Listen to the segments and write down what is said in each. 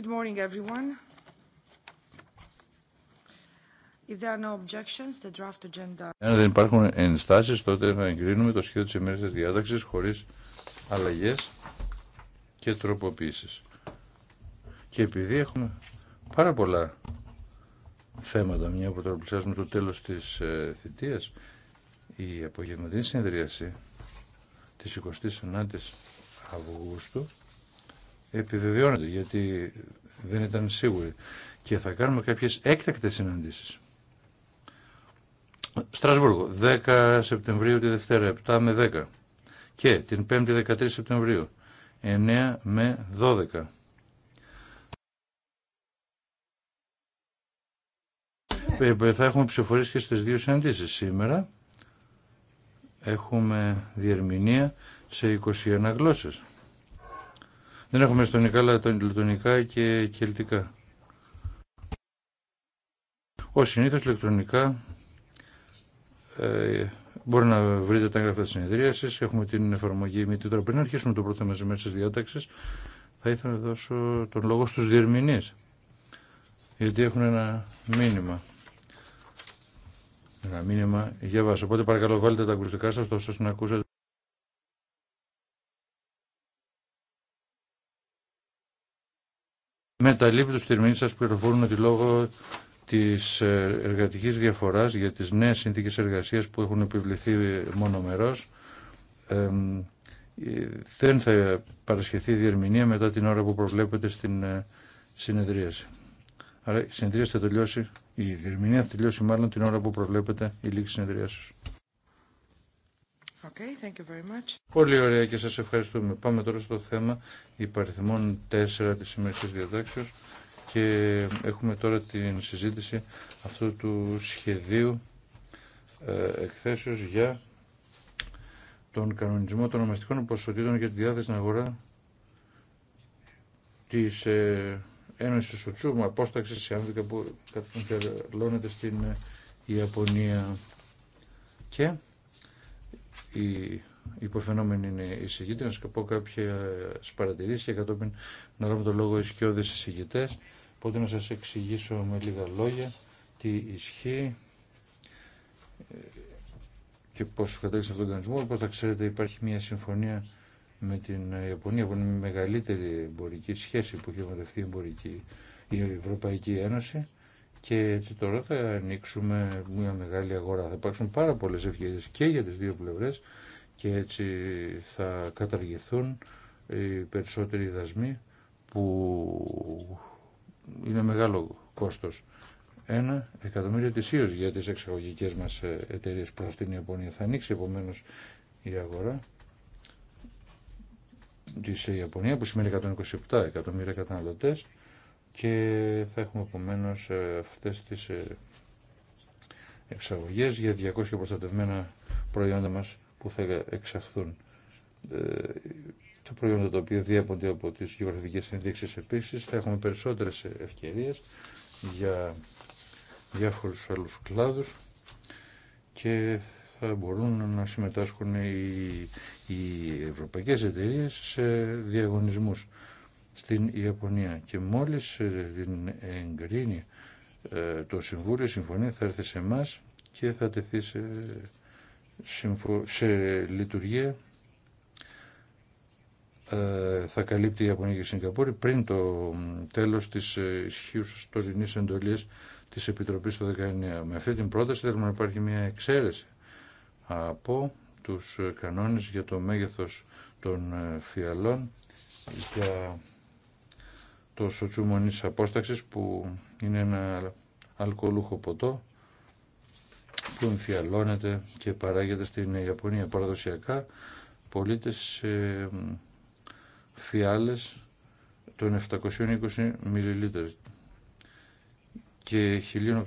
Good morning, everyone. If there are no objections, the draft agenda... Αν δεν υπάρχουν ενστάσεις, τότε θα εγκρίνουμε το σχέδιο της ημέρας διάταξης χωρίς αλλαγές και τροποποίησεις. Και επειδή έχουμε πάρα πολλά θέματα, μια από τα πλησιάζουμε το τέλος της ε, θητείας, η απογευματινή συνεδρίαση της 29ης Αυγούστου επιβεβαιώνεται γιατί δεν ήταν σίγουροι και θα κάνουμε κάποιες έκτακτες συναντήσεις. Στρασβούργο, 10 Σεπτεμβρίου τη Δευτέρα, 7 με 10 και την 5η 13 Σεπτεμβρίου, 9 με 12. Ε, ε, θα έχουμε ψηφορίες και στις δύο συναντήσεις. Σήμερα έχουμε διερμηνία σε 21 γλώσσες. Δεν έχουμε εστονικά, αλλά τον και κελτικά. Ω συνήθως ηλεκτρονικά ε, μπορεί να βρείτε τα έγγραφα της συνεδρίασης. Έχουμε την εφαρμογή με την Πριν αρχίσουμε το πρώτο μας μέσα της διάταξης, θα ήθελα να δώσω τον λόγο στους διερμηνείς. Γιατί έχουν ένα μήνυμα. Ένα μήνυμα για βάση. Οπότε παρακαλώ βάλτε τα ακουστικά σας, τόσο να ακούσετε. τα μεταλείπει τους θερμινείς σα πληροφορούν ότι λόγω τη ε, εργατική διαφορά για τις νέες συνθήκε εργασία που έχουν επιβληθεί μόνο εμ, ε, δεν θα παρασχεθεί διερμηνία μετά την ώρα που προβλέπεται στην ε, συνεδρίαση. Άρα η συνεδρίαση θα τελειώσει, η διερμηνία θα τελειώσει μάλλον την ώρα που προβλέπεται η λήξη συνεδρίασης. Okay, thank you very much. Πολύ ωραία και σας ευχαριστούμε. Πάμε τώρα στο θέμα υπαριθμών 4 της σημερινής διατάξεως και έχουμε τώρα την συζήτηση αυτού του σχεδίου ε, εκθέσεως για τον κανονισμό των ομαστικών ποσοτήτων για τη διάθεση αγορά της ε, Ένωσης Σουτσού με απόσταξη σε άνθρωπο που καταφερλώνεται στην ε, Ιαπωνία και η υποφαινόμενη είναι η να σας πω κάποια παρατηρήσεις και κατόπιν να λάβω το λόγο οι σκιώδες εισηγητές. Οπότε να σας εξηγήσω με λίγα λόγια τι ισχύει ε, και πώς κατέληξε αυτόν τον κανονισμό. Όπως θα ξέρετε υπάρχει μια συμφωνία με την Ιαπωνία που είναι η μεγαλύτερη εμπορική σχέση που έχει εμπορευτεί η Ευρωπαϊκή Ένωση και έτσι τώρα θα ανοίξουμε μια μεγάλη αγορά. Θα υπάρξουν πάρα πολλές ευκαιρίες και για τις δύο πλευρές και έτσι θα καταργηθούν οι περισσότεροι δασμοί που είναι μεγάλο κόστος. Ένα εκατομμύριο της για τις εξαγωγικές μας ε, εταιρείες προς την Ιαπωνία. Θα ανοίξει επομένω η αγορά της ε, Ιαπωνία που σημαίνει 127 εκατομμύρια καταναλωτές και θα έχουμε επομένω ε, αυτές τις ε, εξαγωγές για 200 προστατευμένα προϊόντα μας που θα εξαχθούν. Ε, τα προϊόντα το οποία διέπονται από τις γεωγραφικές ενδείξεις επίσης θα έχουμε περισσότερες ευκαιρίες για διάφορους άλλους κλάδους και θα μπορούν να συμμετάσχουν οι, οι ευρωπαϊκές εταιρείες σε διαγωνισμούς στην Ιαπωνία και μόλις ε, την εγκρίνει ε, το Συμβούλιο Συμφωνία θα έρθει σε εμά και θα τεθεί σε, σε λειτουργία ε, θα καλύπτει η Ιαπωνία και η Σιγκαπούρη πριν το τέλος της ισχύου τωρινής εντολής της Επιτροπής του 19. Με αυτή την πρόταση θέλουμε να υπάρχει μια εξαίρεση από τους κανόνες για το μέγεθος των φιαλών για το σοτσού μονής απόσταξης που είναι ένα αλκοολούχο ποτό που εμφιαλώνεται και παράγεται στην Ιαπωνία παραδοσιακά πολίτες ε, φιάλες των 720 μιλιλίτερ και 1800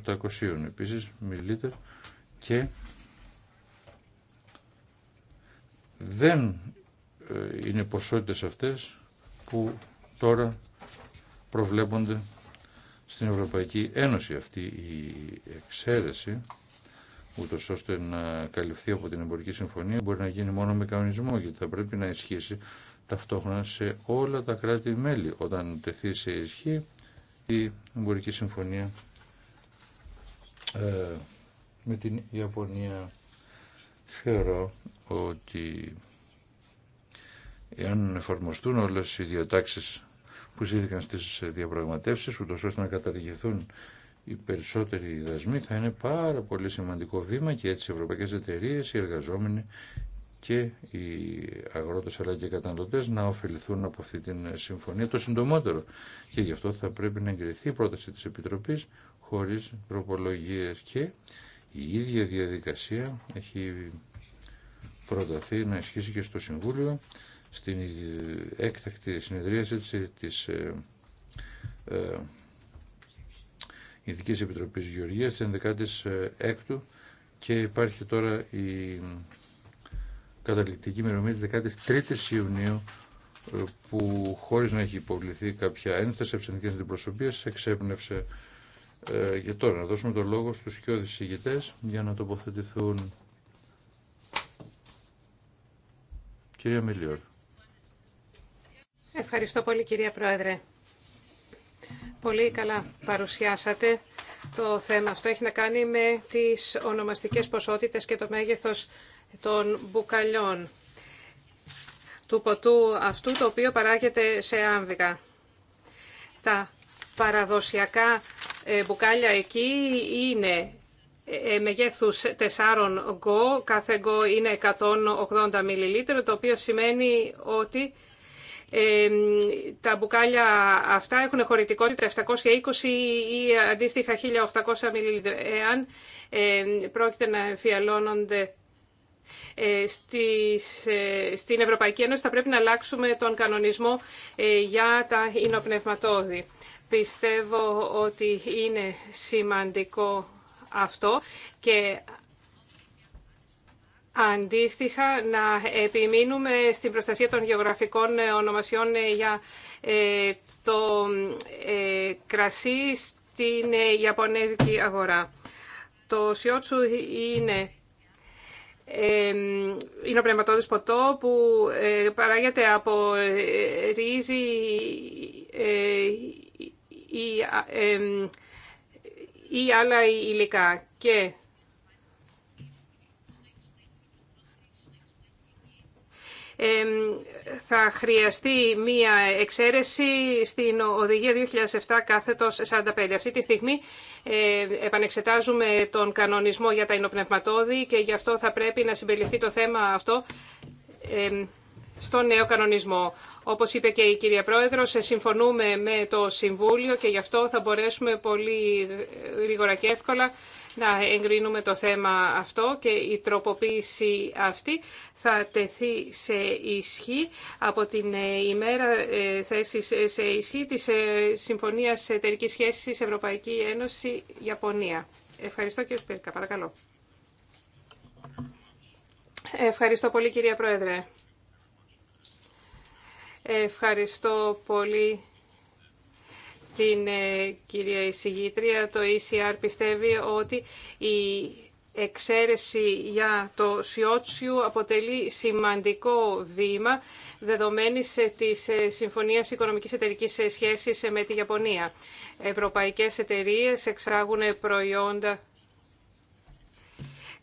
επίσης μιλιλίτερ και δεν ε, είναι ποσότητες αυτές που τώρα προβλέπονται στην Ευρωπαϊκή Ένωση αυτή η εξαίρεση ούτω ώστε να καλυφθεί από την εμπορική συμφωνία μπορεί να γίνει μόνο με κανονισμό γιατί θα πρέπει να ισχύσει ταυτόχρονα σε όλα τα κράτη-μέλη όταν τεθεί σε ισχύ η εμπορική συμφωνία ε, με την Ιαπωνία θεωρώ ότι εάν εφαρμοστούν όλες οι διατάξεις που ζήτηκαν στις διαπραγματεύσεις, ούτω ώστε να καταργηθούν οι περισσότεροι δασμοί, θα είναι πάρα πολύ σημαντικό βήμα και έτσι οι ευρωπαϊκές εταιρείες, οι εργαζόμενοι και οι αγρότες αλλά και οι καταναλωτές να ωφεληθούν από αυτή την συμφωνία το συντομότερο. Και γι' αυτό θα πρέπει να εγκριθεί η πρόταση της Επιτροπής χωρίς προπολογίες και η ίδια διαδικασία έχει προταθεί να ισχύσει και στο Συμβούλιο στην ε, έκτακτη συνεδρίαση ε, της ε, ε, Ειδικής Επιτροπής Γεωργίας της 11ης ε, έκτου και υπάρχει τώρα η καταληκτική μερομή της 13ης Ιουνίου που χωρίς να έχει υποβληθεί κάποια ένσταση ευσενικής αντιπροσωπείας εξέπνευσε ε, και τώρα να δώσουμε το λόγο στους σκιώδεις ηγητές για να τοποθετηθούν. Κυρία Μελιόρ. Ευχαριστώ πολύ κυρία Πρόεδρε. Πολύ καλά παρουσιάσατε. Το θέμα αυτό έχει να κάνει με τις ονομαστικές ποσότητες και το μέγεθος των μπουκαλιών του ποτού αυτού το οποίο παράγεται σε άμβυγα. Τα παραδοσιακά ε, μπουκάλια εκεί είναι ε, μεγέθους 4 γκο, κάθε γκο είναι 180 μιλιλίτρο, το οποίο σημαίνει ότι τα μπουκάλια αυτά έχουν χωρητικότητα 720 ή αντίστοιχα 1800 ml. Εάν πρόκειται να εμφιαλώνονται ε, ε, στην Ευρωπαϊκή Ένωση θα πρέπει να αλλάξουμε τον κανονισμό ε, για τα ινοπνευματόδη. Πιστεύω ότι είναι σημαντικό αυτό και Αντίστοιχα, να επιμείνουμε στην προστασία των γεωγραφικών ονομασιών ε, για ε, το ε, κρασί στην Ιαπωνέζικη αγορά. Το σιότσου είναι είναι ο πνευματόδης ποτό που παράγεται από ρύζι ή άλλα υλικά. Και θα χρειαστεί μία εξαίρεση στην Οδηγία 2007 κάθετος 45. Αυτή τη στιγμή ε, επανεξετάζουμε τον κανονισμό για τα υνοπνευματόδη και γι' αυτό θα πρέπει να συμπεριληφθεί το θέμα αυτό στο νέο κανονισμό. Όπως είπε και η κυρία Πρόεδρος, ε, συμφωνούμε με το Συμβούλιο και γι' αυτό θα μπορέσουμε πολύ γρήγορα και εύκολα να εγκρίνουμε το θέμα αυτό και η τροποποίηση αυτή θα τεθεί σε ισχύ από την ε, ημέρα ε, θέσης ε, σε ισχύ της Συμφωνίας Εταιρικής Σχέσης Ευρωπαϊκή Ένωση Ιαπωνία. Ευχαριστώ κύριε Σπίρκα, παρακαλώ. Ευχαριστώ πολύ κυρία Πρόεδρε. Ευχαριστώ πολύ την ε, κυρία εισηγήτρια. Το ECR πιστεύει ότι η εξαίρεση για το Σιότσιου αποτελεί σημαντικό βήμα δεδομένης της ε, Συμφωνίας Οικονομικής Εταιρικής Σχέσης με τη Ιαπωνία. Ευρωπαϊκές εταιρείες εξάγουν προϊόντα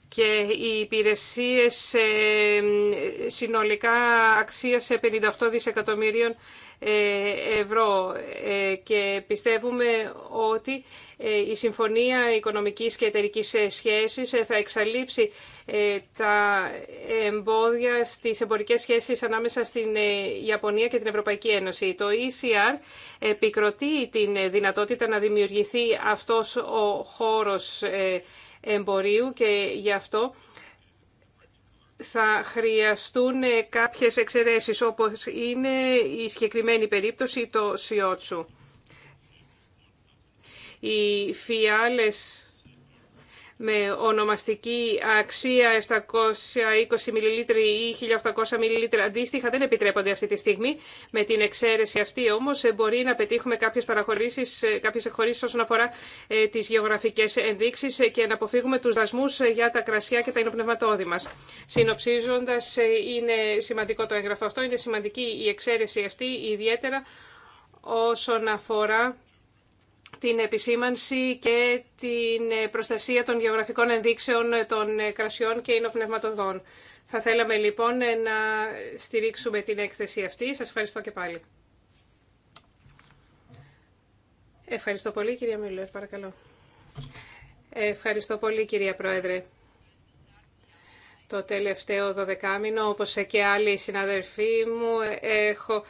και οι υπηρεσίες ε, συνολικά αξίας 58 δισεκατομμυρίων ε, ευρώ ε, και πιστεύουμε ότι η Συμφωνία Οικονομικής και Εταιρικής Σχέσης θα εξαλείψει τα εμπόδια στις εμπορικές σχέσεις ανάμεσα στην Ιαπωνία και την Ευρωπαϊκή Ένωση. Το ECR επικροτεί την δυνατότητα να δημιουργηθεί αυτός ο χώρος εμπορίου και γι' αυτό θα χρειαστούν ε, κάποιες εξαιρέσεις όπως είναι η συγκεκριμένη περίπτωση το σιότσου. Οι φιάλες με ονομαστική αξία 720 ml ή 1800 ml αντίστοιχα δεν επιτρέπονται αυτή τη στιγμή. Με την εξαίρεση αυτή όμως μπορεί να πετύχουμε κάποιες παραχωρήσεις, ε, κάποιες εκχωρήσεις όσον αφορά ε, τις γεωγραφικές ενδείξεις ε, και να αποφύγουμε τους δασμούς για τα κρασιά και τα υνοπνευματόδη μας. Συνοψίζοντας, είναι σημαντικό το έγγραφο αυτό, είναι σημαντική η εξαίρεση αυτή, ιδιαίτερα όσον αφορά την επισήμανση και την προστασία των γεωγραφικών ενδείξεων των κρασιών και εινοπνευματοδών. Θα θέλαμε λοιπόν να στηρίξουμε την έκθεση αυτή. Σας ευχαριστώ και πάλι. Ευχαριστώ πολύ κυρία Μιλουέρ, παρακαλώ. Ευχαριστώ πολύ κυρία Πρόεδρε το τελευταίο δωδεκάμινο, όπως και άλλοι συναδελφοί μου, έχω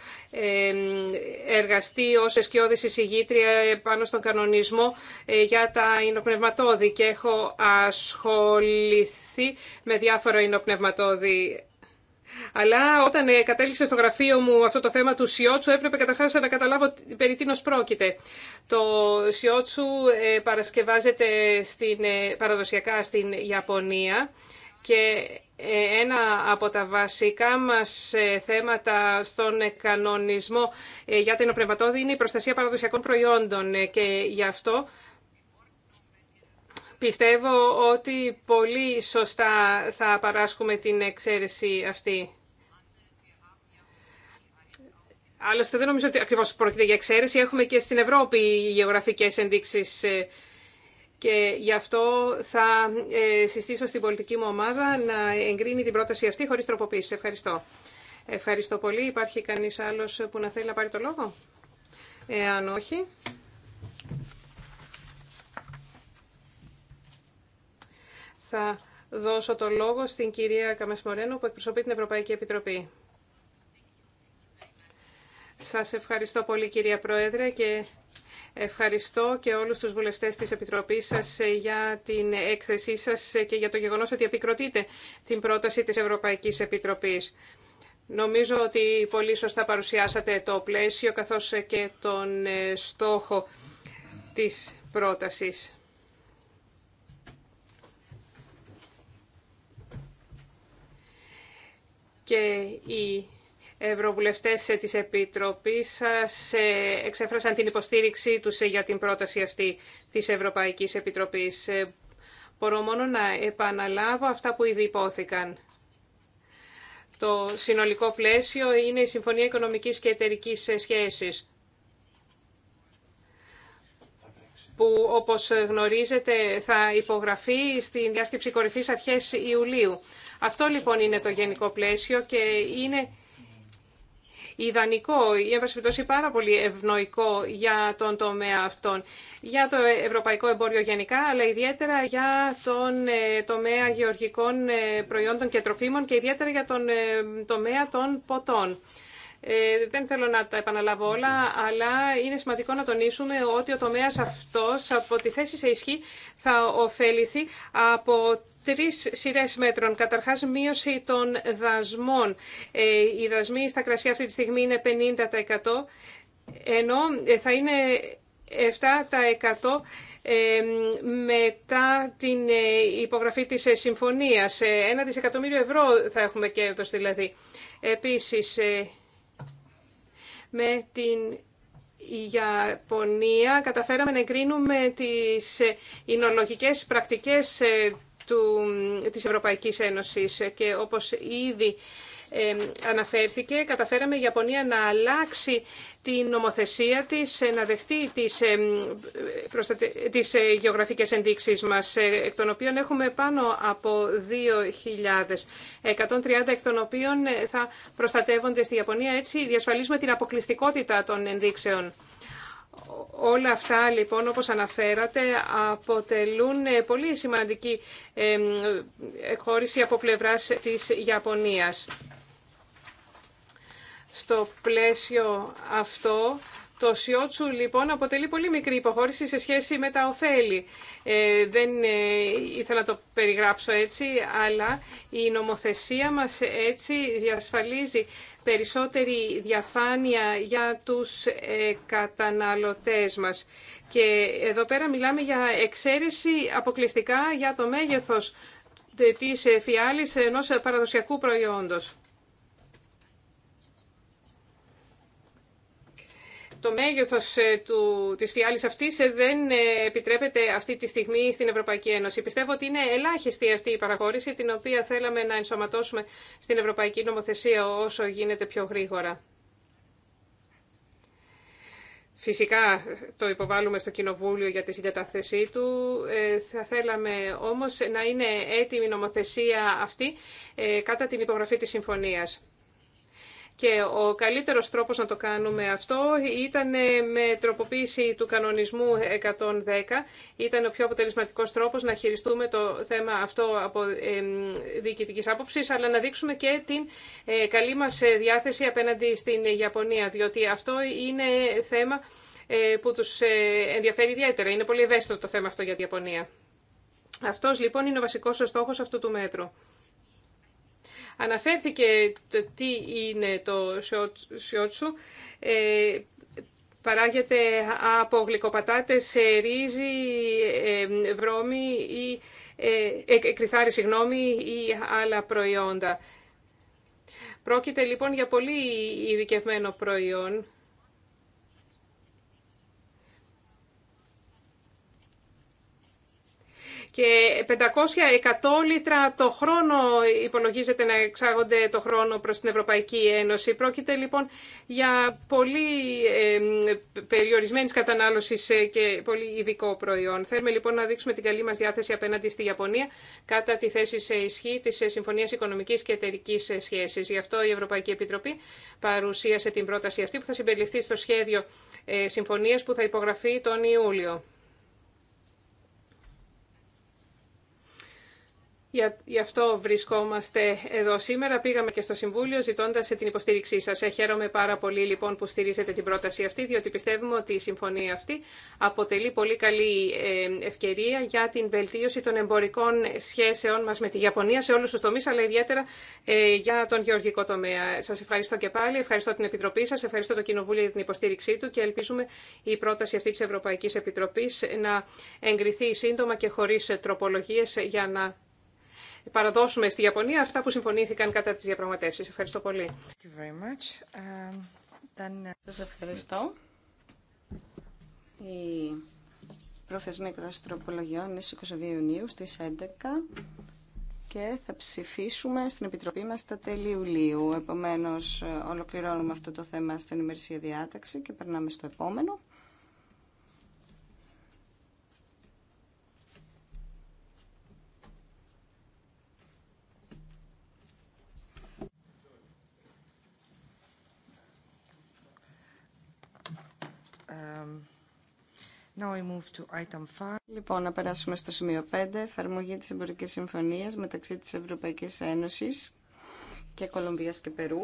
εργαστεί ως εσκιώδης εισηγήτρια πάνω στον κανονισμό ε, για τα εινοπνευματόδη και έχω ασχοληθεί με διάφορα εινοπνευματόδη. Αλλά όταν ε, κατέληξε στο γραφείο μου αυτό το θέμα του Σιότσου, έπρεπε καταρχάς να καταλάβω περί τίνος πρόκειται. Το Σιότσου ε, παρασκευάζεται στην, παραδοσιακά στην Ιαπωνία. Και ε, ένα από τα βασικά μας ε, θέματα στον κανονισμό ε, για την οπνευματόδη είναι η προστασία παραδοσιακών προϊόντων και γι' αυτό πιστεύω ότι πολύ σωστά θα παράσχουμε την εξαίρεση αυτή. Άλλωστε δεν νομίζω ότι ακριβώς πρόκειται για εξαίρεση. Έχουμε και στην Ευρώπη γεωγραφικές ενδείξεις και γι' αυτό θα ε, συστήσω στην πολιτική μου ομάδα να εγκρίνει την πρόταση αυτή χωρίς τροποποίηση. Ευχαριστώ. Ευχαριστώ πολύ. Υπάρχει κανείς άλλος που να θέλει να πάρει το λόγο. Εάν όχι... Θα δώσω το λόγο στην κυρία Καμεσμορένου που εκπροσωπεί την Ευρωπαϊκή Επιτροπή. Σας ευχαριστώ πολύ κυρία Πρόεδρε και Ευχαριστώ και όλους τους βουλευτές της Επιτροπής σας ε, για την έκθεσή σας ε, και για το γεγονός ότι επικροτείτε την πρόταση της Ευρωπαϊκής Επιτροπής. Νομίζω ότι πολύ σωστά παρουσιάσατε το πλαίσιο καθώς και τον ε, στόχο της πρότασης. Και η ευρωβουλευτές της Επιτροπής σας εξέφρασαν την υποστήριξή τους για την πρόταση αυτή της Ευρωπαϊκής Επιτροπής. Ε, μπορώ μόνο να επαναλάβω αυτά που ήδη υπόθηκαν. Το συνολικό πλαίσιο είναι η Συμφωνία Οικονομικής και Εταιρικής Σχέσης που όπως γνωρίζετε θα υπογραφεί στην διάσκεψη κορυφής αρχές Ιουλίου. Αυτό λοιπόν είναι το γενικό πλαίσιο και είναι ιδανικό ή εν πάρα πολύ ευνοϊκό για τον τομέα αυτόν, για το ευρωπαϊκό εμπόριο γενικά, αλλά ιδιαίτερα για τον ε, τομέα γεωργικών ε, προϊόντων και τροφίμων και ιδιαίτερα για τον ε, τομέα των ποτών. Ε, δεν θέλω να τα επαναλάβω όλα, αλλά είναι σημαντικό να τονίσουμε ότι ο τομέας αυτός από τη θέση σε ισχύ θα ωφεληθεί από Τρει σειρέ μέτρων. Καταρχάς, μείωση των δασμών. Ε, οι δασμοί στα κρασιά αυτή τη στιγμή είναι 50%, ενώ ε, θα είναι 7% ε, μετά την υπογραφή της συμφωνίας. Ένα δισεκατομμύριο ευρώ θα έχουμε κέρδος δηλαδή. Επίσης, με την Ιαπωνία καταφέραμε να εγκρίνουμε τις εινολογικές πρακτικές του, της Ευρωπαϊκής Ένωσης και όπως ήδη ε, αναφέρθηκε, καταφέραμε η Ιαπωνία να αλλάξει την νομοθεσία της, ε, να δεχτεί τις, ε, τις ε, γεωγραφικές ενδείξεις μας, εκ των οποίων έχουμε πάνω από 2.130 εκ των οποίων θα προστατεύονται στη Ιαπωνία. Έτσι διασφαλίζουμε την αποκλειστικότητα των ενδείξεων. Όλα αυτά λοιπόν όπως αναφέρατε αποτελούν ε, πολύ σημαντική χώριση από πλευράς της Ιαπωνίας. Στο πλαίσιο αυτό το σιότσου λοιπόν αποτελεί πολύ μικρή υποχώρηση σε σχέση με τα ωφέλη. Ε, δεν ε, ήθελα να το περιγράψω έτσι, αλλά η νομοθεσία μας έτσι διασφαλίζει περισσότερη διαφάνεια για τους ε, καταναλωτές μας. Και εδώ πέρα μιλάμε για εξαίρεση αποκλειστικά για το μέγεθος ε, της ε, φιάλης ενός παραδοσιακού προϊόντος. Το μέγεθος ε, του, της φιάλης αυτής ε, δεν ε, επιτρέπεται αυτή τη στιγμή στην Ευρωπαϊκή Ένωση. Πιστεύω ότι είναι ελάχιστη αυτή η παραχώρηση, την οποία θέλαμε να ενσωματώσουμε στην Ευρωπαϊκή Νομοθεσία όσο γίνεται πιο γρήγορα. Φυσικά το υποβάλλουμε στο Κοινοβούλιο για τη συγκατάθεσή του. θα θέλαμε όμως να είναι έτοιμη η νομοθεσία αυτή κατά την υπογραφή της συμφωνίας. Και ο καλύτερος τρόπος να το κάνουμε αυτό ήταν με τροποποίηση του κανονισμού 110. Ήταν ο πιο αποτελεσματικός τρόπος να χειριστούμε το θέμα αυτό από διοικητικής άποψης, αλλά να δείξουμε και την ε, καλή μας διάθεση απέναντι στην Ιαπωνία, διότι αυτό είναι θέμα ε, που τους ε, ενδιαφέρει ιδιαίτερα. Είναι πολύ ευαίσθητο το θέμα αυτό για την Ιαπωνία. Αυτός λοιπόν είναι ο βασικός στόχος αυτού του μέτρου. Αναφέρθηκε τι είναι το σιότσου. Ε, παράγεται από γλυκοπατάτες, ρύζι, ε, βρώμη ή ε, ε κρυθάρι, ή άλλα προϊόντα. Πρόκειται λοιπόν για πολύ ειδικευμένο προϊόν. και 500 λίτρα το χρόνο υπολογίζεται να εξάγονται το χρόνο προς την Ευρωπαϊκή Ένωση. Πρόκειται λοιπόν για πολύ περιορισμένης κατανάλωση ε, και πολύ ειδικό προϊόν. Θέλουμε λοιπόν να δείξουμε την καλή μας διάθεση απέναντι στη Ιαπωνία κατά τη θέση σε ισχύ της ε, Συμφωνίας Οικονομικής και Εταιρικής ε, σχέση. Γι' αυτό η Ευρωπαϊκή Επιτροπή παρουσίασε την πρόταση αυτή που θα συμπεριληφθεί στο σχέδιο συμφωνίας που θα υπογραφεί τον Ιούλιο. Γι' αυτό βρισκόμαστε εδώ σήμερα. Πήγαμε και στο Συμβούλιο ζητώντα την υποστήριξή σα. Ε, χαίρομαι πάρα πολύ λοιπόν που στηρίζετε την πρόταση αυτή, διότι πιστεύουμε ότι η συμφωνία αυτή αποτελεί πολύ καλή ε, ευκαιρία για την βελτίωση των εμπορικών σχέσεων μα με τη Ιαπωνία σε όλου του τομεί, αλλά ιδιαίτερα ε, για τον γεωργικό τομέα. Σα ευχαριστώ και πάλι. Ευχαριστώ την Επιτροπή σα. Ευχαριστώ το Κοινοβούλιο για την υποστήριξή του και ελπίζουμε η πρόταση αυτή τη Ευρωπαϊκή Επιτροπή να εγκριθεί σύντομα και χωρί τροπολογίε για να παραδώσουμε στη Ιαπωνία αυτά που συμφωνήθηκαν κατά τις διαπραγματεύσεις. Ευχαριστώ πολύ. Um, uh, Σας ευχαριστώ. Η προθεσμία εκδόση τροπολογιών είναι στις 22 Ιουνίου στις 11 και θα ψηφίσουμε στην Επιτροπή μας τα τέλη Ιουλίου. Επομένως, ε, ολοκληρώνουμε αυτό το θέμα στην ημερησία διάταξη και περνάμε στο επόμενο. Um, λοιπόν, να περάσουμε στο σημείο 5, εφαρμογή της εμπορικής συμφωνίας μεταξύ της Ευρωπαϊκής Ένωσης και Κολομβίας και Περού.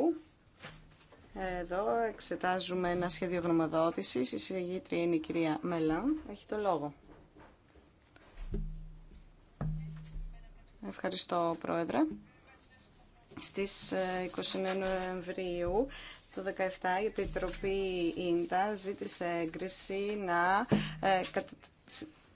Εδώ εξετάζουμε ένα σχέδιο γνωμοδότησης. Η συγγήτρια είναι η κυρία Μελά. Έχει το λόγο. Ευχαριστώ, Πρόεδρε. Στις 29 ε, Νοεμβρίου το 2017 η Επιτροπή Ίντα ζήτησε έγκριση να ε,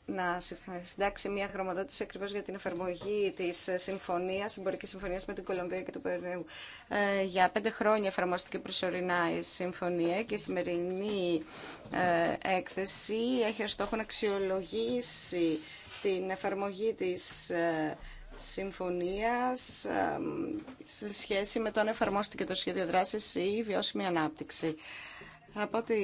να συντάξει μια χρωματότηση ακριβώ για την εφαρμογή τη συμφωνία, εμπορική συμφωνία με την Κολομβία και του Περού ε, για πέντε χρόνια εφαρμόστηκε προσωρινά η συμφωνία και η σημερινή ε, έκθεση έχει ως στόχο να αξιολογήσει την εφαρμογή της συμφωνίας σε σχέση με το αν εφαρμόστηκε το σχέδιο δράσης ή βιώσιμη ανάπτυξη. Από ό,τι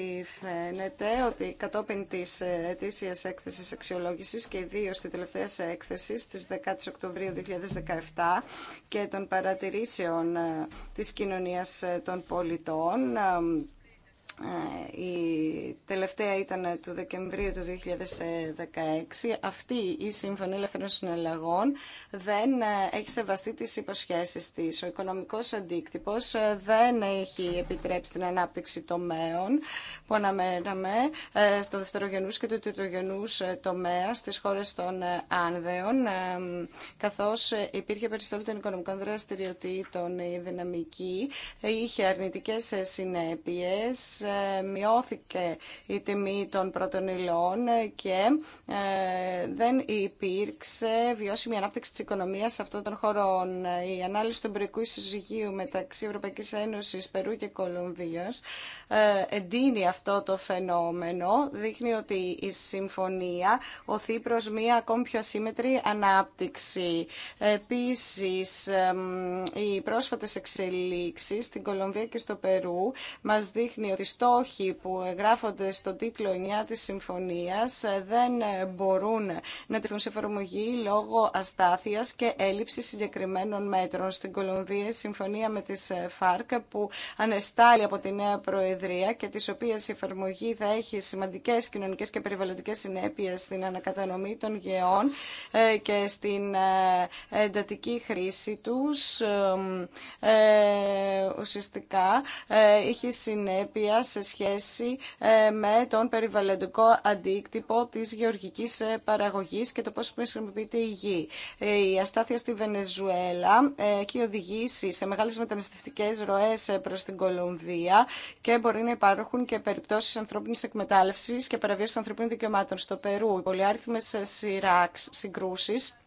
φαίνεται ότι κατόπιν της ετήσιας έκθεσης αξιολόγησης και ιδίω τη τελευταία έκθεση της 10 Οκτωβρίου 2017 και των παρατηρήσεων ε, της κοινωνίας ε, των πολιτών ε, ε, η τελευταία ήταν του Δεκεμβρίου του 2016. Αυτή η Σύμφωνη Ελεύθερων Συναλλαγών δεν ε, έχει σεβαστεί τις υποσχέσεις της. Ο οικονομικός αντίκτυπος ε, δεν έχει επιτρέψει την ανάπτυξη τομέων που αναμέναμε στο δευτερογενούς και το τριτογενούς τομέα στις χώρες των Άνδεων, καθώς υπήρχε περισσότερο των οικονομικών δραστηριοτήτων η δυναμική, είχε αρνητικές συνέπειες ε, μειώθηκε η τιμή των πρώτων υλών και ε, δεν υπήρξε βιώσιμη ανάπτυξη της οικονομίας αυτών των χωρών. Η ανάλυση του εμπορικού ισοζυγίου μεταξύ Ευρωπαϊκής Ένωσης, Περού και Κολομβίας ε, εντείνει αυτό το φαινόμενο. Δείχνει ότι η συμφωνία οθεί προς μία ακόμη πιο ασύμετρη ανάπτυξη. Επίσης, οι πρόσφατες εξελίξεις στην Κολομβία και στο Περού μας δείχνει ότι στόχοι που εγγράφονται στο τίτλο 9 της συμφωνίας ε, δεν μπορούν να τεθούν σε εφαρμογή λόγω αστάθειας και έλλειψη συγκεκριμένων μέτρων. Στην Κολομβία η συμφωνία με τις ε, ΦΑΡΚ που ανεστάλλει από τη νέα Προεδρία και της οποίας η εφαρμογή θα έχει σημαντικές κοινωνικές και περιβαλλοντικές συνέπειες στην ανακατανομή των γεών ε, και στην εντατική χρήση τους ουσιαστικά έχει συνέπεια σε σχέση ε, με τον περιβαλλοντικό αντίκτυπο της γεωργικής ε, παραγωγής και το πώς χρησιμοποιείται η γη. Ε, η αστάθεια στη Βενεζουέλα έχει οδηγήσει σε μεγάλες μεταναστευτικές ροές προς την Κολομβία και μπορεί να υπάρχουν και περιπτώσεις ανθρώπινης εκμετάλλευσης και παραβίαση των ανθρωπίνων δικαιωμάτων στο Περού. Οι πολυάριθμες σειράξ, συγκρούσεις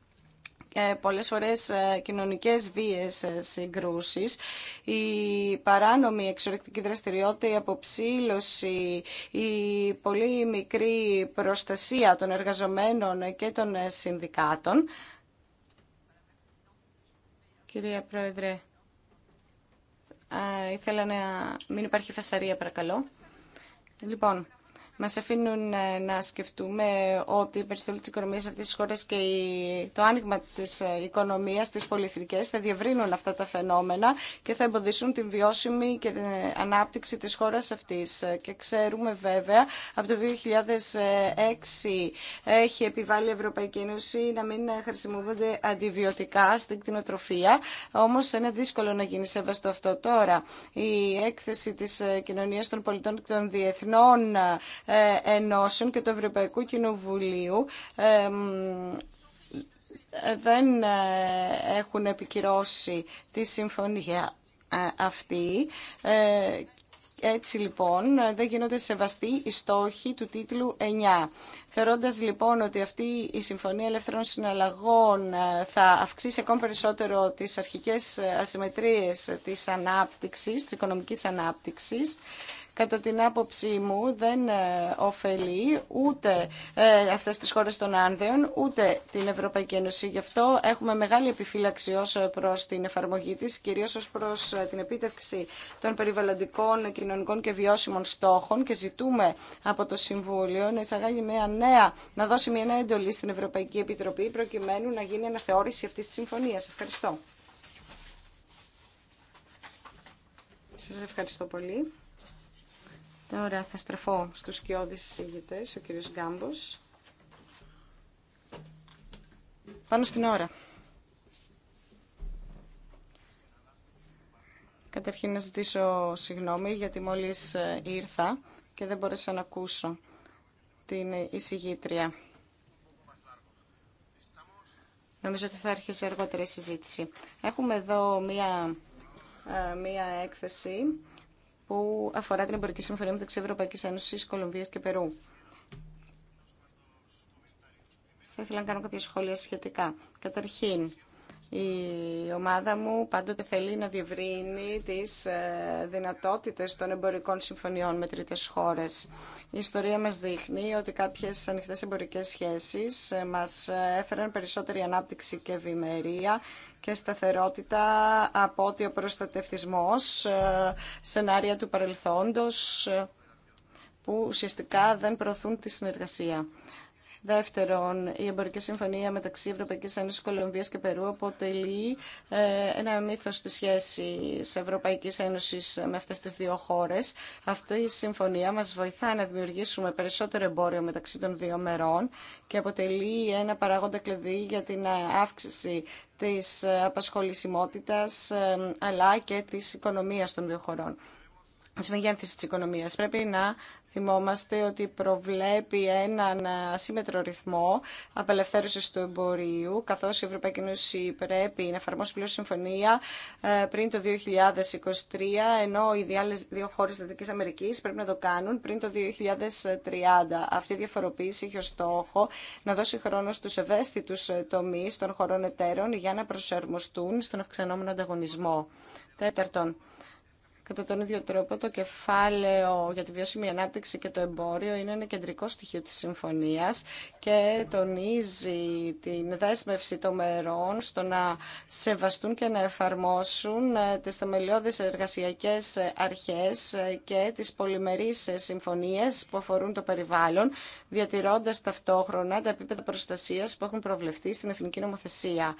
ε, πολλές φορές ε, κοινωνικές βίες ε, συγκρούσεις, η παράνομη εξορρεκτική δραστηριότητα, η αποψήλωση, η πολύ μικρή προστασία των εργαζομένων και των συνδικάτων. Κυρία Πρόεδρε, ήθελα να μην υπάρχει φασαρία παρακαλώ. Λοιπόν, μας αφήνουν ε, να σκεφτούμε ότι η περιστολή της οικονομίας αυτής της χώρας και το άνοιγμα της ε, οικονομίας, της πολυεθνικές θα διευρύνουν αυτά τα φαινόμενα και θα εμποδίσουν την βιώσιμη και την ε, ανάπτυξη της χώρας αυτής. Και ξέρουμε βέβαια από το 2006 έχει επιβάλει η Ευρωπαϊκή Ένωση να μην χρησιμοποιούνται αντιβιωτικά στην κτηνοτροφία, όμως είναι δύσκολο να γίνει σεβαστό αυτό τώρα. Η έκθεση της κοινωνίας των πολιτών και των διεθνών ε, ενώσεων και του Ευρωπαϊκού Κοινοβουλίου ε, ε, δεν έχουν επικυρώσει τη συμφωνία αυτή έτσι λοιπόν δεν γίνονται σεβαστοί οι στόχοι του τίτλου 9. Θεωρώντας λοιπόν ότι αυτή η Συμφωνία Ελεύθερων Συναλλαγών θα αυξήσει ακόμη περισσότερο τις αρχικές ασυμμετρίες της ανάπτυξης, της οικονομικής ανάπτυξης, κατά την άποψή μου δεν ε, ωφελεί ούτε ε, αυτές τις χώρες των Άνδεων, ούτε την Ευρωπαϊκή Ένωση. Γι' αυτό έχουμε μεγάλη επιφύλαξη ως προς την εφαρμογή της, κυρίως ως προς ε, την επίτευξη των περιβαλλοντικών, κοινωνικών και βιώσιμων στόχων και ζητούμε από το Συμβούλιο να εισαγάγει μια νέα, να δώσει μια νέα εντολή στην Ευρωπαϊκή Επιτροπή προκειμένου να γίνει αναθεώρηση αυτής της συμφωνίας. Ευχαριστώ. Σας ευχαριστώ πολύ. Τώρα θα στραφώ στους σκιώδεις συζήτητες, ο κύριος Γκάμπος. Πάνω στην ώρα. Καταρχήν να ζητήσω συγγνώμη γιατί μόλις ε, ήρθα και δεν μπόρεσα να ακούσω την εισηγήτρια. Νομίζω ότι θα αρχίσει αργότερα η συζήτηση. Έχουμε εδώ μία, ε, μία έκθεση που αφορά την εμπορική συμφωνία μεταξύ Ευρωπαϊκή Ένωση, Κολομβίας και Περού. Θα ήθελα να κάνω κάποια σχόλια σχετικά. Καταρχήν, η ομάδα μου πάντοτε θέλει να διευρύνει τις ε, δυνατότητες των εμπορικών συμφωνιών με τρίτες χώρες. Η ιστορία μας δείχνει ότι κάποιες ανοιχτές εμπορικές σχέσεις ε, μας έφεραν περισσότερη ανάπτυξη και ευημερία και σταθερότητα από ότι ο προστατευτισμός, ε, σενάρια του παρελθόντος που ουσιαστικά δεν προωθούν τη συνεργασία. Δεύτερον, η εμπορική συμφωνία μεταξύ Ευρωπαϊκής Ένωσης Κολομβίας και Περού αποτελεί ε, ένα μύθο στη σχέση της Ευρωπαϊκής Ένωσης με αυτές τις δύο χώρες. Αυτή η συμφωνία μας βοηθά να δημιουργήσουμε περισσότερο εμπόριο μεταξύ των δύο μερών και αποτελεί ένα παράγοντα κλειδί για την αύξηση της απασχολησιμότητας ε, αλλά και της οικονομίας των δύο χωρών τη τη οικονομία. Πρέπει να Θυμόμαστε ότι προβλέπει έναν ασύμετρο ρυθμό απελευθέρωση του εμπορίου, καθώ η Ευρωπαϊκή Ένωση πρέπει να εφαρμόσει πλήρω συμφωνία ε, πριν το 2023, ενώ οι άλλε δύο χώρε τη Δυτική Αμερική πρέπει να το κάνουν πριν το 2030. Αυτή η διαφοροποίηση είχε ως στόχο να δώσει χρόνο στου ευαίσθητου ε, τομεί των χωρών εταίρων για να προσαρμοστούν στον αυξανόμενο ανταγωνισμό. Τέταρτον, Κατά τον ίδιο τρόπο, το κεφάλαιο για τη βιώσιμη ανάπτυξη και το εμπόριο είναι ένα κεντρικό στοιχείο της συμφωνίας και τονίζει την δέσμευση των μερών στο να σεβαστούν και να εφαρμόσουν ε, τις θεμελιώδεις εργασιακές αρχές ε, και τις πολυμερείς συμφωνίες που αφορούν το περιβάλλον, διατηρώντας ταυτόχρονα τα επίπεδα προστασίας που έχουν προβλεφθεί στην Εθνική Νομοθεσία.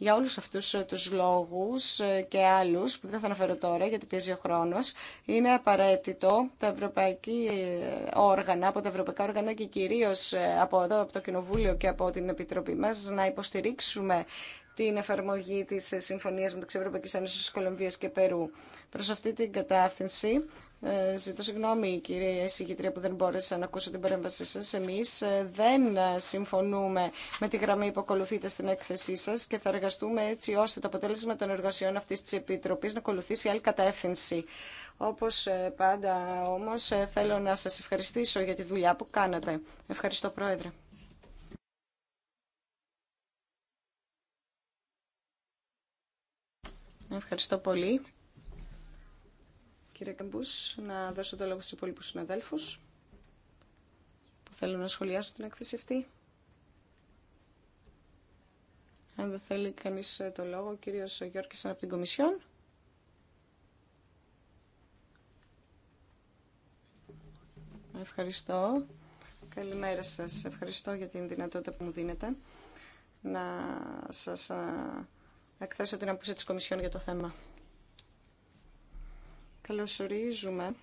Για όλους αυτούς ε, τους λόγους ε, και άλλους που δεν θα αναφέρω τώρα γιατί πιέζει ο χρόνος, είναι απαραίτητο τα ευρωπαϊκή ε, όργανα, από τα ευρωπαϊκά όργανα και κυρίως από εδώ, από το Κοινοβούλιο και από την Επιτροπή μας να υποστηρίξουμε την εφαρμογή της συμφωνίας μεταξύ Ευρωπαϊκής Ένωσης Κολομβίας και Περού. Προς αυτή την κατεύθυνση ε, ζητώ συγγνώμη κύριε Συγητρία που δεν μπόρεσα να ακούσω την παρέμβασή σας. Εμείς ε, δεν ε, συμφωνούμε με τη γραμμή που ακολουθείτε στην έκθεσή σας και θα εργαστούμε έτσι ώστε το αποτέλεσμα των εργασιών αυτής της Επιτροπής να ακολουθήσει άλλη κατεύθυνση. Όπως πάντα όμως θέλω να σας ευχαριστήσω για τη δουλειά που κάνατε. Ευχαριστώ Πρόεδρε. Ευχαριστώ πολύ κύριε Καμπούς, να δώσω το λόγο στους υπόλοιπους συναδέλφους που θέλουν να σχολιάσουν την έκθεση αυτή. Αν δεν θέλει κανείς ε, το λόγο, ο κύριος Γιώργης από την Κομισιόν. Ευχαριστώ. Καλημέρα σας. Ευχαριστώ για την δυνατότητα που μου δίνετε να σας ε, εκθέσω την άποψη της Κομισιόν για το θέμα. Καλωσορίζουμε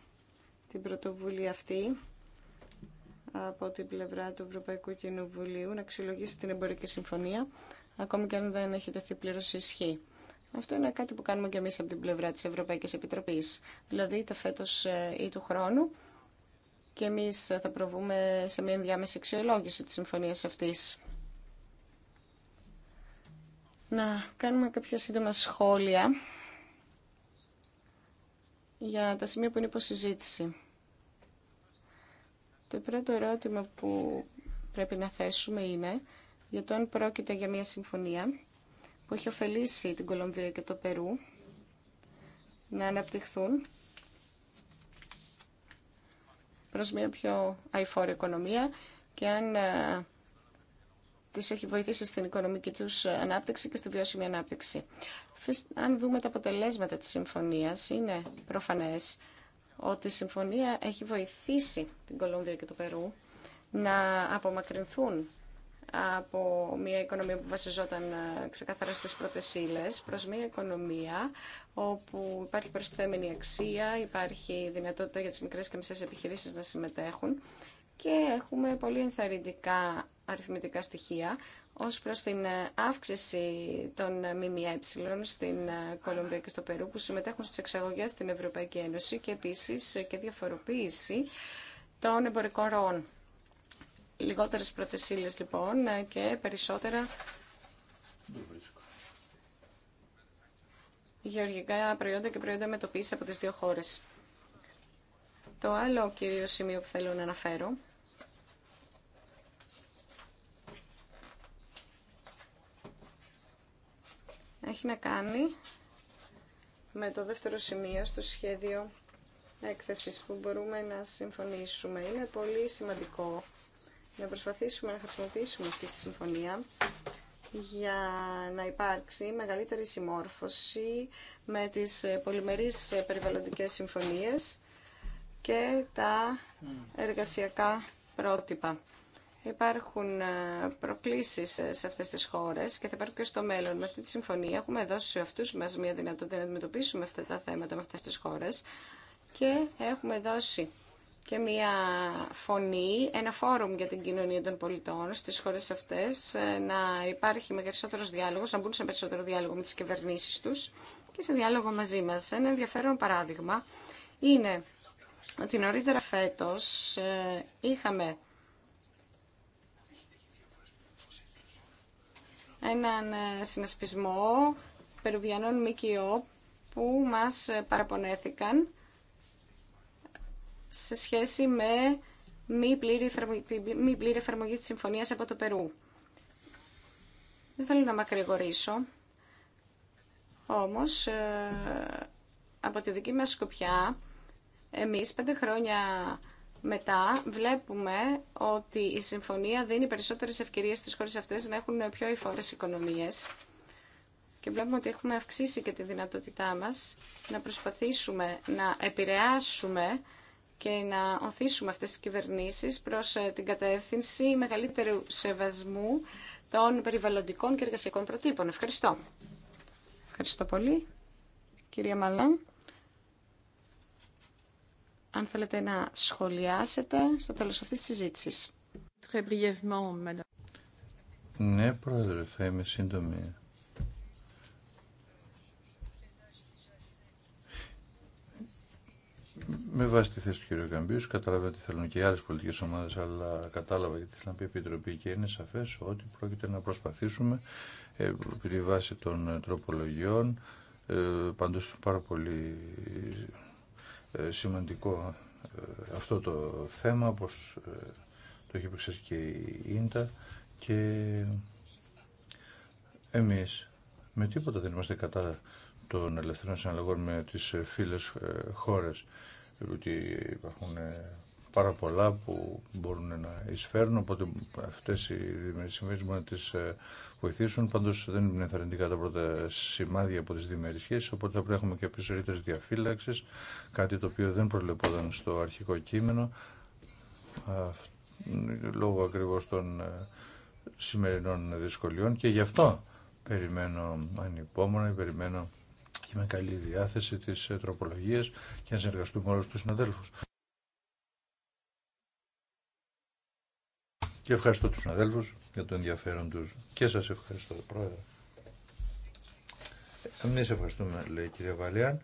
την πρωτοβουλία αυτή από την πλευρά του Ευρωπαϊκού Κοινοβουλίου να αξιολογήσει την εμπορική συμφωνία, ακόμη και αν δεν έχει τεθεί πλήρω ισχύ. Αυτό είναι κάτι που κάνουμε και εμεί από την πλευρά τη Ευρωπαϊκή Επιτροπή. Δηλαδή, είτε φέτο ε, ή του χρόνου, και εμεί θα προβούμε σε μια ενδιάμεση αξιολόγηση τη συμφωνία αυτή. Να κάνουμε κάποια σύντομα σχόλια για τα σημεία που είναι υποσυζήτηση. Το πρώτο ερώτημα που πρέπει να θέσουμε είναι για το αν πρόκειται για μια συμφωνία που έχει ωφελήσει την Κολομβία και το Περού να αναπτυχθούν προς μια πιο αηφόρη οικονομία και αν ε, τι έχει βοηθήσει στην οικονομική τους ανάπτυξη και στη βιώσιμη ανάπτυξη. Αν δούμε τα αποτελέσματα της συμφωνίας, είναι προφανές ότι η συμφωνία έχει βοηθήσει την Κολομβία και το Περού να απομακρυνθούν από μια οικονομία που βασιζόταν ε, ξεκαθαρά στις πρώτες ύλες προς μια οικονομία όπου υπάρχει προσθέμενη αξία, υπάρχει δυνατότητα για τις μικρές και μισές επιχειρήσεις να συμμετέχουν και έχουμε πολύ ενθαρρυντικά αριθμητικά στοιχεία ως προς την αύξηση των ΜΜΕ στην Κολομβία και στο Περού που συμμετέχουν στις εξαγωγές στην Ευρωπαϊκή Ένωση και επίσης και διαφοροποίηση των εμπορικών ροών. Λιγότερες προτεσίλες λοιπόν και περισσότερα γεωργικά προϊόντα και προϊόντα μετοποίηση από τις δύο χώρες. Το άλλο κύριο σημείο που θέλω να αναφέρω έχει να κάνει με το δεύτερο σημείο στο σχέδιο έκθεσης που μπορούμε να συμφωνήσουμε. Είναι πολύ σημαντικό να προσπαθήσουμε να χρησιμοποιήσουμε αυτή τη συμφωνία για να υπάρξει μεγαλύτερη συμμόρφωση με τις πολυμερείς περιβαλλοντικές συμφωνίες και τα εργασιακά πρότυπα. Υπάρχουν ε, προκλήσεις ε, σε αυτές τις χώρες και θα υπάρχουν και στο μέλλον. Με αυτή τη συμφωνία έχουμε δώσει σε αυτούς μας μια δυνατότητα να αντιμετωπίσουμε αυτά τα θέματα με αυτές τις χώρες και έχουμε δώσει και μια φωνή, ένα φόρουμ για την κοινωνία των πολιτών στις χώρες αυτές, ε, να υπάρχει με περισσότερος διάλογος, να μπουν σε περισσότερο διάλογο με τις κυβερνήσεις τους και σε διάλογο μαζί μας. Ένα ενδιαφέρον παράδειγμα είναι ότι νωρίτερα φέτος είχαμε έναν ε, συνασπισμό Περουβιανών ΜΚΟ που μας ε, παραπονέθηκαν σε σχέση με μη πλήρη, μη πλήρη εφαρμογή της συμφωνίας από το Περού. Δεν θέλω να μακρηγορήσω, όμως ε, από τη δική μας σκοπιά εμείς πέντε χρόνια μετά βλέπουμε ότι η συμφωνία δίνει περισσότερες ευκαιρίες στις χώρες αυτές να έχουν πιο υφόρες οικονομίες και βλέπουμε ότι έχουμε αυξήσει και τη δυνατότητά μας να προσπαθήσουμε να επηρεάσουμε και να οθήσουμε αυτές τις κυβερνήσεις προς ε, την κατεύθυνση μεγαλύτερου σεβασμού των περιβαλλοντικών και εργασιακών προτύπων. Ευχαριστώ. Ευχαριστώ πολύ. Κυρία Μαλάν αν θέλετε να σχολιάσετε στο τέλος αυτής της συζήτησης. Ναι, πρόεδρε, θα είμαι σύντομη. Με βάση τη θέση του κ. Καμπίου, κατάλαβα τι θέλουν και οι άλλε πολιτικέ ομάδε, αλλά κατάλαβα γιατί θέλω να πει η Επιτροπή και είναι σαφέ ότι πρόκειται να προσπαθήσουμε ε, επί τη βάση των τροπολογιών. Ε, πάρα πολύ ε, σημαντικό ε, αυτό το θέμα, όπως ε, το έχει πει και η Ίντα και εμείς με τίποτα δεν είμαστε κατά των ελευθερών συναλλαγών με τις φίλες χώρες, ότι υπάρχουν πάρα πολλά που μπορούν να εισφέρουν, οπότε αυτές οι δημιουργίες μπορούν τις βοηθήσουν. Πάντω δεν είναι ενθαρρυντικά τα πρώτα σημάδια από τι διμερεί σχέσει, οπότε θα πρέπει να έχουμε και πίσω ρήτρε διαφύλαξη, κάτι το οποίο δεν προβλεπόταν στο αρχικό κείμενο, λόγω ακριβώ των ε, σημερινών δυσκολιών και γι' αυτό περιμένω ανυπόμονα, περιμένω και με καλή διάθεση τις ε, τροπολογία και να συνεργαστούμε όλου του συναδέλφου. Και ευχαριστώ τους συναδέλφους για το ενδιαφέρον τους. Και σας ευχαριστώ, Πρόεδρε. Εμείς ευχαριστούμε, λέει η κυρία Βαλιάν.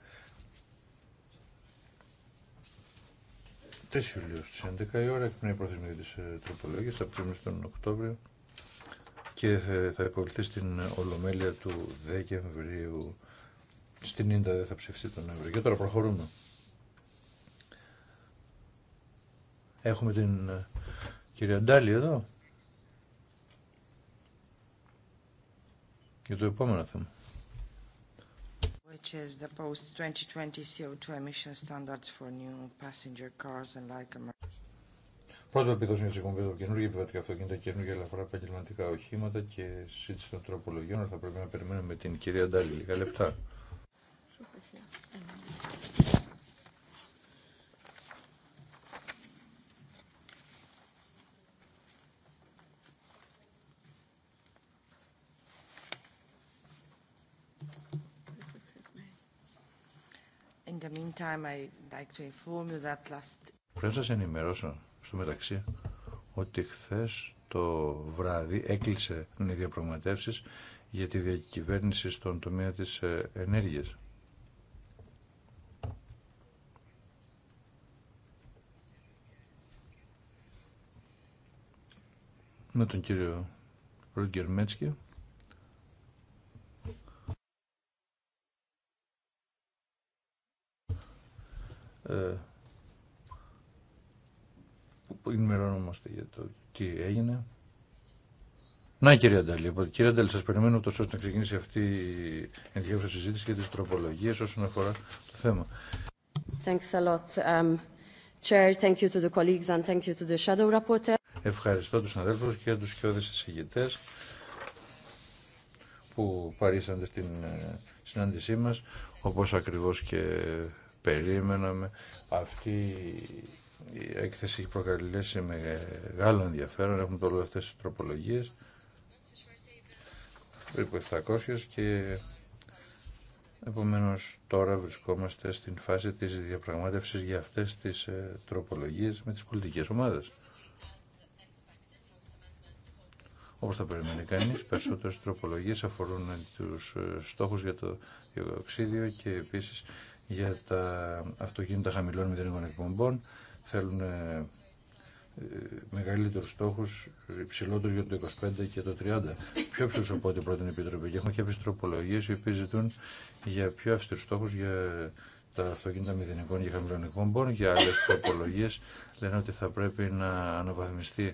3 Ιουλίου στις 11 η ώρα, εκπνέει η προθεσμία της ε, τροπολογίας, θα ψήμουν τον Οκτώβριο και θα υποβληθεί στην Ολομέλεια του Δεκεμβρίου. Στην Ίντα δεν θα ψηφιστεί τον Νοέμβριο. Και τώρα προχωρούμε. Έχουμε την ε, Κύριε Αντάλη εδώ. Για το επόμενο θέμα. Which is the post 2020 CO2 emission standards for new passenger cars and light commercial. Πρώτο επίδοση για τι εκπομπέ από καινούργια επιβατικά αυτοκίνητα, καινούργια ελαφρά επαγγελματικά οχήματα και σύντηση των τροπολογιών. Θα πρέπει να περιμένουμε την κυρία Ντάλη λίγα λεπτά. Πρέπει να σας ενημερώσω στο μεταξύ ότι χθε το βράδυ έκλεισε οι διαπραγματεύσεις για τη διακυβέρνηση στον τομέα της ε, ενέργειας. Με τον κύριο Ρούγκερ Μέτσκι Ε, που ενημερωνόμαστε για το τι έγινε. Να κύριε Αντάλη, λοιπόν, κύριε Αντάλη σας περιμένω τόσο ώστε να ξεκινήσει αυτή η ενδιαφέρουσα συζήτηση για τις τροπολογίες όσον αφορά το θέμα. Thanks a lot. Um, Chair, thank you to the colleagues and thank you to the shadow rapporteur. Ευχαριστώ τους συναδέλφους και τους σκιώδες εισηγητές που παρήσανται στην ε, συνάντησή μας, όπως ακριβώς και περίμεναμε. Αυτή η έκθεση έχει προκαλέσει μεγάλο ενδιαφέρον. Έχουμε τώρα αυτές τις τροπολογίες. Περίπου 700 και επομένως τώρα βρισκόμαστε στην φάση της διαπραγμάτευσης για αυτές τις ε, τροπολογίες με τις πολιτικές ομάδες. Όπως θα περιμένει κανείς, περισσότερες τροπολογίες αφορούν τους ε, στόχους για το διοξίδιο και επίσης για τα αυτοκίνητα χαμηλών μηδενικών εκπομπών. Θέλουν ε, ε, μεγαλύτερου στόχου, υψηλότερου για το 25 και το 30. Πιο ψηλού από ό,τι πρότεινε Επιτροπή. Και έχουμε κάποιε τροπολογίε οι οποίε ζητούν για πιο αυστηρού στόχου για τα αυτοκίνητα μηδενικών και χαμηλών εκπομπών. Για άλλε τροπολογίε λένε ότι θα πρέπει να αναβαθμιστεί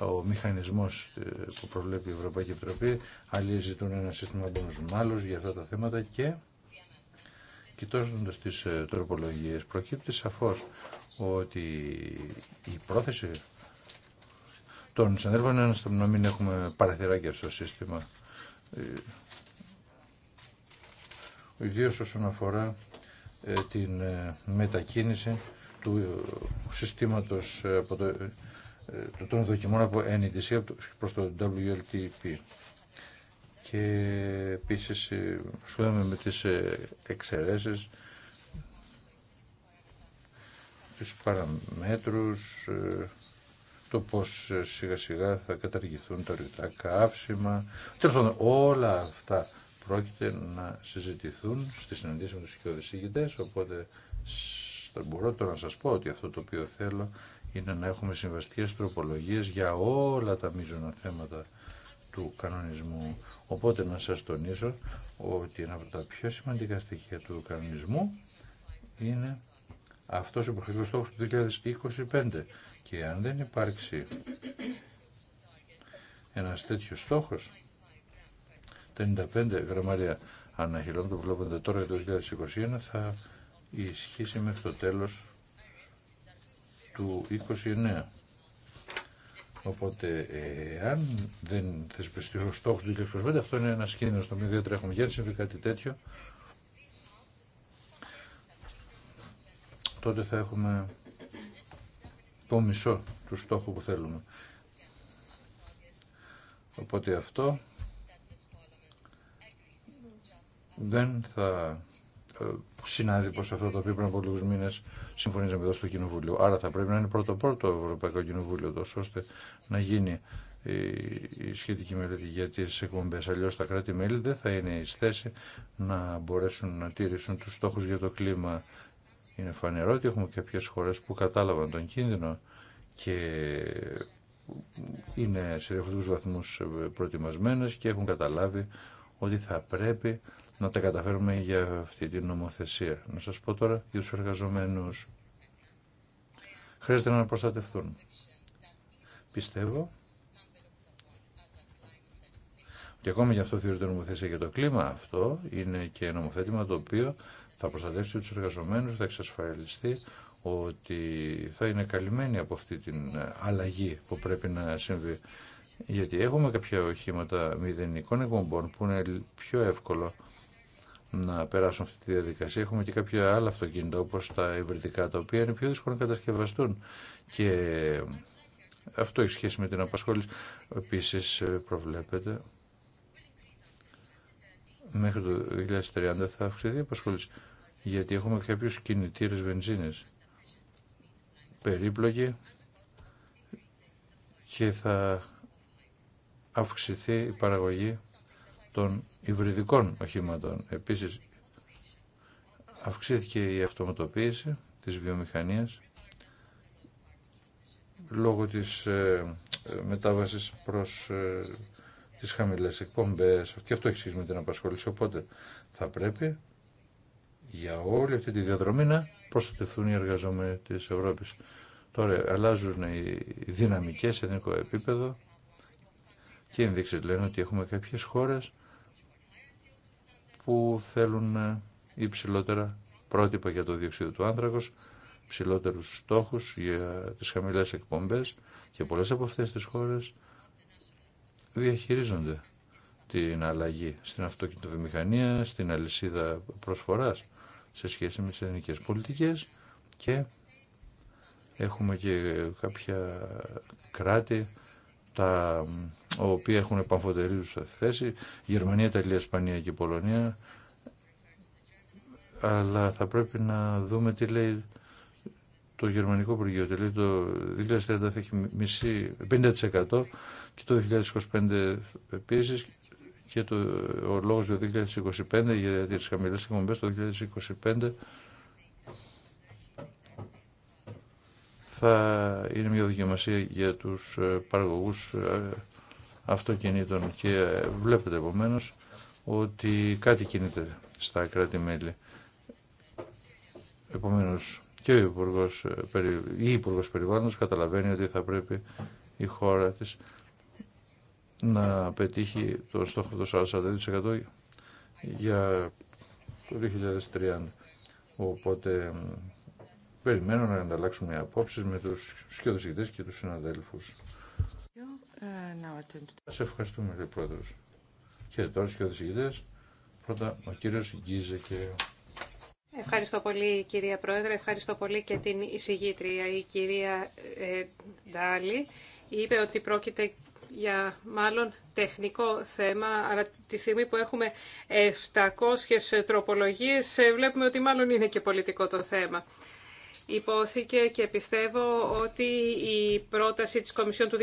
ο μηχανισμό ε, που προβλέπει η Ευρωπαϊκή Επιτροπή. Άλλοι ζητούν ένα σύστημα μπόνου μάλλον για αυτά τα θέματα και κοιτώντας τις ε, τροπολογίες προκύπτει σαφώς ότι η πρόθεση των συνέργων είναι στο να μην έχουμε παραθυράκια στο σύστημα ε, ιδίως όσον αφορά ε, την μετακίνηση του συστήματος το, των δοκιμών από NEDC προς το WLTP και σου λέμε με τις ε, εξαιρέσεις, τις παραμέτρους, ε, το πώς ε, σιγά σιγά θα καταργηθούν τα ρητά καύσιμα. Τέλος πάντων, όλα αυτά πρόκειται να συζητηθούν στις συναντήσεις με τους οικειοδησίγητες, οπότε θα μπορώ τώρα να σας πω ότι αυτό το οποίο θέλω είναι να έχουμε συμβαστικές τροπολογίες για όλα τα μείζωνα θέματα του κανονισμού. Οπότε να σας τονίσω ότι ένα από τα πιο σημαντικά στοιχεία του κανονισμού είναι αυτός ο υποχρεωτικός στόχος του 2025 και αν δεν υπάρξει ένας τέτοιος στόχος 35 γραμμάρια ανά που βλέπετε τώρα το 2021 θα ισχύσει μέχρι το τέλος του 29. Οπότε, ε, αν δεν θεσπιστεί ο στόχο του 2025, αυτό είναι ένα κίνδυνο στο οποίο τρέχουμε. Γιατί συμβεί κάτι τέτοιο, τότε θα έχουμε το μισό του στόχου που θέλουμε. Οπότε αυτό δεν θα συνάδει σε αυτό το οποίο πριν από λίγου μήνε συμφωνήσαμε εδώ στο Κοινοβούλιο. Άρα θα πρέπει να είναι πρώτο-πρώτο το Ευρωπαϊκό Κοινοβούλιο, τόσο ώστε να γίνει η σχετική μελέτη για τι εκπομπέ. Αλλιώ τα κράτη-μέλη δεν θα είναι η θέση να μπορέσουν να τήρησουν του στόχου για το κλίμα. Είναι φανερό ότι έχουμε και κάποιε χώρε που κατάλαβαν τον κίνδυνο και είναι σε διαφορετικού βαθμού προετοιμασμένε και έχουν καταλάβει ότι θα πρέπει να τα καταφέρουμε για αυτή την νομοθεσία. Να σας πω τώρα για τους εργαζομένους. Χρειάζεται να προστατευτούν. Πιστεύω και ακόμη γι' αυτό θεωρείται νομοθεσία για το κλίμα. Αυτό είναι και νομοθέτημα το οποίο θα προστατεύσει τους εργαζομένους, θα εξασφαλιστεί ότι θα είναι καλυμμένοι από αυτή την αλλαγή που πρέπει να συμβεί. Γιατί έχουμε κάποια οχήματα μηδενικών εκπομπών που είναι πιο εύκολο να περάσουν αυτή τη διαδικασία. Έχουμε και κάποια άλλα αυτοκίνητα όπω τα υβριδικά τα οποία είναι πιο δύσκολο να κατασκευαστούν και αυτό έχει σχέση με την απασχόληση. Επίση ε, προβλέπεται μέχρι το 2030 θα αυξηθεί η απασχόληση γιατί έχουμε κάποιους κινητήρες βενζίνη. περίπλοκοι και θα αυξηθεί η παραγωγή των υβριδικών οχήματων. Επίσης αυξήθηκε η αυτοματοποίηση της βιομηχανίας λόγω της ε, μετάβασης προς ε, τις χαμηλές εκπομπές και αυτό έχει σχέση με την απασχόληση οπότε θα πρέπει για όλη αυτή τη διαδρομή να προστατευτούν οι εργαζόμενοι της Ευρώπης. Τώρα αλλάζουν οι δυναμικές σε εθνικό επίπεδο και ενδείξεις λένε ότι έχουμε κάποιες χώρες που θέλουν ε, υψηλότερα πρότυπα για το διοξείδιο του άνθρακος, ψηλότερους στόχους για τις χαμηλές εκπομπές και πολλές από αυτές τις χώρες διαχειρίζονται την αλλαγή στην αυτοκινητοβιομηχανία, στην αλυσίδα προσφοράς σε σχέση με τις ελληνικές πολιτικές και έχουμε και κάποια κράτη τα οποίοι έχουν σε θέση, Γερμανία, Ιταλία, Ισπανία και Πολωνία, αλλά θα πρέπει να δούμε τι λέει το γερμανικό Υπουργείο. το 2030 θα έχει μισή, 50% και το 2025 επίση και το, ο λόγος για το 2025 για τις χαμηλές εκπομπές το 2025 θα είναι μια δοκιμασία για τους παραγωγούς ε, αυτοκινήτων και βλέπετε επομένω ότι κάτι κινείται στα κράτη-μέλη. Επομένως και ο Υπουργός, ε, η Υπουργός Περιβάλλοντος καταλαβαίνει ότι θα πρέπει η χώρα της να πετύχει το στόχο του 42% για το 2030. Οπότε περιμένω να ανταλλάξουμε απόψεις με τους σκιώδες και τους συναδέλφους. Ε, Σας ευχαριστούμε, κύριε Πρόεδρος. Και τώρα και οδησυγητές. Πρώτα ο κύριος Γκίζε και... Ευχαριστώ πολύ, κυρία Πρόεδρε. Ευχαριστώ πολύ και την εισηγήτρια, η κυρία ε, Είπε ότι πρόκειται για μάλλον τεχνικό θέμα, αλλά τη στιγμή που έχουμε 700 τροπολογίες ε, βλέπουμε ότι μάλλον είναι και πολιτικό το θέμα υπόθηκε και πιστεύω ότι η πρόταση της Κομισιόν του 2017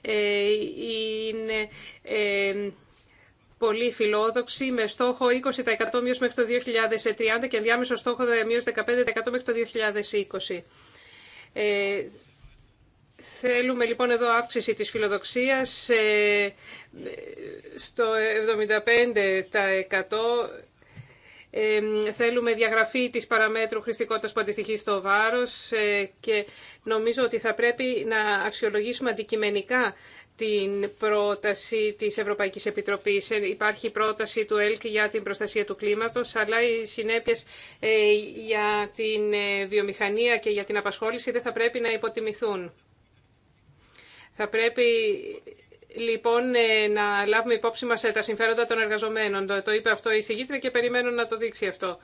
ε, είναι ε, πολύ φιλόδοξη με στόχο 20% μείωση μέχρι το 2030 και διάμεσο στόχο μείωση 15% μέχρι το 2020. Ε, θέλουμε λοιπόν εδώ αύξηση της φιλοδοξίας ε, στο 75% θέλουμε διαγραφή της παραμέτρου χρηστικότητας που αντιστοιχεί στο βάρος ε, και νομίζω ότι θα πρέπει να αξιολογήσουμε αντικειμενικά την πρόταση της Ευρωπαϊκής Επιτροπής. Ε, υπάρχει πρόταση του ΕΛΚ για την προστασία του κλίματος, αλλά οι συνέπειες ε, για την βιομηχανία και για την απασχόληση δεν θα πρέπει να υποτιμηθούν. Θα πρέπει λοιπόν ε, να λάβουμε υπόψη μας ε, τα συμφέροντα των εργαζομένων. Το είπε αυτό η συγγήτρια και περιμένω να το δείξει αυτό.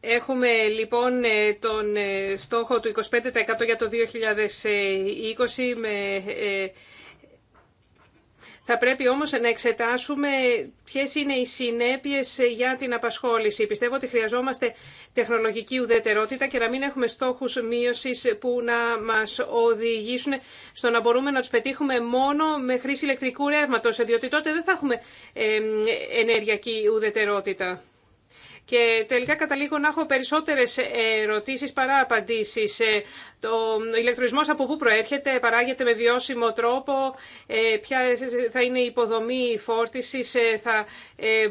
Έχουμε λοιπόν ε, τον στόχο του 25% για το 2020 με θα πρέπει όμως να εξετάσουμε ποιες είναι οι συνέπειες για την απασχόληση. Πιστεύω ότι χρειαζόμαστε τεχνολογική ουδετερότητα και να μην έχουμε στόχους μείωσης που να μας οδηγήσουν στο να μπορούμε να τους πετύχουμε μόνο με χρήση ηλεκτρικού ρεύματος, διότι τότε δεν θα έχουμε ενεργειακή ουδετερότητα. Και τελικά καταλήγω να έχω περισσότερες ερωτήσεις παρά απαντήσεις. Ε, το ηλεκτρισμός από πού προέρχεται, παράγεται με βιώσιμο τρόπο, ε, ποια θα είναι η υποδομή φόρτισης, ε, θα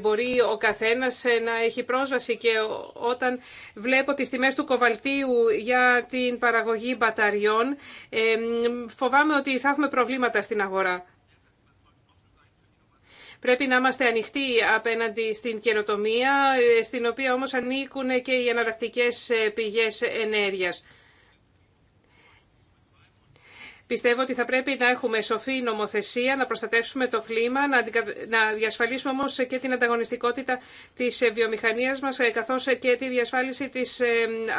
μπορεί ο καθένας να έχει πρόσβαση και όταν βλέπω τις τιμές του κοβαλτίου για την παραγωγή μπαταριών, φοβάμαι ότι θα έχουμε προβλήματα στην αγορά. Πρέπει να είμαστε ανοιχτοί απέναντι στην καινοτομία, στην οποία όμως ανήκουν και οι αναλλακτικέ ε, πηγές ενέργειας. Πιστεύω ότι θα πρέπει να έχουμε σοφή νομοθεσία, να προστατεύσουμε το κλίμα, να διασφαλίσουμε όμως και την ανταγωνιστικότητα της ε, βιομηχανίας μας, ε, καθώς και τη διασφάλιση της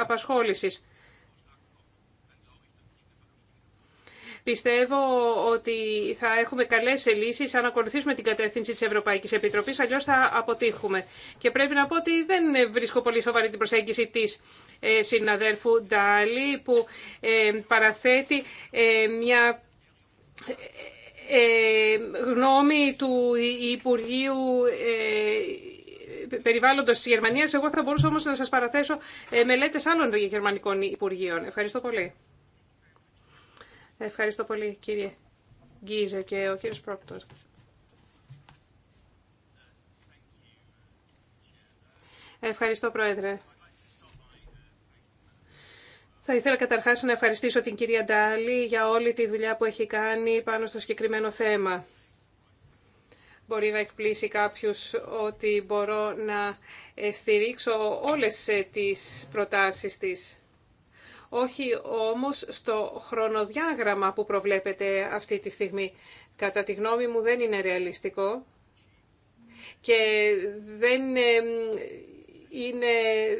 απασχόλησης. Πιστεύω ότι θα έχουμε καλές λύσει αν ακολουθήσουμε την κατεύθυνση της Ευρωπαϊκής Επιτροπής, Αλλιώ θα αποτύχουμε. Και πρέπει να πω ότι δεν βρίσκω πολύ σοβαρή την προσέγγιση της ε, συναδέρφου Ντάλι που ε, παραθέτει ε, μια γνώμη του Υπουργείου Περιβάλλοντος της Γερμανίας. Εγώ θα μπορούσα όμως να σας παραθέσω μελέτες άλλων γερμανικών υπουργείων. Ευχαριστώ πολύ. Ευχαριστώ πολύ κύριε Γκίζε και ο κύριος Πρόκτορ. Ευχαριστώ Πρόεδρε. Θα ήθελα καταρχάς να ευχαριστήσω την κυρία Ντάλη για όλη τη δουλειά που έχει κάνει πάνω στο συγκεκριμένο θέμα. Μπορεί να εκπλήσει κάποιους ότι μπορώ να στηρίξω όλες ε, τις προτάσεις της όχι όμως στο χρονοδιάγραμμα που προβλέπετε αυτή τη στιγμή. Κατά τη γνώμη μου δεν είναι ρεαλιστικό και δεν, είναι,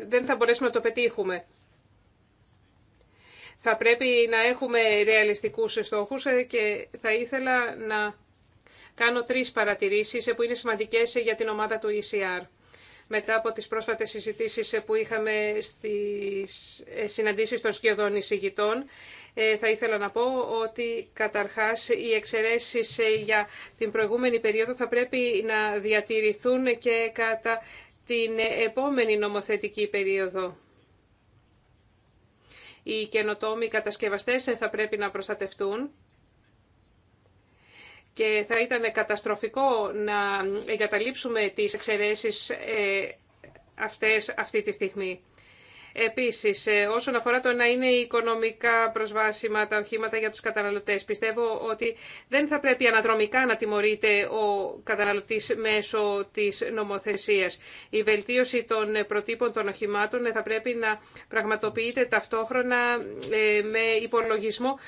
δεν θα μπορέσουμε να το πετύχουμε. Θα πρέπει να έχουμε ρεαλιστικούς στόχους και θα ήθελα να κάνω τρεις παρατηρήσεις που είναι σημαντικές για την ομάδα του ECR μετά από τις πρόσφατες συζητήσεις που είχαμε στις ε, συναντήσεις των σκιωδών εισηγητών. Ε, θα ήθελα να πω ότι καταρχάς οι εξαιρέσει ε, για την προηγούμενη περίοδο θα πρέπει να διατηρηθούν και κατά την επόμενη νομοθετική περίοδο. Οι καινοτόμοι κατασκευαστές θα πρέπει να προστατευτούν και θα ήταν καταστροφικό να εγκαταλείψουμε τις εξαιρέσεις ε, αυτές αυτή τη στιγμή. Επίση, ε, όσον αφορά το να είναι οικονομικά προσβάσιμα τα οχήματα για του καταναλωτέ, πιστεύω ότι δεν θα πρέπει αναδρομικά να τιμωρείται ο καταναλωτή μέσω τη νομοθεσία. Η βελτίωση των προτύπων των οχημάτων ε, θα πρέπει να πραγματοποιείται ταυτόχρονα ε, με υπολογισμό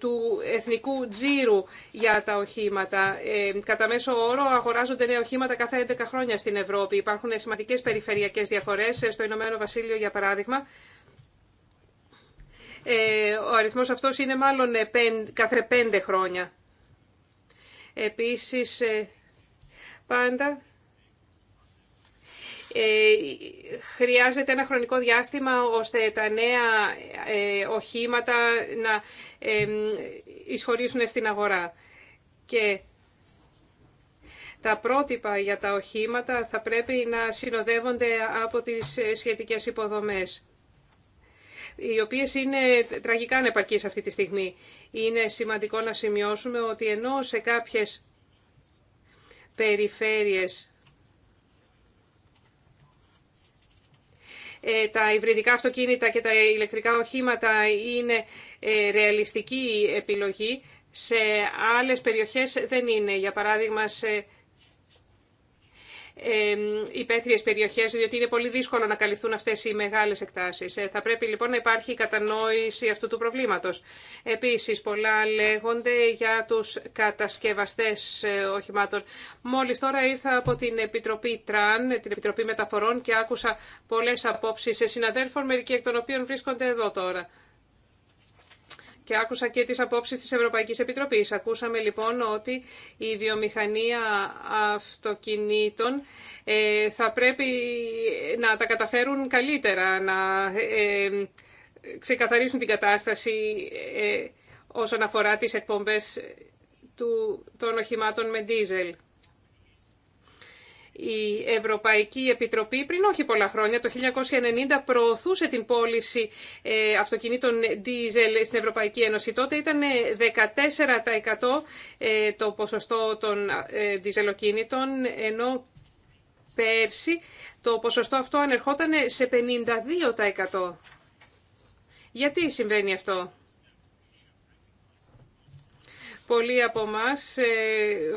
του εθνικού τζίρου για τα οχήματα. Κατά μέσο όρο αγοράζονται νέα οχήματα κάθε 11 χρόνια στην Ευρώπη. Υπάρχουν σημαντικέ περιφερειακέ διαφορέ στο Ηνωμένο Βασίλειο για παράδειγμα παράδειγμα, ε, ο αριθμός αυτός είναι μάλλον ε, κάθε πέντε χρόνια. Επίσης, ε, πάντα χρειάζεται ένα χρονικό διάστημα ώστε τα νέα οχήματα να εισχωρήσουν στην αγορά. Και τα πρότυπα για τα οχήματα θα πρέπει να συνοδεύονται από τις σχετικές υποδομές οι οποίες είναι τραγικά ανεπαρκείς αυτή τη στιγμή. Είναι σημαντικό να σημειώσουμε ότι ενώ σε κάποιες περιφέρειες ε, τα υβριδικά αυτοκίνητα και τα ηλεκτρικά οχήματα είναι ε, ρεαλιστική επιλογή, σε άλλες περιοχές δεν είναι. Για παράδειγμα, σε υπαίθριες περιοχές, διότι είναι πολύ δύσκολο να καλυφθούν αυτές οι μεγάλες εκτάσεις. Ε, θα πρέπει λοιπόν να υπάρχει κατανόηση αυτού του προβλήματος. Επίσης, πολλά λέγονται για τους κατασκευαστές ε, οχημάτων. Μόλις τώρα ήρθα από την Επιτροπή Τραν, την Επιτροπή Μεταφορών και άκουσα πολλές απόψεις συναδέλφων, μερικοί εκ των οποίων βρίσκονται εδώ τώρα και άκουσα και τις απόψεις της Ευρωπαϊκής Επιτροπής. Ακούσαμε λοιπόν ότι η βιομηχανία αυτοκινήτων ε, θα πρέπει να τα καταφέρουν καλύτερα, να ε, ξεκαθαρίσουν την κατάσταση ε, όσον αφορά τις εκπομπές του, των οχημάτων με ντίζελ. Η Ευρωπαϊκή Επιτροπή πριν όχι πολλά χρόνια, το 1990, προωθούσε την πώληση ε, αυτοκινήτων δίζελ στην Ευρωπαϊκή Ένωση. Τότε ήταν 14% ε, ε, το ποσοστό των διζελοκίνητων, ενώ πέρσι το ποσοστό αυτό ανερχόταν σε 52%. Γιατί συμβαίνει αυτό πολλοί από εμά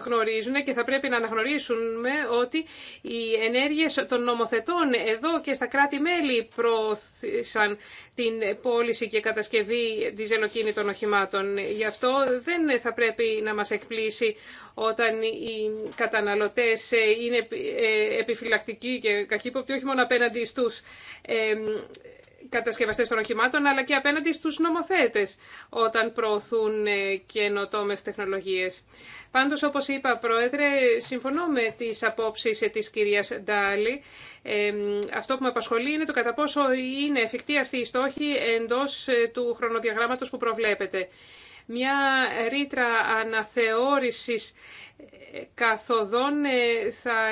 γνωρίζουν και θα πρέπει να αναγνωρίσουμε ότι οι ενέργειες των νομοθετών εδώ και στα κράτη-μέλη προώθησαν την πώληση και κατασκευή διζελοκίνητων οχημάτων. Γι' αυτό δεν θα πρέπει να μας εκπλήσει όταν οι καταναλωτές ε, είναι ε, επιφυλακτικοί και καχύποπτοι όχι μόνο απέναντι στους ε, Κατασκευαστέ των οχημάτων, αλλά και απέναντι στου νομοθέτες όταν προωθούν ε, καινοτόμε τεχνολογίες. Πάντως, όπως είπα, Πρόεδρε, συμφωνώ με τι απόψει ε, της κυρίας Ντάλι. Ε, αυτό που με απασχολεί είναι το κατά πόσο είναι εφικτή αυτή η στόχη εντός του χρονοδιαγράμματος που προβλέπεται μια ρήτρα αναθεώρησης καθοδόν ε, θα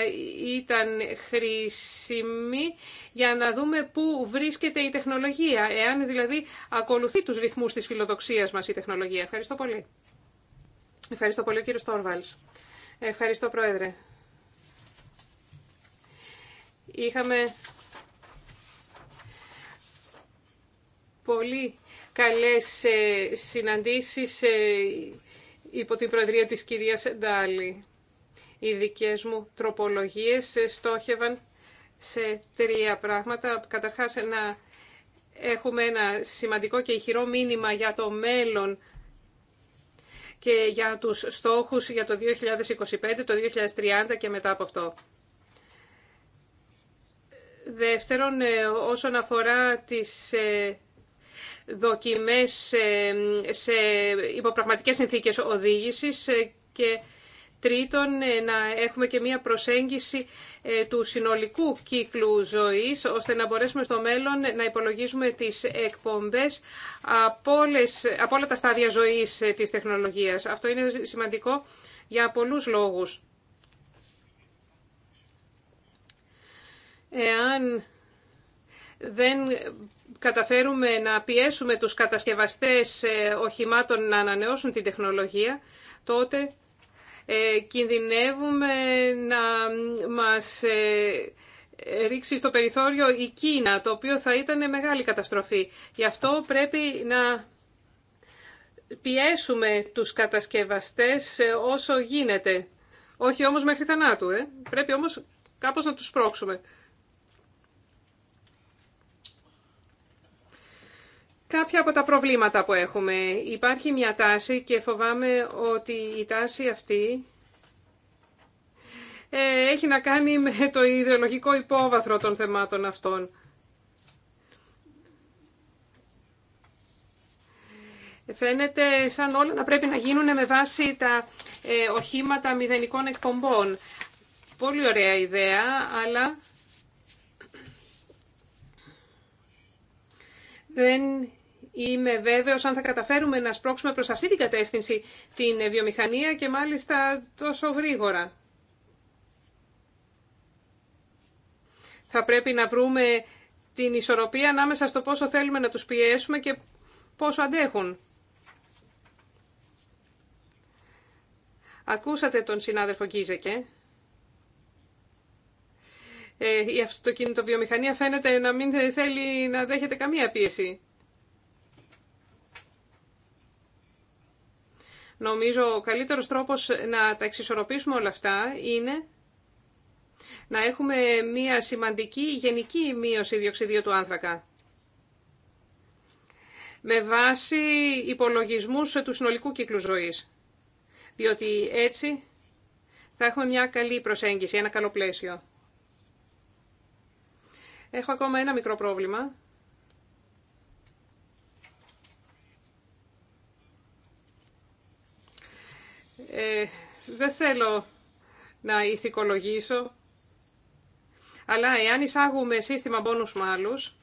ήταν χρήσιμη για να δούμε πού βρίσκεται η τεχνολογία, εάν δηλαδή ακολουθεί τους ρυθμούς της φιλοδοξίας μας η τεχνολογία. Ευχαριστώ πολύ. Ευχαριστώ πολύ κύριο Στόρβαλς. Ευχαριστώ Πρόεδρε. Είχαμε πολύ καλές ε, συναντήσεις ε, υπό την προεδρία της κυρίας Ντάλη. Οι δικές μου τροπολογίες ε, στόχευαν σε τρία πράγματα. Καταρχάς να έχουμε ένα σημαντικό και ηχηρό μήνυμα για το μέλλον και για τους στόχους για το 2025, το 2030 και μετά από αυτό. Δεύτερον, όσον αφορά τις δοκιμές ε, σε υποπραγματικές συνθήκες οδήγησης ε, και τρίτον ε, να έχουμε και μία προσέγγιση του συνολικού κύκλου ζωής ώστε να μπορέσουμε στο μέλλον να υπολογίζουμε τις εκπομπές από, από όλα τα στάδια ζωής της τεχνολογίας. Αυτό είναι σημαντικό για πολλούς λόγους. Εάν δεν καταφέρουμε να πιέσουμε τους κατασκευαστές ε, οχημάτων να ανανεώσουν την τεχνολογία, τότε ε, κινδυνεύουμε να μας ε, ρίξει στο περιθώριο η Κίνα, το οποίο θα ήταν μεγάλη καταστροφή. Γι' αυτό πρέπει να πιέσουμε τους κατασκευαστές όσο γίνεται. Όχι όμως μέχρι θανάτου, ε. πρέπει όμως κάπως να τους πρόξουμε. κάποια από τα προβλήματα που έχουμε. Υπάρχει μια τάση και φοβάμαι ότι η τάση αυτή ε, έχει να κάνει με το ιδεολογικό υπόβαθρο των θεμάτων αυτών. Φαίνεται σαν όλα να πρέπει να γίνουν με βάση τα ε, οχήματα μηδενικών εκπομπών. Πολύ ωραία ιδέα, αλλά Δεν είμαι βέβαιος αν θα καταφέρουμε να σπρώξουμε προς αυτή την κατεύθυνση την βιομηχανία και μάλιστα τόσο γρήγορα. Θα πρέπει να βρούμε την ισορροπία ανάμεσα στο πόσο θέλουμε να τους πιέσουμε και πόσο αντέχουν. Ακούσατε τον συνάδελφο Γκίζεκε. Ε, η βιομηχανία φαίνεται να μην θέλει να δέχεται καμία πίεση. Νομίζω ο καλύτερος τρόπος να τα εξισορροπήσουμε όλα αυτά είναι να έχουμε μία σημαντική γενική μείωση διοξιδίου του άνθρακα. Με βάση υπολογισμούς του συνολικού κύκλου ζωής. Διότι έτσι θα έχουμε μια καλή προσέγγιση, ένα καλό πλαίσιο. Έχω ακόμα ένα μικρό πρόβλημα. Ε, δεν θέλω να ηθικολογήσω, αλλά εάν εισάγουμε σύστημα bonus μάλους,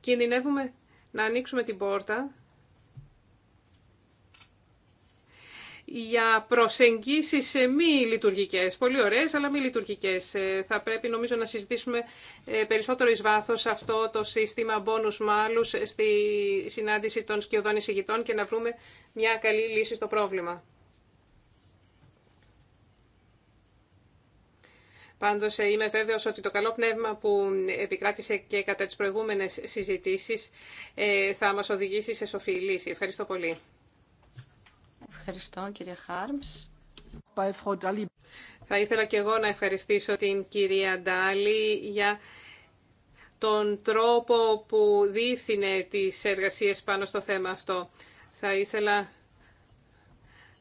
κινδυνεύουμε να ανοίξουμε την πόρτα για προσεγγίσεις ε, μη λειτουργικέ. πολύ ωραίε, αλλά μη λειτουργικές. Ε, θα πρέπει νομίζω να συζητήσουμε ε, περισσότερο ει βάθος αυτό το σύστημα bonus μάλους στη συνάντηση των σκιωδών εισηγητών και να βρούμε μια καλή λύση στο πρόβλημα. Πάντως είμαι βέβαιος ότι το καλό πνεύμα που επικράτησε και κατά τις προηγούμενε συζητήσει θα μα οδηγήσει σε σοφή λύση. Ευχαριστώ πολύ. Ευχαριστώ, κύριε Χάρμς. Θα ήθελα και εγώ να ευχαριστήσω την κυρία Ντάλη για τον τρόπο που διεύθυνε τις εργασίες πάνω στο θέμα αυτό. Θα ήθελα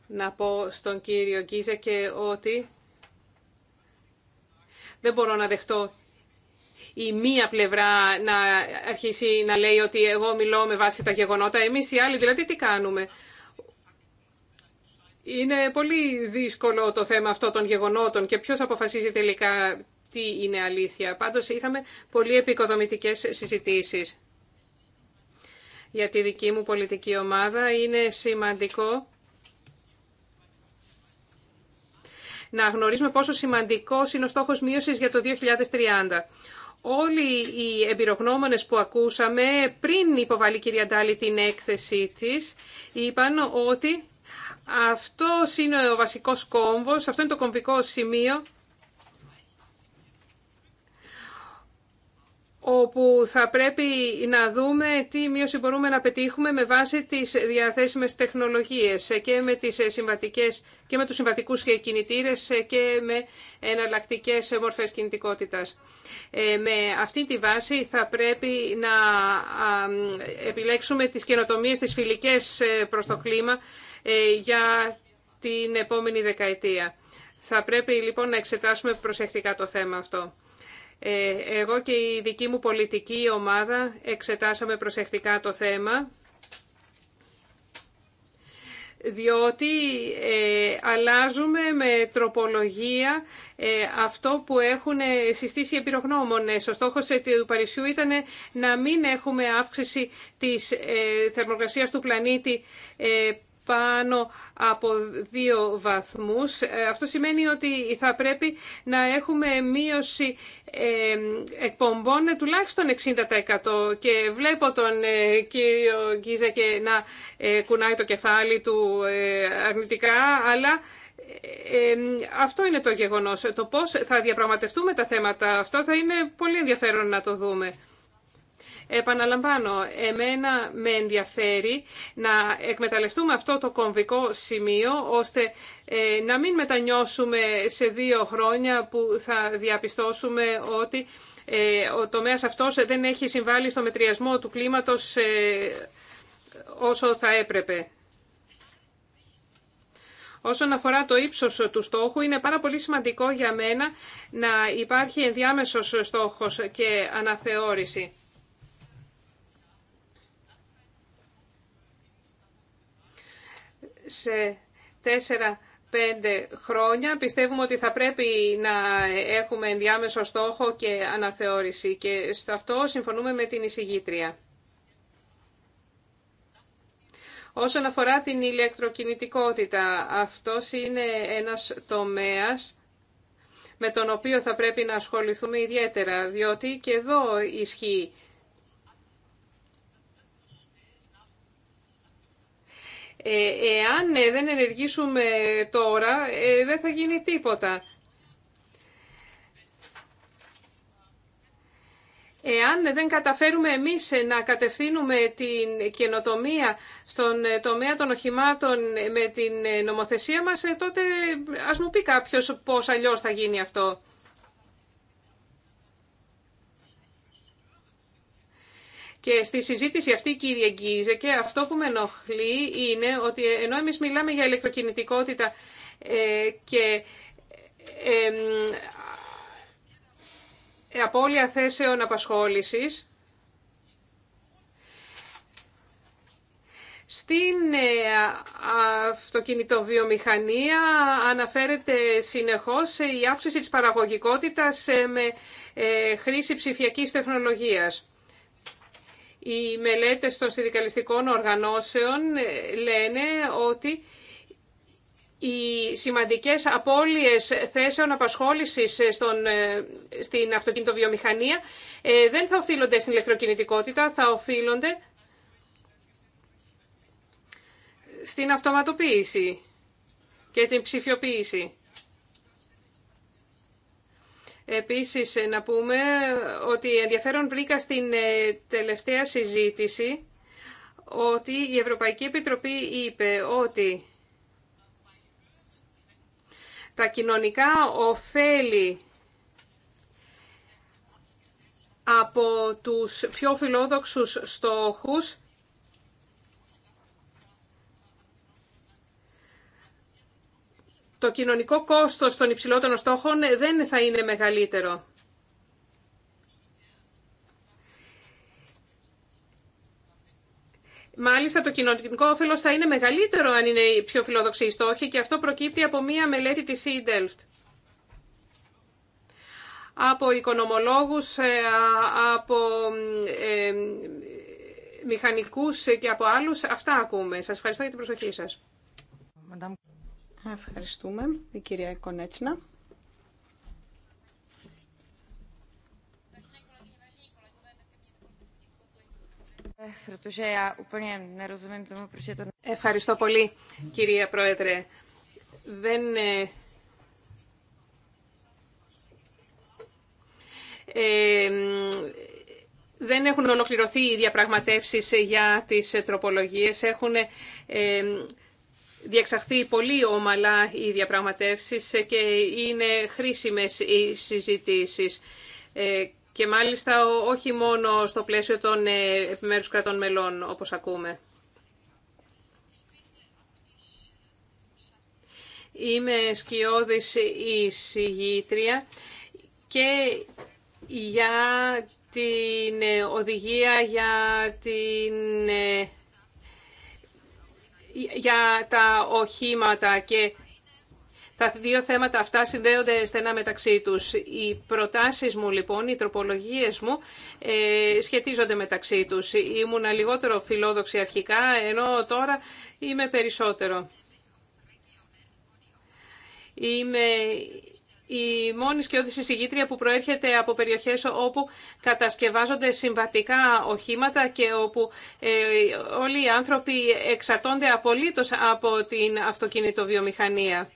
να πω στον κύριο Γκίζα και ότι δεν μπορώ να δεχτώ η μία πλευρά να αρχίσει να λέει ότι εγώ μιλώ με βάση τα γεγονότα, εμείς οι άλλοι δηλαδή τι κάνουμε. Είναι πολύ δύσκολο το θέμα αυτό των γεγονότων και ποιος αποφασίζει τελικά τι είναι αλήθεια. Πάντως είχαμε πολύ επικοδομητικές συζητήσεις. Για τη δική μου πολιτική ομάδα είναι σημαντικό να γνωρίζουμε πόσο σημαντικός είναι ο στόχος μείωσης για το 2030. Όλοι οι εμπειρογνώμονες που ακούσαμε πριν υποβάλει η κυρία Ντάλη την έκθεσή της είπαν ότι αυτό είναι ο βασικός κόμβος, αυτό είναι το κομβικό σημείο όπου θα πρέπει να δούμε τι μείωση μπορούμε να πετύχουμε με βάση τις διαθέσιμες τεχνολογίες και με, τις συμβατικές, και με τους συμβατικούς κινητήρες και με εναλλακτικές μορφές κινητικότητας. Ε, με αυτή τη βάση θα πρέπει να επιλέξουμε τις καινοτομίες, τις φιλικές ε, προς το κλίμα ε, για την επόμενη δεκαετία. Θα πρέπει λοιπόν να εξετάσουμε προσεκτικά το θέμα αυτό. Ε, εγώ και η δική μου πολιτική ομάδα εξετάσαμε προσεκτικά το θέμα διότι ε, αλλάζουμε με τροπολογία ε, αυτό που έχουν συστήσει οι επιρογνώμονες. Ο στόχος του Παρισιού ήταν να μην έχουμε αύξηση της ε, θερμοκρασίας του πλανήτη πάνω από δύο βαθμούς. Ε, αυτό σημαίνει ότι θα πρέπει να έχουμε μείωση ε, εκπομπών τουλάχιστον 60% και βλέπω τον ε, κύριο Γκίζα και να κουνάει το κεφάλι του αρνητικά, αλλά αυτό είναι το γεγονός. Το πώς θα διαπραγματευτούμε τα θέματα αυτό θα είναι πολύ ενδιαφέρον να το δούμε. Επαναλαμβάνω, εμένα με ενδιαφέρει να εκμεταλλευτούμε αυτό το κομβικό σημείο, ώστε ε, να μην μετανιώσουμε σε δύο χρόνια που θα διαπιστώσουμε ότι ε, ο τομέας αυτός δεν έχει συμβάλει στο μετριασμό του κλίματος ε, όσο θα έπρεπε. Όσον αφορά το ύψος του στόχου, είναι πάρα πολύ σημαντικό για μένα να υπάρχει ενδιάμεσος στόχος και αναθεώρηση. σε τέσσερα 5 χρόνια πιστεύουμε ότι θα πρέπει να έχουμε ενδιάμεσο στόχο και αναθεώρηση και σε αυτό συμφωνούμε με την εισηγήτρια. Όσον αφορά την ηλεκτροκινητικότητα, αυτός είναι ένας τομέας με τον οποίο θα πρέπει να ασχοληθούμε ιδιαίτερα, διότι και εδώ ισχύει Ε, εάν ε, δεν ενεργήσουμε τώρα, ε, δεν θα γίνει τίποτα. Εάν δεν καταφέρουμε εμείς να κατευθύνουμε την καινοτομία στον τομέα των οχημάτων με την νομοθεσία μας, τότε ας μου πει κάποιος πώς αλλιώς θα γίνει αυτό. Και στη συζήτηση αυτή, κύριε Γκίζε, και αυτό που με ενοχλεί είναι ότι ενώ εμείς μιλάμε για ηλεκτροκινητικότητα ε, και ε, ε, απώλεια θέσεων απασχόλησης, Στην αυτοκινητοβιομηχανία αναφέρεται συνεχώς η αύξηση της παραγωγικότητας με χρήση ψηφιακής τεχνολογίας. Οι μελέτες των συνδικαλιστικών οργανώσεων ε, λένε ότι οι σημαντικές απώλειες θέσεων απασχόλησης ε, στον, ε, στην αυτοκινητοβιομηχανία δεν θα οφείλονται στην ηλεκτροκινητικότητα, θα οφείλονται στην αυτοματοποίηση και την ψηφιοποίηση. Επίσης, ε, να πούμε ότι ενδιαφέρον βρήκα στην ε, τελευταία συζήτηση ότι η Ευρωπαϊκή Επιτροπή είπε ότι τα κοινωνικά ωφέλη από τους πιο φιλόδοξους στόχους το κοινωνικό κόστος των υψηλότερων στόχων δεν θα είναι μεγαλύτερο. Μάλιστα το κοινωνικό όφελος θα είναι μεγαλύτερο αν είναι πιο φιλοδοξοί στόχη και αυτό προκύπτει από μία μελέτη της E-Delft. Από οικονομολόγους, ε, από ε, μηχανικούς και από άλλους. Αυτά ακούμε. Σας ευχαριστώ για την προσοχή σας. Ευχαριστούμε. Η κυρία Κονέτσινα. Ευχαριστώ πολύ, κυρία Πρόεδρε. Δεν ε, ε, δεν έχουν ολοκληρωθεί οι διαπραγματεύσεις για τις τροπολογίες. Έχουν ε, διεξαχθεί πολύ ομαλά οι διαπραγματεύσεις και είναι χρήσιμες οι συζητήσεις. Ε, και μάλιστα όχι μόνο στο πλαίσιο των ε, επιμέρους κρατών μελών, όπως ακούμε. Είμαι σκιώδης η και για την ε, οδηγία για την για τα οχήματα και τα δύο θέματα αυτά συνδέονται στενά μεταξύ τους. Οι προτάσεις μου λοιπόν, οι τροπολογίες μου ε, σχετίζονται μεταξύ τους. Ήμουν λιγότερο φιλόδοξη αρχικά, ενώ τώρα είμαι περισσότερο. Είμαι η μόνη σκιώδη εισηγήτρια που προέρχεται από περιοχές όπου κατασκευάζονται συμβατικά οχήματα και όπου ε, όλοι οι άνθρωποι εξαρτώνται απολύτω από την αυτοκινητοβιομηχανία.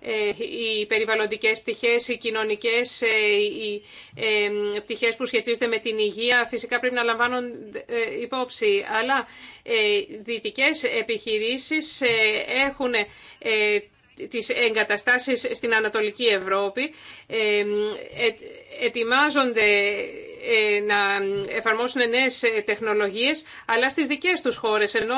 Ε, οι περιβαλλοντικές πτυχές, οι κοινωνικές, ε, οι πτυχές που σχετίζονται με την υγεία φυσικά πρέπει να λαμβάνουν υπόψη. Αλλά δυτικές επιχειρήσεις έχουν τις εγκαταστάσεις στην Ανατολική Ευρώπη. Ε, ε, ετοιμάζονται ε, να εφαρμόσουν νέες τεχνολογίες, αλλά στις δικές τους χώρες, ενώ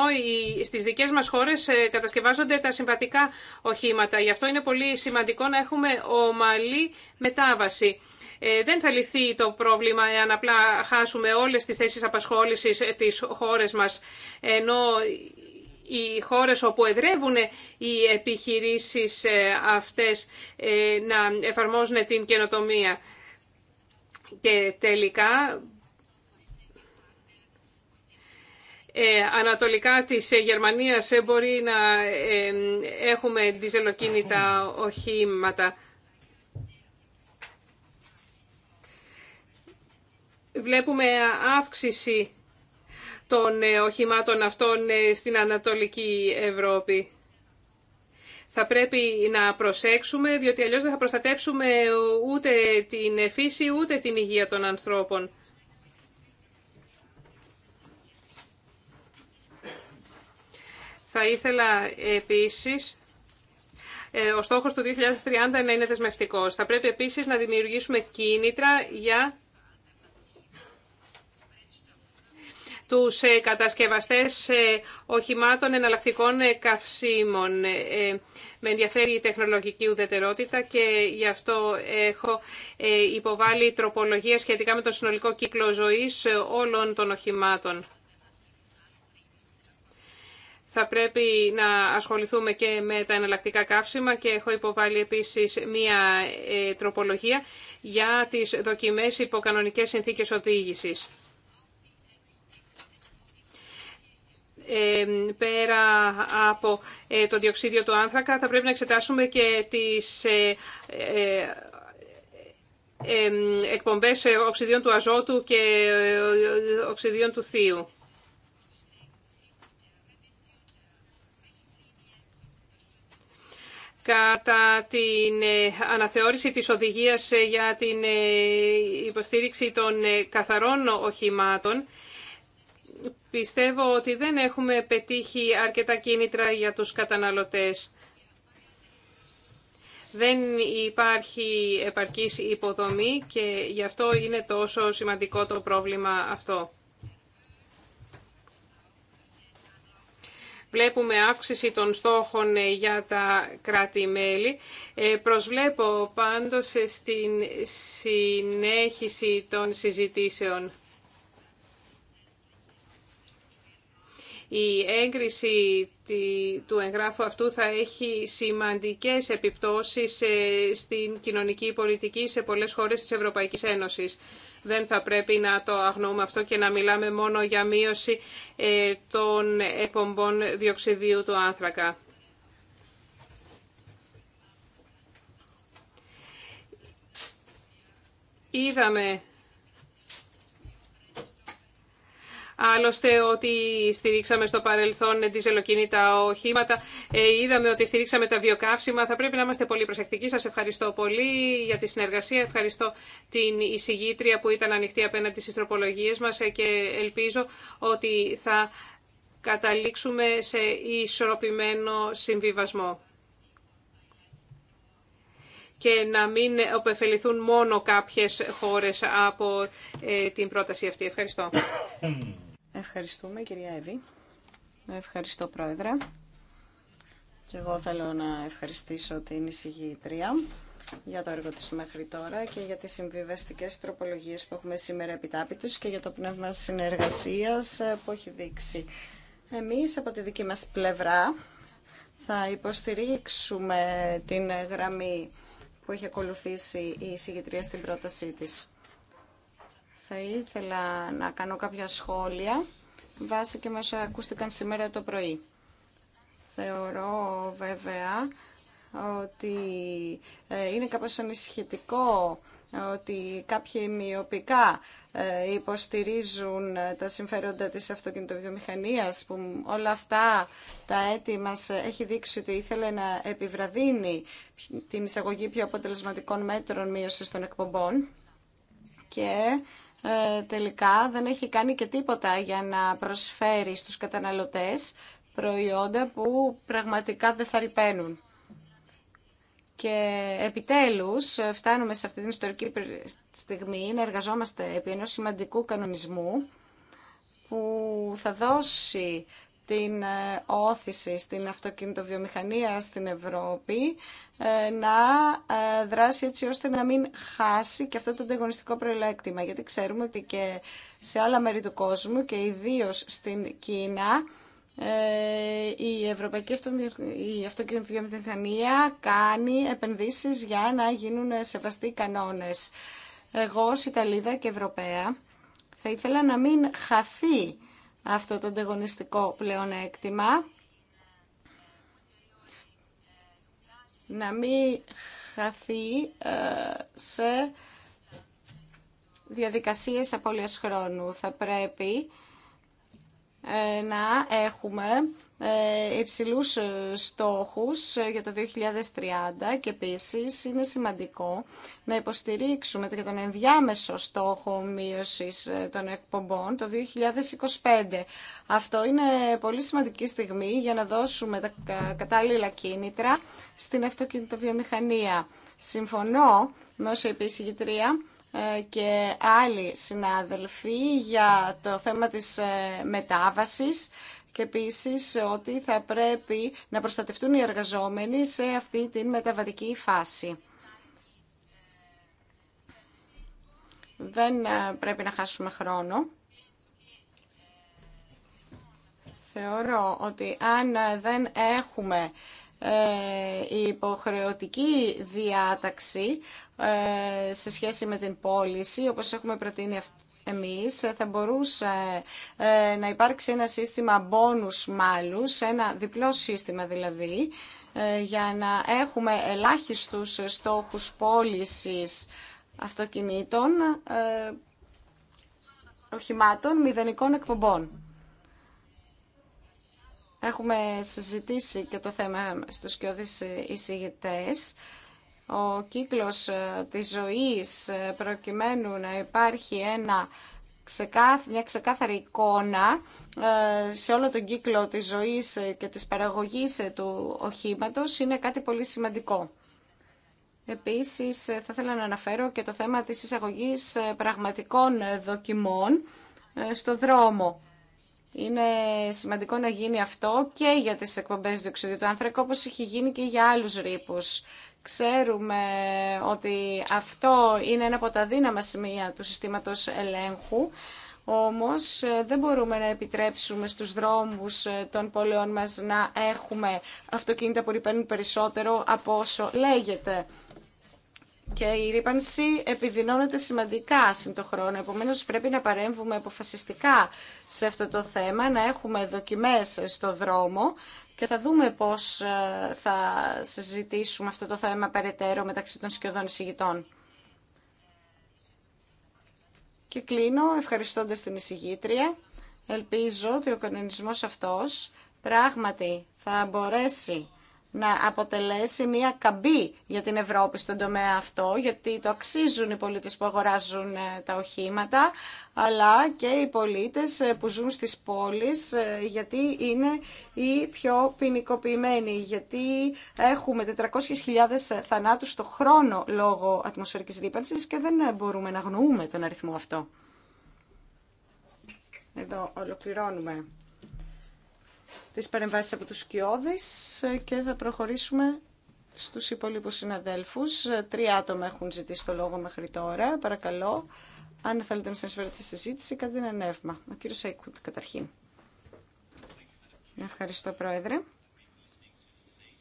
στις δικές μας χώρες κατασκευάζονται τα συμβατικά οχήματα. Γι' αυτό είναι πολύ σημαντικό να έχουμε ομαλή μετάβαση. δεν θα λυθεί το πρόβλημα εάν απλά χάσουμε όλες τις θέσεις απασχόλησης της χώρες μας, ενώ οι χώρες όπου εδρεύουν οι επιχειρήσεις ε, αυτές ε, να εφαρμόζουν την καινοτομία. Και τελικά ε, ανατολικά της Γερμανίας μπορεί να έχουμε διζελοκίνητα οχήματα. Βλέπουμε αύξηση των ε, οχημάτων αυτών ε, στην Ανατολική Ευρώπη. Θα πρέπει να προσέξουμε, διότι αλλιώς δεν θα προστατεύσουμε ούτε την φύση, ούτε την υγεία των ανθρώπων. Θα ήθελα επίσης ε, ο στόχος του 2030 να είναι δεσμευτικός. Θα πρέπει επίσης να δημιουργήσουμε κίνητρα για τους ε, κατασκευαστές ε, οχημάτων εναλλακτικών ε, καυσίμων. Με ενδιαφέρει η τεχνολογική ουδετερότητα και γι' αυτό έχω υποβάλει τροπολογία σχετικά με τον συνολικό κύκλο ζωής όλων των οχημάτων. Θα πρέπει να ασχοληθούμε και με τα εναλλακτικά καύσιμα και έχω υποβάλει επίσης μία τροπολογία για τις δοκιμές υποκανονικές συνθήκες οδήγησης. πέρα από ε, το διοξίδιο του άνθρακα θα πρέπει να εξετάσουμε και τις ε, ε, εκπομπές οξυδίων του αζότου και οξυδίων του θείου. κατά την αναθεώρηση της οδηγίας για την υποστήριξη των καθαρών οχημάτων. Πιστεύω ότι δεν έχουμε πετύχει αρκετά κίνητρα για τους καταναλωτές. Δεν υπάρχει επαρκής υποδομή και γι' αυτό είναι τόσο σημαντικό το πρόβλημα αυτό. Βλέπουμε αύξηση των στόχων για τα κράτη-μέλη. Ε, προσβλέπω πάντως στην συνέχιση των συζητήσεων. Η έγκριση του εγγράφου αυτού θα έχει σημαντικές επιπτώσεις ε, στην κοινωνική πολιτική σε πολλές χώρες της Ευρωπαϊκής Ένωσης. Δεν θα πρέπει να το αγνοούμε αυτό και να μιλάμε μόνο για μείωση ε, των επομπών διοξιδίου του άνθρακα. Είδαμε Άλλωστε ότι στηρίξαμε στο παρελθόν διζελοκίνητα οχήματα, ε, είδαμε ότι στηρίξαμε τα βιοκαύσιμα. Θα πρέπει να είμαστε πολύ προσεκτικοί. Σας ευχαριστώ πολύ για τη συνεργασία. Ευχαριστώ την εισηγήτρια που ήταν ανοιχτή απέναντι στις τροπολογίες μας ε, και ελπίζω ότι θα καταλήξουμε σε ισορροπημένο συμβιβασμό και να μην οπεφεληθούν μόνο κάποιες χώρες από ε, την πρόταση αυτή. Ευχαριστώ. Ευχαριστούμε κυρία Εύη. Ευχαριστώ πρόεδρε. Και εγώ θέλω να ευχαριστήσω την εισηγήτρια για το έργο της μέχρι τώρα και για τις συμβιβαστικές τροπολογίες που έχουμε σήμερα επιτάπητους και για το πνεύμα συνεργασίας ε, που έχει δείξει. Εμείς από τη δική μας πλευρά θα υποστηρίξουμε την γραμμή που έχει ακολουθήσει η εισηγητρία στην πρότασή της θα ήθελα να κάνω κάποια σχόλια βάσει και μέσα ακούστηκαν σήμερα το πρωί. Θεωρώ βέβαια ότι ε, είναι κάπως ανησυχητικό ότι κάποιοι μοιοπικά ε, υποστηρίζουν ε, τα συμφέροντα της αυτοκινητοβιομηχανίας που όλα αυτά τα έτη μας έχει δείξει ότι ήθελε να επιβραδύνει την εισαγωγή πιο αποτελεσματικών μέτρων μείωσης των εκπομπών και ε, τελικά δεν έχει κάνει και τίποτα για να προσφέρει στους καταναλωτές προϊόντα που πραγματικά δεν θα ρηπαίνουν. Και επιτέλους ε, φτάνουμε σε αυτή την ιστορική στιγμή να εργαζόμαστε επί ενός σημαντικού κανονισμού που θα δώσει την ε, όθηση στην αυτοκινητοβιομηχανία στην Ευρώπη ε, να ε, δράσει έτσι ώστε να μην χάσει και αυτό το ανταγωνιστικό προελέκτημα. Γιατί ξέρουμε ότι και σε άλλα μέρη του κόσμου και ιδίως στην Κίνα η Ευρωπαϊκή Αυτοκινητοβιομηχανία κάνει επενδύσεις για να γίνουν σεβαστοί κανόνες. Εγώ ως Ιταλίδα και Ευρωπαία θα ήθελα να μην χαθεί αυτό το ανταγωνιστικό πλεονέκτημα. Να μην χαθεί ε, σε διαδικασίες απώλειας χρόνου. Θα πρέπει ε, να έχουμε ε, υψηλούς ε, στόχους ε, για το 2030 και επίσης είναι σημαντικό να υποστηρίξουμε και τον ενδιάμεσο στόχο μείωσης των εκπομπών το 2025. Αυτό είναι πολύ σημαντική στιγμή για να δώσουμε τα κατάλληλα κίνητρα στην αυτοκινητοβιομηχανία. Συμφωνώ με όσο είπε η και άλλοι συνάδελφοι για το θέμα της μετάβασης και επίση ότι θα πρέπει να προστατευτούν οι εργαζόμενοι σε αυτή τη μεταβατική φάση. Δεν ε, πρέπει να χάσουμε χρόνο. Θεωρώ ότι αν ε, δεν έχουμε η ε, υποχρεωτική διάταξη σε σχέση με την πώληση, όπως έχουμε προτείνει αυτή εμείς θα μπορούσε ε, να υπάρξει ένα σύστημα bonus μάλους, ένα διπλό σύστημα δηλαδή, ε, για να έχουμε ελάχιστους στόχους πώλησης αυτοκινήτων, ε, οχημάτων, μηδενικών εκπομπών. Έχουμε συζητήσει και το θέμα στους κοιόδης εισηγητές ο κύκλος ε, της ζωής ε, προκειμένου να υπάρχει ένα μια ξεκάθαρη εικόνα ε, σε όλο τον κύκλο της ζωής και της παραγωγής του οχήματος είναι κάτι πολύ σημαντικό. Επίσης, θα ήθελα να αναφέρω και το θέμα της εισαγωγής πραγματικών δοκιμών στο δρόμο. Είναι σημαντικό να γίνει αυτό και για τις εκπομπές διοξιδίου του άνθρακα, όπως έχει γίνει και για άλλους ρήπους. Ξέρουμε ότι αυτό είναι ένα από τα δύναμα σημεία του συστήματος ελέγχου, όμως ε, δεν μπορούμε να επιτρέψουμε στους δρόμους ε, των πόλεων μας να έχουμε αυτοκίνητα που ρηπαίνουν περισσότερο από όσο λέγεται και η ρήπανση επιδεινώνεται σημαντικά στον χρόνο. Επομένως πρέπει να παρέμβουμε αποφασιστικά σε αυτό το θέμα, να έχουμε δοκιμές στο δρόμο και θα δούμε πώς ε, θα συζητήσουμε αυτό το θέμα περαιτέρω μεταξύ των σκιωδών εισηγητών. Και κλείνω ευχαριστώντας την εισηγήτρια. Ελπίζω ότι ο κανονισμός αυτός πράγματι θα μπορέσει να αποτελέσει μια καμπή για την Ευρώπη στον τομέα αυτό, γιατί το αξίζουν οι πολίτες που αγοράζουν ε, τα οχήματα, αλλά και οι πολίτες ε, που ζουν στις πόλεις, ε, γιατί είναι οι πιο ποινικοποιημένοι, γιατί έχουμε 400.000 θανάτους το χρόνο λόγω ατμοσφαιρικής ρήπανσης και δεν μπορούμε να γνωρούμε τον αριθμό αυτό. Εδώ ολοκληρώνουμε τις παρεμβάσεις από τους Κιώδης και θα προχωρήσουμε στους υπόλοιπους συναδέλφους. Τρία άτομα έχουν ζητήσει το λόγο μέχρι τώρα. Παρακαλώ, αν θέλετε να σας φέρετε τη συζήτηση, κάτι ένα νεύμα. Ο κύριος Σαϊκούτ, καταρχήν. Ευχαριστώ, Πρόεδρε.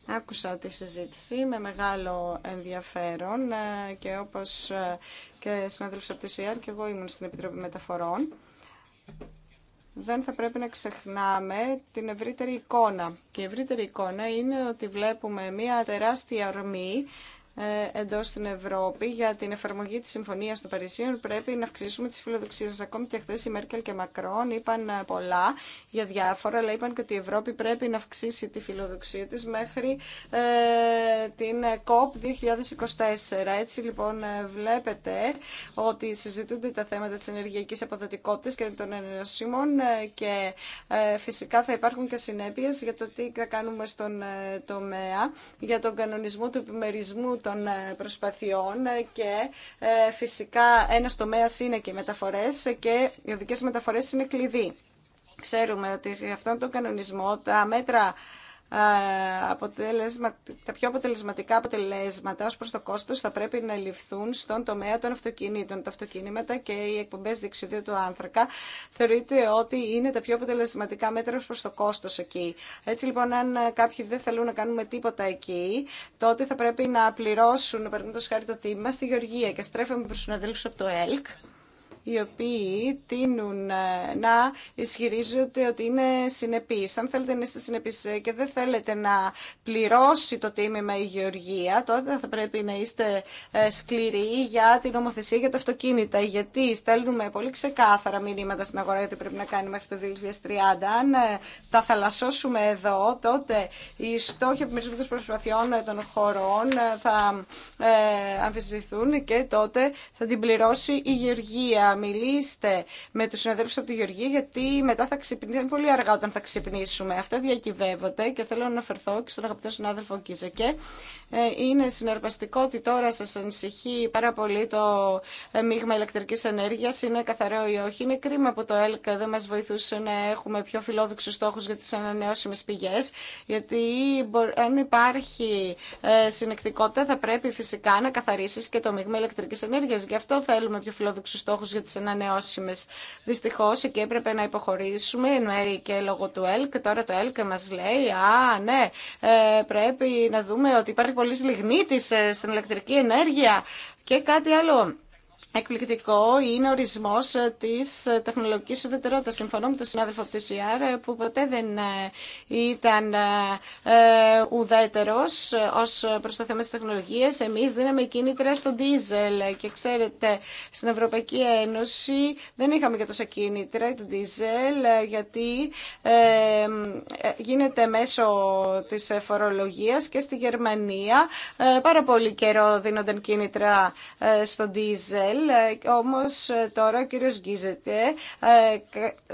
Άκουσα τη συζήτηση με μεγάλο ενδιαφέρον ε, και όπως ε, και συναδέλφους από το ΣΥΑΡ και εγώ ήμουν στην Επιτροπή Μεταφορών δεν θα πρέπει να ξεχνάμε την ευρύτερη εικόνα. Και η ευρύτερη εικόνα είναι ότι βλέπουμε μια τεράστια ορμή ε, Εντό στην Ευρώπη για την εφαρμογή τη συμφωνία των Παρισίων πρέπει να αυξήσουμε τι φιλοδοξίε, Ακόμη και χθε η Μέρκελ και Μακρόν είπαν ε, πολλά για διάφορα, αλλά είπαν και ότι η Ευρώπη πρέπει να αυξήσει τη φιλοδοξία τη μέχρι ε, την COP 2024. Έτσι λοιπόν βλέπετε ότι συζητούνται τα θέματα τη ενεργειακή αποδοτικότητα και των ενεργασίμων και φυσικά θα υπάρχουν και συνέπειε για το τι θα κάνουμε στον τομέα, για τον κανονισμό του επιμερισμού των ε, προσπαθειών και ε, φυσικά ένα τομέα είναι και οι μεταφορές και οι οδικές μεταφορές είναι κλειδί. Ξέρουμε ότι σε αυτόν τον κανονισμό τα μέτρα αποτελεσμα... τα πιο αποτελεσματικά αποτελέσματα ως προς το κόστος θα πρέπει να ληφθούν στον τομέα των αυτοκινήτων. Τα αυτοκινήματα και οι εκπομπές διεξιδίου του άνθρακα θεωρείται ότι είναι τα πιο αποτελεσματικά μέτρα ως προς το κόστος εκεί. Έτσι λοιπόν αν κάποιοι δεν θέλουν να κάνουμε τίποτα εκεί, τότε θα πρέπει να πληρώσουν, παραδείγματος χάρη το τίμημα, στη Γεωργία και προ προς συναδέλφους από το ΕΛΚ οι οποίοι τείνουν ε, να ισχυρίζονται ότι είναι συνεπείς. Αν θέλετε να είστε συνεπείς ε, και δεν θέλετε να πληρώσει το τίμημα η γεωργία, τότε θα πρέπει να είστε ε, σκληροί για την νομοθεσία για τα αυτοκίνητα, γιατί στέλνουμε πολύ ξεκάθαρα μηνύματα στην αγορά γιατί πρέπει να κάνει μέχρι το 2030. Αν τα θαλασσώσουμε εδώ, τότε οι στόχοι επιμερισμού των προσπαθειών των χωρών θα αμφισβηθούν και τότε θα την πληρώσει η γεωργία. Μιλήστε με τους συναδέλφους από τη Γεωργία γιατί μετά θα ξυπνήσουμε, πολύ αργά όταν θα ξυπνήσουμε. Αυτά διακυβεύονται και θέλω να αναφερθώ και στον αγαπητό συνάδελφο Κίζεκε. Ε, είναι συναρπαστικό ότι τώρα σας ανησυχεί πάρα πολύ το ε, μείγμα ηλεκτρικής ενέργειας. Είναι καθαρό ή όχι. Είναι κρίμα που το ΕΛΚ δεν μας βοηθούσε να έχουμε πιο φιλόδοξους στόχους για τις ανανεώσιμες πηγές. Γιατί αν υπάρχει ε, συνεκτικότητα θα πρέπει φυσικά να καθαρίσεις και το μείγμα ηλεκτρικής ενέργειας. Γι' αυτό θέλουμε πιο φιλόδοξους στόχους για τις ανανεώσιμες. Δυστυχώς εκεί έπρεπε να υποχωρήσουμε μέρει και λόγω του ΕΛΚ. Τώρα το ΕΛΚ μας λέει, α ναι, ε, πρέπει να δούμε ότι υπάρχει πολύ λιγνίτης ε, στην ηλεκτρική ενέργεια και κάτι άλλο. Εκπληκτικό είναι ο ορισμό ε, τη ε, τεχνολογική ουδετερότητα. Συμφωνώ με τον συνάδελφο από τη ΣΥΑΡ ε, που ποτέ δεν ήταν ουδέτερο ω προ το θέμα τη τεχνολογία. Εμεί δίναμε κίνητρα στον δίζελ και ξέρετε, στην Ευρωπαϊκή Ένωση δεν είχαμε και τόσα κίνητρα του δίζελ γιατί γίνεται μέσω τη φορολογία και στη Γερμανία πάρα πολύ καιρό δίνονταν κίνητρα στον δίζελ Ισραήλ, όμως τώρα ο κύριος Γκίζεται ε,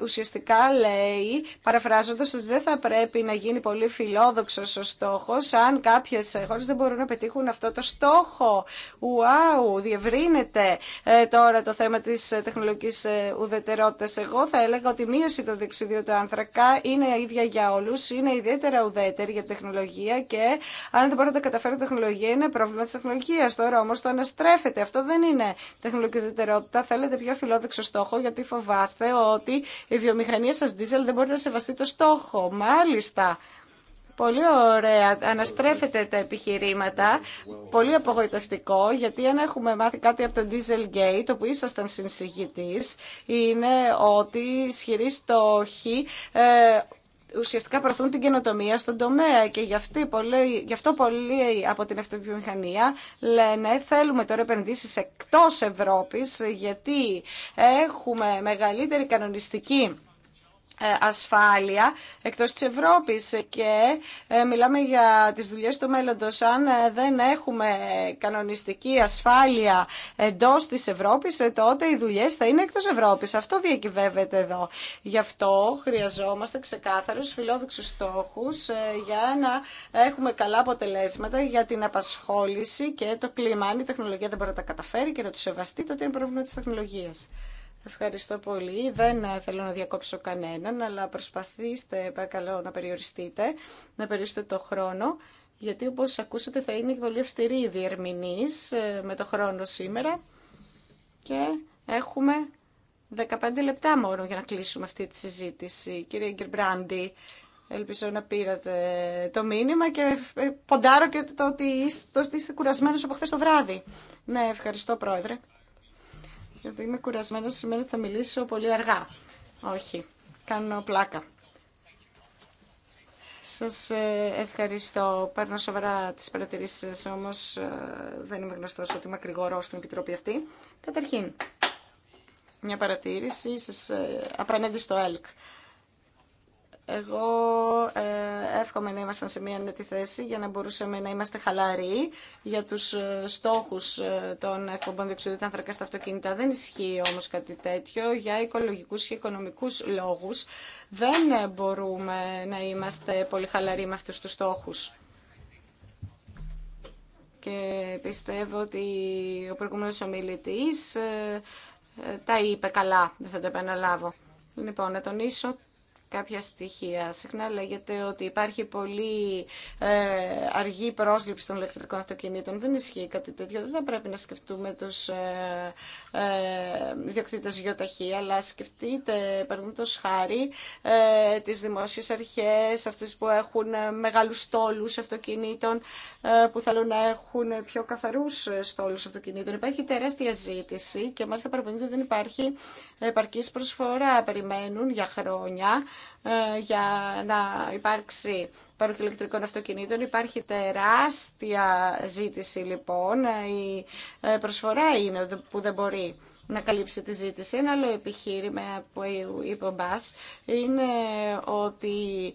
ουσιαστικά λέει, παραφράζοντας ότι δεν θα πρέπει να γίνει πολύ φιλόδοξος ο στόχος, αν κάποιες χώρες δεν μπορούν να πετύχουν αυτό το στόχο. Ουάου, διευρύνεται ε, τώρα το θέμα της ε, τεχνολογικής ουδετερότητας. Εγώ θα έλεγα ότι η μείωση του δεξιδιού του άνθρακα είναι ίδια για όλους, είναι ιδιαίτερα ουδέτερη για τεχνολογία και αν δεν μπορούν να τα καταφέρει τεχνολογία είναι πρόβλημα της τεχνολογίας. Τώρα όμως το αναστρέφεται. Αυτό δεν είναι τεχνολογική θέλετε πιο φιλόδοξο στόχο, γιατί φοβάστε ότι η βιομηχανία σας δίζελ δεν μπορεί να σεβαστεί το στόχο. Μάλιστα. Πολύ ωραία. Αναστρέφετε τα επιχειρήματα. Πολύ απογοητευτικό, γιατί αν έχουμε μάθει κάτι από το Dieselgate, όπου ήσασταν συνσηγητής, είναι ότι ισχυροί στόχοι ε, ουσιαστικά προωθούν την καινοτομία στον τομέα και γι' αυτό πολλοί, γι αυτό πολλοί από την αυτοβιομηχανία λένε θέλουμε τώρα επενδύσεις εκτός Ευρώπης γιατί έχουμε μεγαλύτερη κανονιστική ε, ασφάλεια εκτός της Ευρώπης και ε, μιλάμε για τις δουλειές του μέλλοντος αν ε, δεν έχουμε κανονιστική ασφάλεια εντός της Ευρώπης τότε οι δουλειές θα είναι εκτός Ευρώπης αυτό διακυβεύεται εδώ γι' αυτό χρειαζόμαστε ξεκάθαρους φιλόδοξους στόχους για να έχουμε καλά αποτελέσματα για την απασχόληση και το κλίμα αν η τεχνολογία δεν μπορεί να τα καταφέρει και να του σεβαστεί τότε είναι πρόβλημα της τεχνολογίας Ευχαριστώ πολύ. Δεν θέλω να διακόψω κανέναν, αλλά προσπαθήστε, παρακαλώ, να περιοριστείτε, να περιοριστείτε το χρόνο, γιατί όπως ακούσατε θα είναι πολύ αυστηρή η διερμηνής ε, με το χρόνο σήμερα και έχουμε 15 λεπτά μόνο για να κλείσουμε αυτή τη συζήτηση. Κύριε Γκερμπράντι, ελπίζω να πήρατε το μήνυμα και ε, ποντάρω και το ότι είστε κουρασμένος από χθε το βράδυ. Ναι, ευχαριστώ πρόεδρε. Γιατί είμαι κουρασμένος σημαίνει ότι θα μιλήσω πολύ αργά. Όχι, κάνω πλάκα. Σας ε, ευχαριστώ. Παίρνω σοβαρά τις παρατηρήσεις σας, όμως ε, δεν είμαι γνωστός ότι είμαι ακρηγορός στην Επιτροπή αυτή. Καταρχήν, μια παρατήρηση σας ε, απέναντι στο ΕΛΚ. Εγώ ε, εύχομαι να ήμασταν σε μια νέτη θέση για να μπορούσαμε να είμαστε χαλαροί για τους ε, στόχους ε, των εκπομπών διοξιδίου ανθρακά στα αυτοκίνητα. Δεν ισχύει όμως κάτι τέτοιο για οικολογικούς και οικονομικούς λόγους. Δεν μπορούμε να είμαστε πολύ χαλαροί με αυτούς τους στόχους και πιστεύω ότι ο προηγούμενος ομιλητής ε, τα είπε καλά, δεν θα τα επαναλάβω. Λοιπόν, να τονίσω κάποια στοιχεία. Συχνά λέγεται ότι υπάρχει πολύ ε, αργή πρόσληψη των ηλεκτρικών αυτοκινήτων. Δεν ισχύει κάτι τέτοιο. Δεν θα πρέπει να σκεφτούμε του ε, ε, γεωταχή, αλλά σκεφτείτε, παραδείγματο χάρη, ε, τις δημόσιες αρχές, αυτές που έχουν ε, μεγάλου στόλου αυτοκινήτων, ε, που θέλουν να έχουν πιο καθαρού ε, στόλου αυτοκινήτων. Υπάρχει τεράστια ζήτηση και μάλιστα παραπονιούνται ότι δεν υπάρχει επαρκή προσφορά. Περιμένουν για χρόνια ε, για να υπάρξει παροχή ηλεκτρικών αυτοκινήτων. Υπάρχει τεράστια ζήτηση λοιπόν. Ε, η ε, προσφορά είναι που δεν μπορεί να καλύψει τη ζήτηση. Ένα άλλο επιχείρημα που είπε ο Μπάς είναι ότι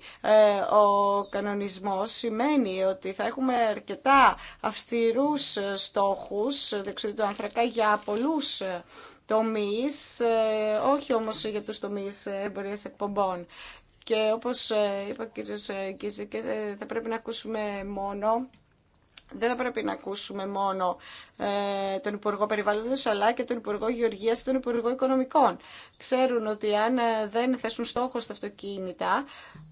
ο κανονισμός σημαίνει ότι θα έχουμε αρκετά αυστηρούς στόχους δεξιού του ανθρακά για πολλούς ε, όχι όμω για του τομεί ε, εμπορία εκπομπών. Και όπως ε, είπα ο κ. Κίζικ, θα πρέπει να ακούσουμε μόνο δεν θα πρέπει να ακούσουμε μόνο ε, τον Υπουργό Περιβάλλοντος, αλλά και τον Υπουργό Γεωργίας και τον Υπουργό Οικονομικών. Ξέρουν ότι αν δεν θέσουν στόχο στα αυτοκίνητα,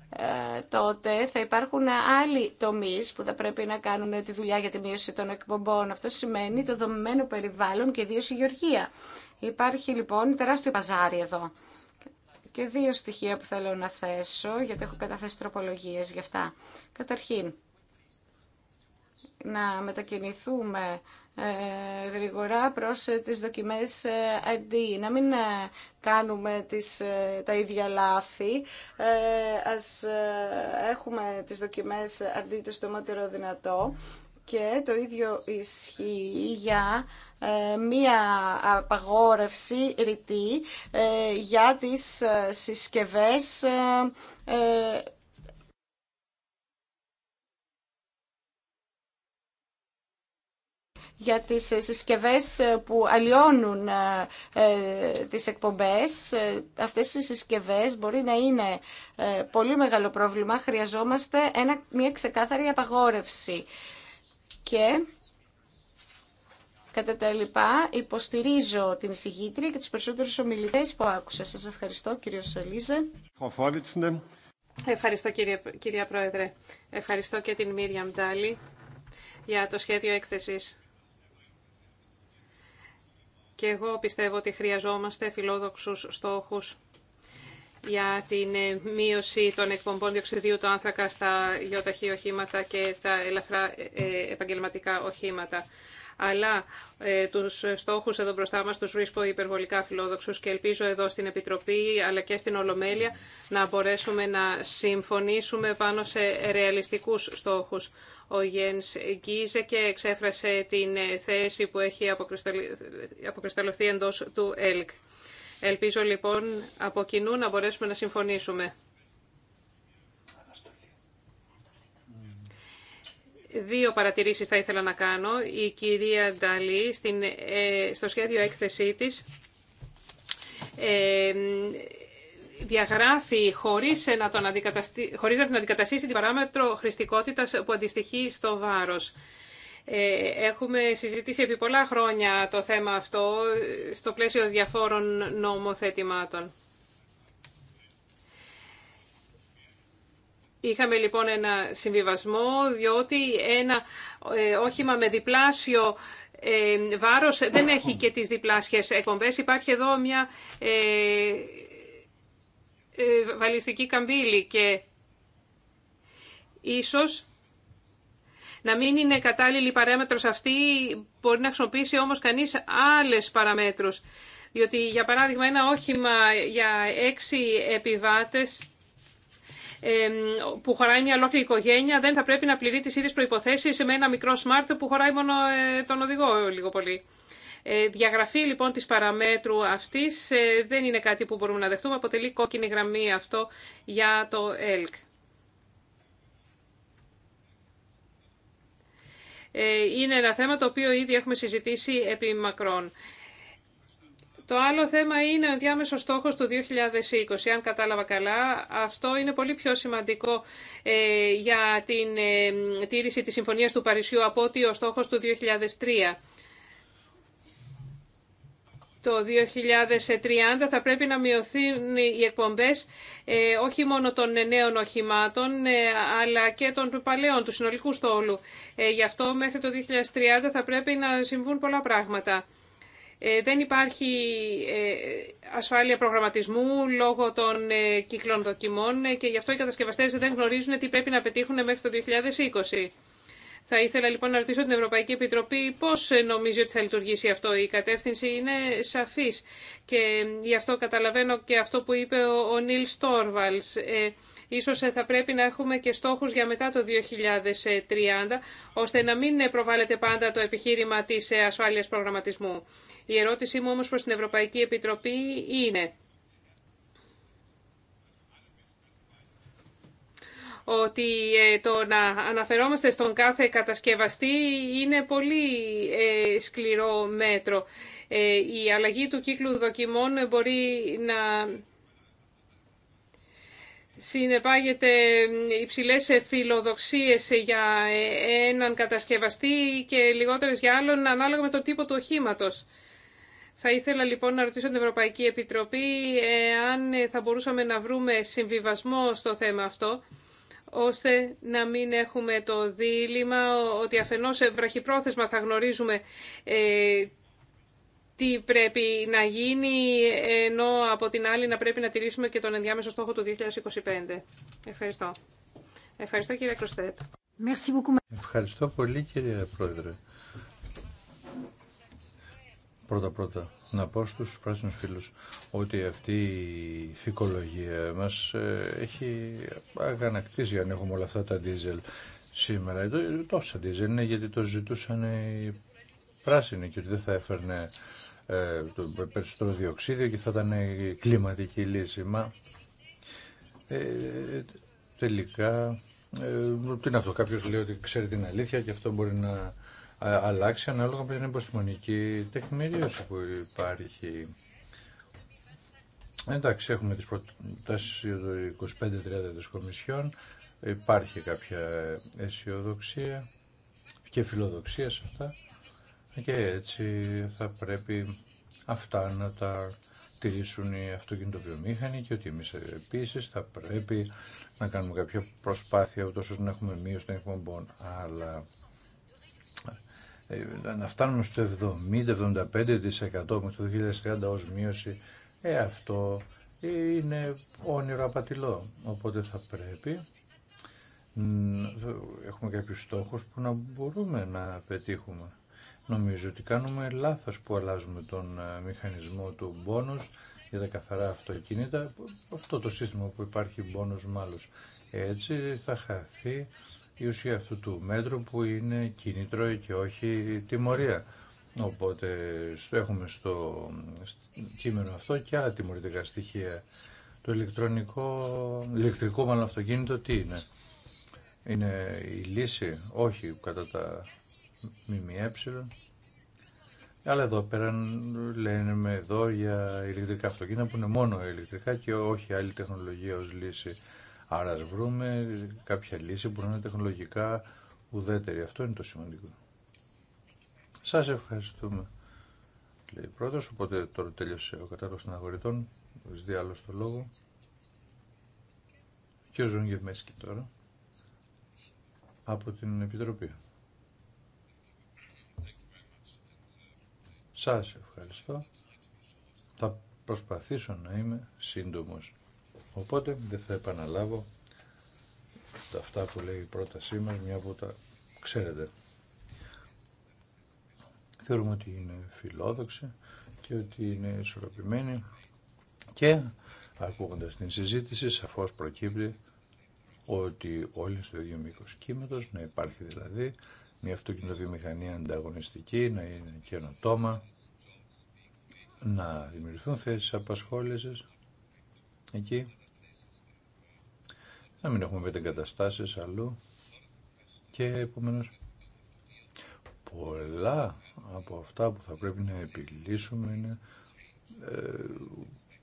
ε, τότε θα υπάρχουν άλλοι τομεί που θα πρέπει να κάνουν τη δουλειά για τη μείωση των εκπομπών. Αυτό σημαίνει το δομημένο περιβάλλον και ιδίω η γεωργία. Υπάρχει λοιπόν τεράστιο παζάρι εδώ. Και δύο στοιχεία που θέλω να θέσω, γιατί έχω καταθέσει τροπολογίες γι' αυτά. Καταρχήν, να μετακινηθούμε ε, γρήγορα προς ε, τις δοκιμές R&D. Ε, να μην κάνουμε τις, τα ίδια λάθη ας έχουμε τις δοκιμές R&D το στομότερο δυνατό και το ίδιο ισχύει για ε, μία απαγόρευση ρητή ε, για τις ε, συσκευές για τις συσκευές που αλλοιώνουν τις εκπομπές. Αυτές οι συσκευές μπορεί να είναι πολύ μεγάλο πρόβλημα. Χρειαζόμαστε μια ξεκάθαρη απαγόρευση και κατά τα λοιπά υποστηρίζω την εισηγήτρια και τους περισσότερους ομιλητές που άκουσα. Σας ευχαριστώ κύριο Σελίζε. Ευχαριστώ κύριε, κυρία Πρόεδρε. Ευχαριστώ και την Μίρια Μτάλη για το σχέδιο έκθεσης. Και εγώ πιστεύω ότι χρειαζόμαστε φιλόδοξους στόχους για την ε, μείωση των εκπομπών διοξιδίου του άνθρακα στα γιοταχή οχήματα και τα ελαφρά ε, ε, επαγγελματικά οχήματα. Αλλά ε, τους στόχους εδώ μπροστά μας τους βρίσκω υπερβολικά φιλόδοξους και ελπίζω εδώ στην Επιτροπή αλλά και στην Ολομέλεια να μπορέσουμε να συμφωνήσουμε πάνω σε ρεαλιστικούς στόχους. Ο Γιένς Γκίζε και εξέφρασε την θέση που έχει αποκρισταλωθεί εντός του ΕΛΚ. Ελπίζω λοιπόν από κοινού να μπορέσουμε να συμφωνήσουμε. Δύο παρατηρήσεις θα ήθελα να κάνω. Η κυρία Νταλή στην, ε, στο σχέδιο έκθεσή της ε, διαγράφει χωρίς να, τον χωρίς να την αντικαταστήσει την παράμετρο χρηστικότητας που αντιστοιχεί στο βάρος. Ε, έχουμε συζητήσει επί πολλά χρόνια το θέμα αυτό ε, στο πλαίσιο διαφόρων νομοθετημάτων. Είχαμε λοιπόν ένα συμβιβασμό, διότι ένα ε, όχημα με διπλάσιο βάρος δεν έχει και τις διπλάσιες εκπομπές. Υπάρχει εδώ μια βαλιστική καμπύλη και ίσως να μην είναι κατάλληλη η παράμετρος αυτή, μπορεί να χρησιμοποιήσει όμως κανείς άλλες παραμέτρους. Διότι, για παράδειγμα, ένα όχημα για έξι επιβάτες που χωράει μια ολόκληρη οικογένεια δεν θα πρέπει να πληρεί τις ίδιες προϋποθέσεις με ένα μικρό smart που χωράει μόνο ε, τον οδηγό λίγο πολύ. Ε, διαγραφή λοιπόν της παραμέτρου αυτής ε, δεν είναι κάτι που μπορούμε να δεχτούμε. Αποτελεί κόκκινη γραμμή αυτό για το ΕΛΚ. Ε, είναι ένα θέμα το οποίο ήδη έχουμε συζητήσει επί μακρόν. Το άλλο θέμα είναι ο διάμεσο στόχος του 2020. Αν κατάλαβα καλά, αυτό είναι πολύ πιο σημαντικό ε, για την ε, τήρηση της Συμφωνίας του Παρισιού από ότι ο στόχος του 2003 το 2030 θα πρέπει να μειωθούν οι εκπομπές ε, όχι μόνο των νέων οχημάτων ε, αλλά και των παλαιών, του συνολικού στόλου. Ε, γι' αυτό μέχρι το 2030 θα πρέπει να συμβούν πολλά πράγματα. Δεν υπάρχει ασφάλεια προγραμματισμού λόγω των κύκλων δοκιμών και γι' αυτό οι κατασκευαστές δεν γνωρίζουν τι πρέπει να πετύχουν μέχρι το 2020. Θα ήθελα λοιπόν να ρωτήσω την Ευρωπαϊκή Επιτροπή πώς νομίζει ότι θα λειτουργήσει αυτό. Η κατεύθυνση είναι σαφής και γι' αυτό καταλαβαίνω και αυτό που είπε ο Νίλ Στόρβαλς. Ε, ίσως ε, θα πρέπει να έχουμε και στόχους για μετά το 2030, ώστε να μην προβάλλεται πάντα το επιχείρημα της ε, ασφάλειας προγραμματισμού. Η ερώτησή μου όμως προς την Ευρωπαϊκή Επιτροπή είναι... ότι ε, το να αναφερόμαστε στον κάθε κατασκευαστή είναι πολύ ε, σκληρό μέτρο. Ε, η αλλαγή του κύκλου δοκιμών μπορεί να συνεπάγεται υψηλές φιλοδοξίες για έναν κατασκευαστή και λιγότερες για άλλον ανάλογα με τον τύπο του οχήματος. Θα ήθελα λοιπόν να ρωτήσω την Ευρωπαϊκή Επιτροπή αν θα μπορούσαμε να βρούμε συμβιβασμό στο θέμα αυτό ώστε να μην έχουμε το δίλημα ότι αφενός ε, βραχυπρόθεσμα θα γνωρίζουμε ε, τι πρέπει να γίνει, ενώ από την άλλη να πρέπει να τηρήσουμε και τον ενδιάμεσο στόχο του 2025. Ευχαριστώ. Ευχαριστώ κύριε Κροστέτ. Ευχαριστώ πολύ κύριε Πρόεδρε πρώτα-πρώτα να πω στους πράσινους φίλους ότι αυτή η φυκολογία μας ε, έχει αγανακτήσει αν έχουμε όλα αυτά τα δίζελ σήμερα. Ε, τόσα δίζελ είναι γιατί το ζητούσαν οι πράσινοι και ότι δεν θα έφερνε ε, το περισσότερο διοξίδιο και θα ήταν κλιματική λύση. ε, τελικά, ε, τι αυτό, κάποιος λέει ότι ξέρει την αλήθεια και αυτό μπορεί να ε, αλλάξει ανάλογα με την υποστημονική τεκμηρίωση που υπάρχει. Εντάξει, έχουμε τις προτάσεις το 25-30 της Κομισιόν, υπάρχει κάποια αισιοδοξία και φιλοδοξία σε αυτά και έτσι θα πρέπει αυτά να τα τηρήσουν οι αυτοκινητοβιομήχανοι και ότι εμείς επίσης θα πρέπει να κάνουμε κάποια προσπάθεια ούτως ώστε να έχουμε μείωση των εκπομπών. Αλλά ε, να φτάνουμε στο 70-75% με το 2030 ως μείωση, ε, αυτό είναι όνειρο απατηλό. Οπότε θα πρέπει έχουμε κάποιους στόχους που να μπορούμε να πετύχουμε. Νομίζω ότι κάνουμε λάθος που αλλάζουμε τον ε, μηχανισμό του μπόνους για τα καθαρά αυτοκίνητα, αυτό το σύστημα που υπάρχει μπόνους μάλλον. Έτσι θα χαθεί η ουσία αυτού του μέτρου που είναι κίνητρο και όχι τιμωρία. Οπότε στο έχουμε στο κείμενο αυτό και άλλα τιμωρητικά στοιχεία. Το ηλεκτρονικό, ηλεκτρικό μάλλον αυτοκίνητο τι είναι. Είναι η λύση, όχι κατά τα ΜΜΕ. Αλλά εδώ πέρα λένε εδώ για ηλεκτρικά αυτοκίνητα που είναι μόνο ηλεκτρικά και όχι άλλη τεχνολογία ως λύση. Άρα ας βρούμε κάποια λύση που να είναι τεχνολογικά ουδέτερη. Αυτό είναι το σημαντικό. Σας ευχαριστούμε. Λέει πρώτος, οπότε τώρα τελείωσε ο κατάλογος των αγορητών. Ζητεί άλλο το λόγο. Και ο Ζούγκευ τώρα. Από την Επιτροπή. Σας ευχαριστώ. Θα προσπαθήσω να είμαι σύντομος. Οπότε δεν θα επαναλάβω τα αυτά που λέει η πρότασή μας, μια που τα ξέρετε. Θεωρούμε ότι είναι φιλόδοξη και ότι είναι ισορροπημένη και ακούγοντας την συζήτηση σαφώς προκύπτει ότι όλοι στο ίδιο μήκο κύματο, να υπάρχει δηλαδή μια αυτοκινητοβιομηχανία ανταγωνιστική, να είναι καινοτόμα, να δημιουργηθούν θέσεις απασχόλησης εκεί να μην έχουμε εγκαταστάσει αλλού και επομένως πολλά από αυτά που θα πρέπει να επιλύσουμε είναι ε,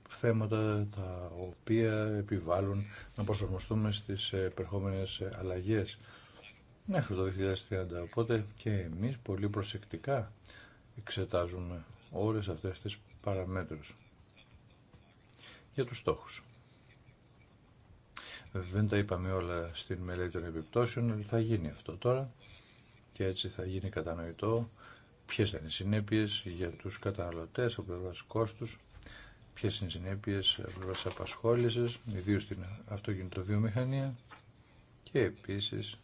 θέματα τα οποία επιβάλλουν να προσαρμοστούμε στις ε, επερχόμενες ε, αλλαγές μέχρι το 2030. Οπότε και εμείς πολύ προσεκτικά εξετάζουμε όλες αυτές τις παραμέτρους για τους στόχους. Δεν τα είπαμε όλα στην μελέτη των επιπτώσεων, αλλά θα γίνει αυτό τώρα και έτσι θα γίνει κατανοητό ποιε θα είναι οι συνέπειε για του καταναλωτέ από πλευρά κόστου, ποιε είναι οι συνέπειε από πλευρά απασχόληση, ιδίω στην αυτοκινητοβιομηχανία και επίση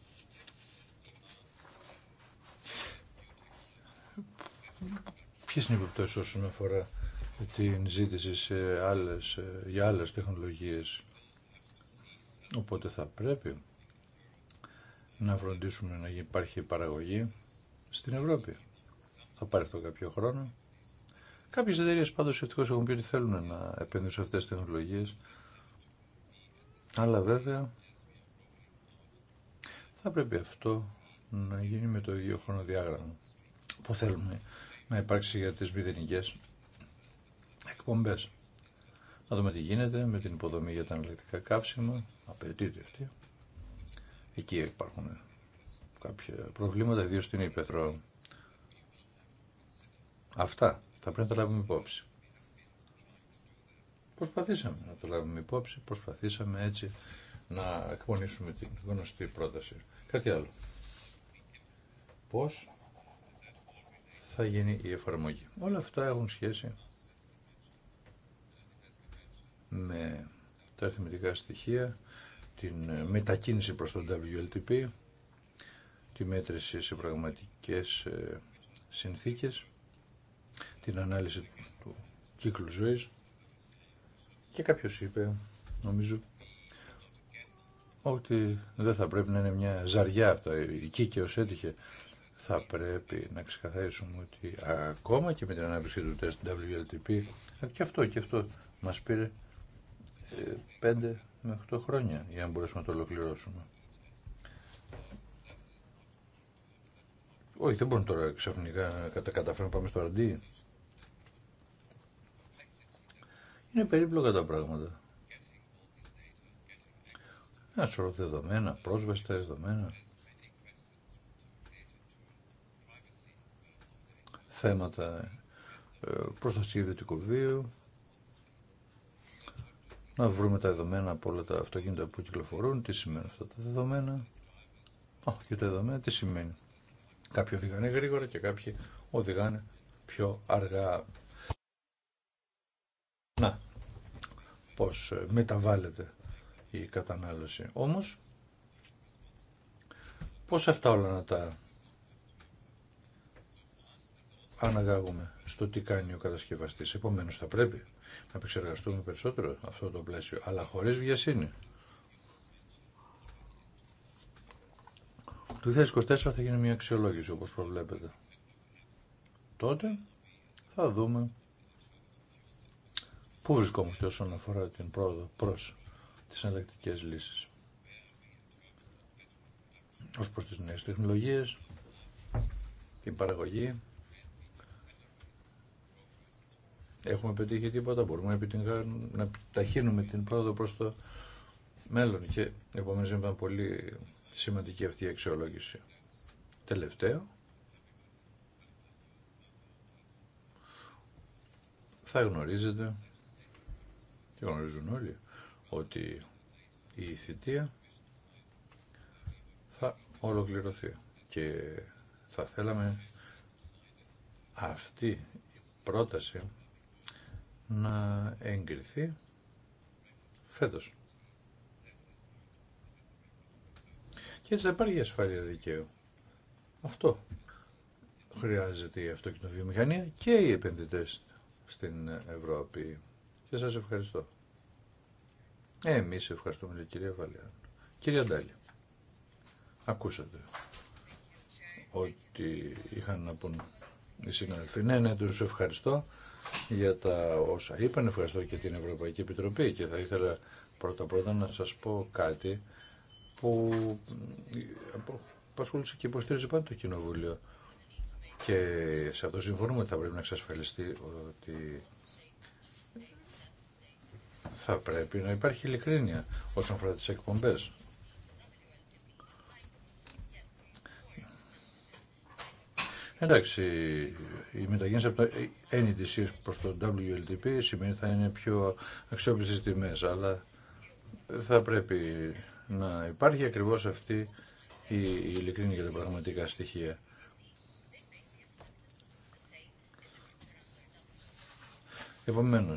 ποιε είναι οι επιπτώσει όσον αφορά την ζήτηση σε άλλες, για άλλε τεχνολογίε Οπότε θα πρέπει να φροντίσουμε να υπάρχει παραγωγή στην Ευρώπη. Θα πάρει αυτό κάποιο χρόνο. Κάποιες εταιρείες πάντως ευτυχώς έχουν πει ότι θέλουν να επενδύσουν σε αυτές τις τεχνολογίες. Αλλά βέβαια θα πρέπει αυτό να γίνει με το ίδιο χρονοδιάγραμμα που θέλουμε να υπάρξει για τις μηδενικές εκπομπές. Να δούμε τι γίνεται με την υποδομή για τα αναλυτικά κάψιμα. Απαιτείται αυτή. Εκεί υπάρχουν κάποια προβλήματα, ιδίω στην Ήπεθρο. Αυτά θα πρέπει να τα λάβουμε υπόψη. Προσπαθήσαμε να τα λάβουμε υπόψη, προσπαθήσαμε έτσι να εκπονήσουμε την γνωστή πρόταση. Κάτι άλλο. Πώς θα γίνει η εφαρμογή. Όλα αυτά έχουν σχέση με τα αριθμητικά στοιχεία, την ε, μετακίνηση προς τον WLTP, τη μέτρηση σε πραγματικές ε, συνθήκες, την ανάλυση του κύκλου ζωής και κάποιος είπε, νομίζω, ότι δεν θα πρέπει να είναι μια ζαριά αυτό, εκεί και ως έτυχε. Θα πρέπει να ξεκαθαρίσουμε ότι ακόμα και με την ανάπτυξη του τεστ WLTP, και αυτό και αυτό μας πήρε 5 με 8 χρόνια για να μπορέσουμε να το ολοκληρώσουμε. Όχι, δεν μπορούμε τώρα ξαφνικά κατα, καταφέρουμε να πάμε στο αντί. Είναι περίπλοκα τα πράγματα. Ένα σωρό δεδομένα, πρόσβαση στα δεδομένα. Θέματα ε, προστασία ιδιωτικού βίου, να βρούμε τα δεδομένα από όλα τα αυτοκίνητα που κυκλοφορούν. Τι σημαίνουν αυτά τα δεδομένα. Α, και τα δεδομένα τι σημαίνει. Κάποιοι οδηγάνε γρήγορα και κάποιοι οδηγάνε πιο αργά. Να, πώς ε, μεταβάλλεται η κατανάλωση. Όμως, πώς αυτά όλα να τα αναγάγουμε στο τι κάνει ο κατασκευαστής. Επομένως θα πρέπει να επεξεργαστούμε περισσότερο αυτό το πλαίσιο, αλλά χωρίς βιασύνη. Το 2024 θα γίνει μια αξιολόγηση όπως προβλέπετε. Τότε θα δούμε πού βρισκόμαστε όσον αφορά την πρόοδο προς τις εναλλακτικές λύσεις. Ως προς τις νέες τεχνολογίες, την παραγωγή, έχουμε πετύχει τίποτα, μπορούμε να, να ταχύνουμε την πρόοδο προς το μέλλον και επομένως είναι πολύ σημαντική αυτή η αξιολόγηση. Τελευταίο, θα γνωρίζετε και γνωρίζουν όλοι ότι η θητεία θα ολοκληρωθεί και θα θέλαμε αυτή η πρόταση να εγκριθεί φέτος. Και έτσι θα υπάρχει ασφάλεια δικαίου. Αυτό χρειάζεται η αυτοκινοβιομηχανία και οι επενδυτές στην Ευρώπη. Και σας ευχαριστώ. Ε, εμείς ευχαριστούμε κυρία Βαλιά. Κυρία Ντάλη, ακούσατε ότι είχαν να πούν οι συνάδελφοι. Ναι, ναι, τους ευχαριστώ για τα όσα είπαν. Ευχαριστώ και την Ευρωπαϊκή Επιτροπή και θα ήθελα πρώτα-πρώτα να σας πω κάτι που απασχολούσε και υποστήριζε πάντα το Κοινοβούλιο. Και σε αυτό συμφωνούμε ότι θα πρέπει να εξασφαλιστεί ότι θα πρέπει να υπάρχει ειλικρίνεια όσον αφορά τις εκπομπές. Εντάξει, η μεταγέννηση από το NDC e προς το WLTP σημαίνει θα είναι πιο αξιόπιστε τιμέ, αλλά θα πρέπει να υπάρχει ακριβώς αυτή η, ειλικρίνη για τα πραγματικά στοιχεία. Επομένω.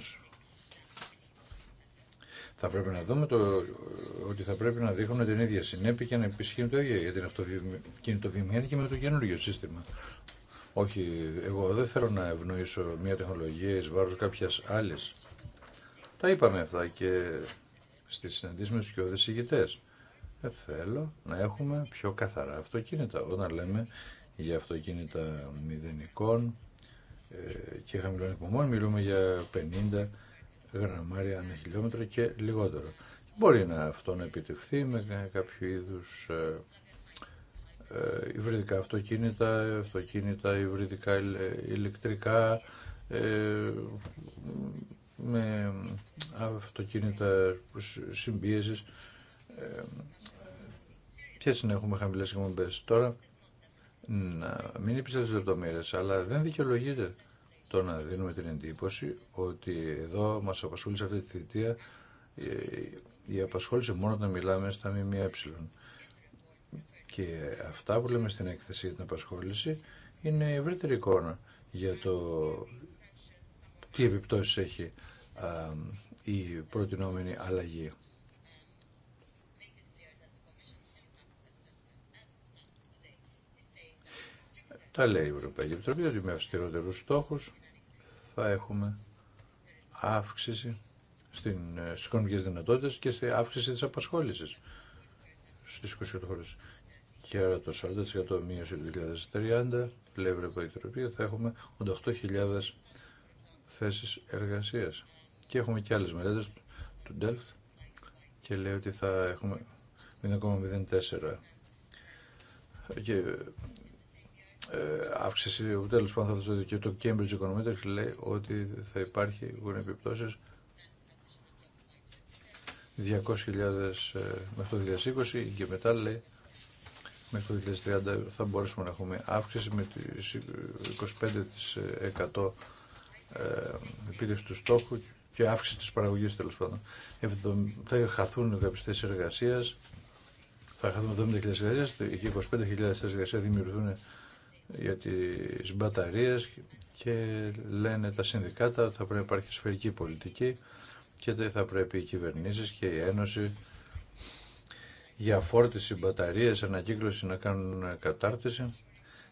θα πρέπει να δούμε το, ότι θα πρέπει να δείχνουμε την ίδια συνέπεια και να επισχύουν το ίδιο για την αυτοκινητοβιομηχανία και με το καινούργιο σύστημα. Όχι, εγώ δεν θέλω να ευνοήσω μια τεχνολογία εις βάρος κάποιας άλλης. Τα είπαμε αυτά και στις συναντήσεις με τους κοιόδες ηγητές. Ε, θέλω να έχουμε πιο καθαρά αυτοκίνητα. Όταν λέμε για αυτοκίνητα μηδενικών ε, και χαμηλών εκπομπών, μιλούμε για 50 γραμμάρια ανά χιλιόμετρο και λιγότερο. Μπορεί να αυτό να επιτευχθεί με κάποιο είδους ε, ε, υβριδικά αυτοκίνητα, αυτοκίνητα υβριδικά ε, ηλεκτρικά, ε, με αυτοκίνητα συμπίεσης. Ποιες είναι έχουμε χαμηλές εκπομπές τώρα, να μην είπε στις λεπτομέρειες, αλλά δεν δικαιολογείται το να δίνουμε την εντύπωση ότι εδώ μας απασχόλησε αυτή τη θητεία η απασχόληση μόνο όταν μιλάμε στα ΜΜΕ. Και αυτά που λέμε στην έκθεση για την απασχόληση είναι ευρύτερη εικόνα για το τι επιπτώσεις έχει η προτινόμενη αλλαγή. Τα λέει η Ευρωπαϊκή Επιτροπή ότι με αυστηρότερους στόχους θα έχουμε αύξηση στι στις δυνατότητε δυνατότητες και σε αύξηση της απασχόλησης στις 28 χώρες. Και άρα το 40% μείωση του 2030, λέει η Ευρωπαϊκή θα έχουμε 88.000 θέσεις εργασίας. Και έχουμε και άλλες μελέτες του Delft και λέει ότι θα έχουμε 0,04 και ε, αύξηση, ο τέλος πάντων θα δώσει και το Cambridge Econometrics λέει ότι θα υπάρχει, έχουν επιπτώσεις 200.000 μέχρι το 2020 και μετά λέει μέχρι το 2030 θα μπορέσουμε να έχουμε αύξηση με τις 25% ε, επίτευξη του στόχου και αύξηση της παραγωγής τέλο πάντων. Θα χαθούν οι θέσεις εργασίας, θα χαθούν 70.000 εργασίες και 25.000 εργασίες εργασίας για τις μπαταρίες και λένε τα συνδικάτα ότι θα πρέπει να υπάρχει σφαιρική πολιτική και θα πρέπει οι κυβερνήσεις και η Ένωση για φόρτιση, μπαταρίες, ανακύκλωση να κάνουν κατάρτιση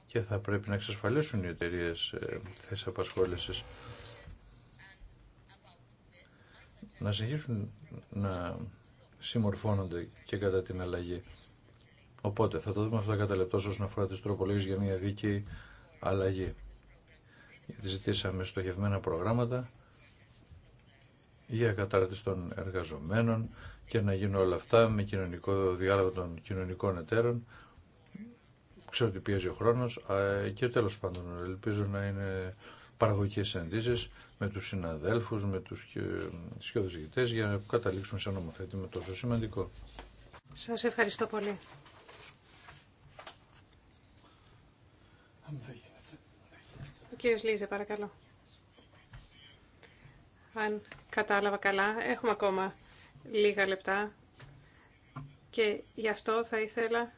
και θα πρέπει να εξασφαλίσουν οι εταιρείε ε, θέσει απασχόλησης. Να συνεχίσουν να συμμορφώνονται και κατά την αλλαγή. Οπότε θα το δούμε αυτά κατά λεπτό όσον αφορά τι τροπολογίε για μια δίκαιη αλλαγή. Ζητήσαμε στοχευμένα προγράμματα για κατάρτιση των εργαζομένων, και να γίνουν όλα αυτά με κοινωνικό διάλογο των κοινωνικών εταίρων. Ξέρω ότι πιέζει ο χρόνο και τέλο πάντων ελπίζω να είναι παραγωγικέ συναντήσει με του συναδέλφου, με του σκιώδε για να καταλήξουμε σε νομοθέτημα τόσο σημαντικό. Σα ευχαριστώ πολύ. Ο κύριος Λίζε, παρακαλώ. Αν κατάλαβα καλά, έχουμε ακόμα λίγα λεπτά και γι' αυτό θα ήθελα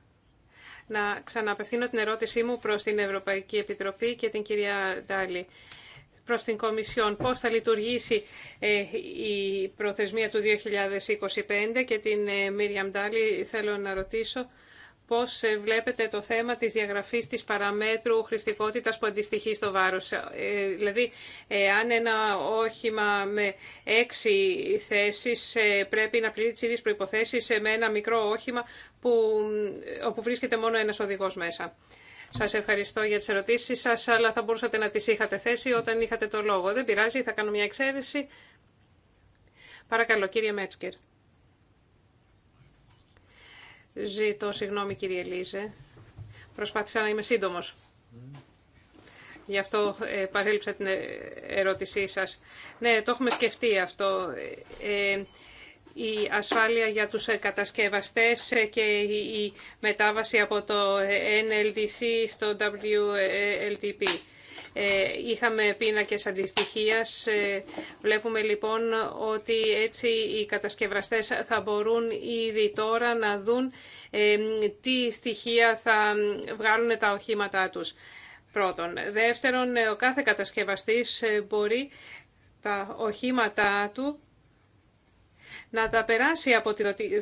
να ξαναπευθύνω την ερώτησή μου προς την Ευρωπαϊκή Επιτροπή και την κυρία Ντάλη προς την Κομισιόν πώς θα λειτουργήσει ε, η προθεσμία του 2025 και την ε, Μίριαμ Ντάλη θέλω να ρωτήσω πώς ε, βλέπετε το θέμα της διαγραφής της παραμέτρου χρηστικότητας που αντιστοιχεί στο βάρος. Ε, δηλαδή, ε, αν ένα όχημα με έξι θέσεις πρέπει να πληρεί τις ίδιες προϋποθέσεις με ένα μικρό όχημα που, όπου βρίσκεται μόνο ένας οδηγός μέσα. Σας ευχαριστώ για τις ερωτήσεις σας, αλλά θα μπορούσατε να τις είχατε θέσει όταν είχατε το λόγο. Δεν πειράζει, θα κάνω μια εξαίρεση. Παρακαλώ, κύριε Μέτσκερ. Ζήτω συγγνώμη κύριε Λίζε. Προσπάθησα να είμαι σύντομος. Γι' αυτό ε, παρέλειψα την ε, ερώτησή σας. Ναι, το έχουμε σκεφτεί αυτό. Ε, η ασφάλεια για τους ε, κατασκευαστές και η μετάβαση από το NLDC στο WLTP. Ε, είχαμε πίνακες αντιστοιχίας. Ε, βλέπουμε λοιπόν ότι έτσι οι κατασκευαστές θα μπορούν ήδη τώρα να δουν ε, τι στοιχεία θα βγάλουν τα οχήματά τους. Πρώτον. Δεύτερον, ο κάθε κατασκευαστής μπορεί τα οχήματά του να τα περάσει από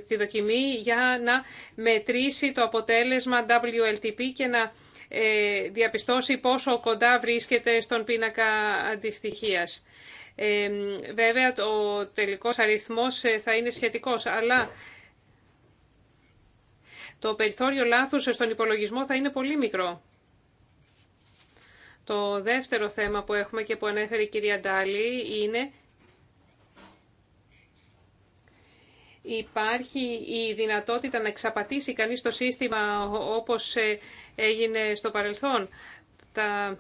τη δοκιμή για να μετρήσει το αποτέλεσμα WLTP και να ε, διαπιστώσει πόσο κοντά βρίσκεται στον πίνακα αντιστοιχίας. Ε, βέβαια, ο τελικός αριθμός ε, θα είναι σχετικός, αλλά το περιθώριο λάθους στον υπολογισμό θα είναι πολύ μικρό. Το δεύτερο θέμα που έχουμε και που ανέφερε η κυρία Ντάλη είναι υπάρχει η δυνατότητα να εξαπατήσει κανείς το σύστημα όπως ε, έγινε στο παρελθόν. Τα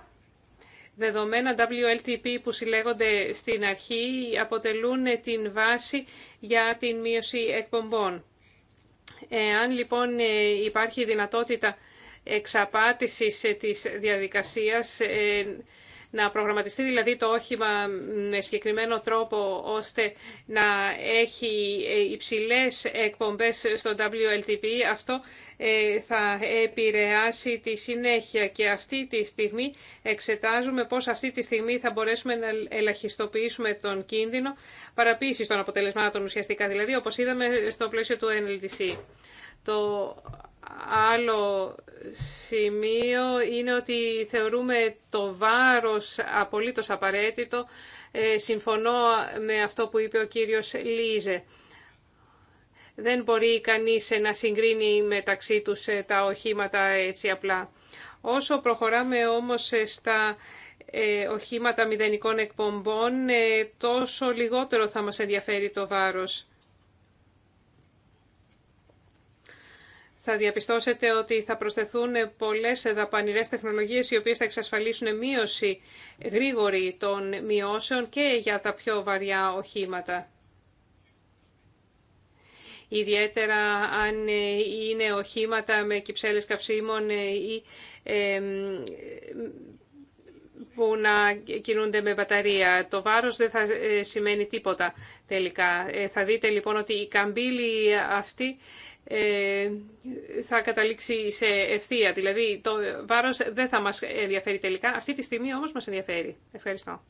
δεδομένα WLTP που συλλέγονται στην αρχή αποτελούν την βάση για την μείωση εκπομπών. Εάν λοιπόν ε, υπάρχει δυνατότητα εξαπάτησης ε, της διαδικασίας να προγραμματιστεί δηλαδή το όχημα με συγκεκριμένο τρόπο ώστε να έχει υψηλές εκπομπές στο WLTP, αυτό ε, θα επηρεάσει τη συνέχεια και αυτή τη στιγμή εξετάζουμε πώς αυτή τη στιγμή θα μπορέσουμε να ελαχιστοποιήσουμε τον κίνδυνο παραποίησης των αποτελεσμάτων ουσιαστικά, δηλαδή όπως είδαμε στο πλαίσιο του NLTC. Το Άλλο σημείο είναι ότι θεωρούμε το βάρος απολύτως απαραίτητο. Ε, συμφωνώ με αυτό που είπε ο κύριος Λίζε. Δεν μπορεί κανείς ε, να συγκρίνει μεταξύ τους ε, τα οχήματα έτσι απλά. Όσο προχωράμε όμως στα οχήματα μηδενικών εκπομπών, τόσο λιγότερο θα μας ενδιαφέρει το βάρος. θα διαπιστώσετε ότι θα προσθεθούν πολλές δαπανηρές τεχνολογίες οι οποίες θα εξασφαλίσουν μείωση γρήγορη των μειώσεων και για τα πιο βαριά οχήματα. Ιδιαίτερα αν είναι οχήματα με κυψέλες καυσίμων ή που να κινούνται με μπαταρία. Το βάρος δεν θα ε, σημαίνει τίποτα τελικά. Ε, θα δείτε λοιπόν ότι η καμπύλη αυτή ε, θα καταλήξει σε ευθεία. Δηλαδή το βάρος δεν θα μας ενδιαφέρει τελικά. Αυτή τη στιγμή όμως μας ενδιαφέρει. Ευχαριστώ.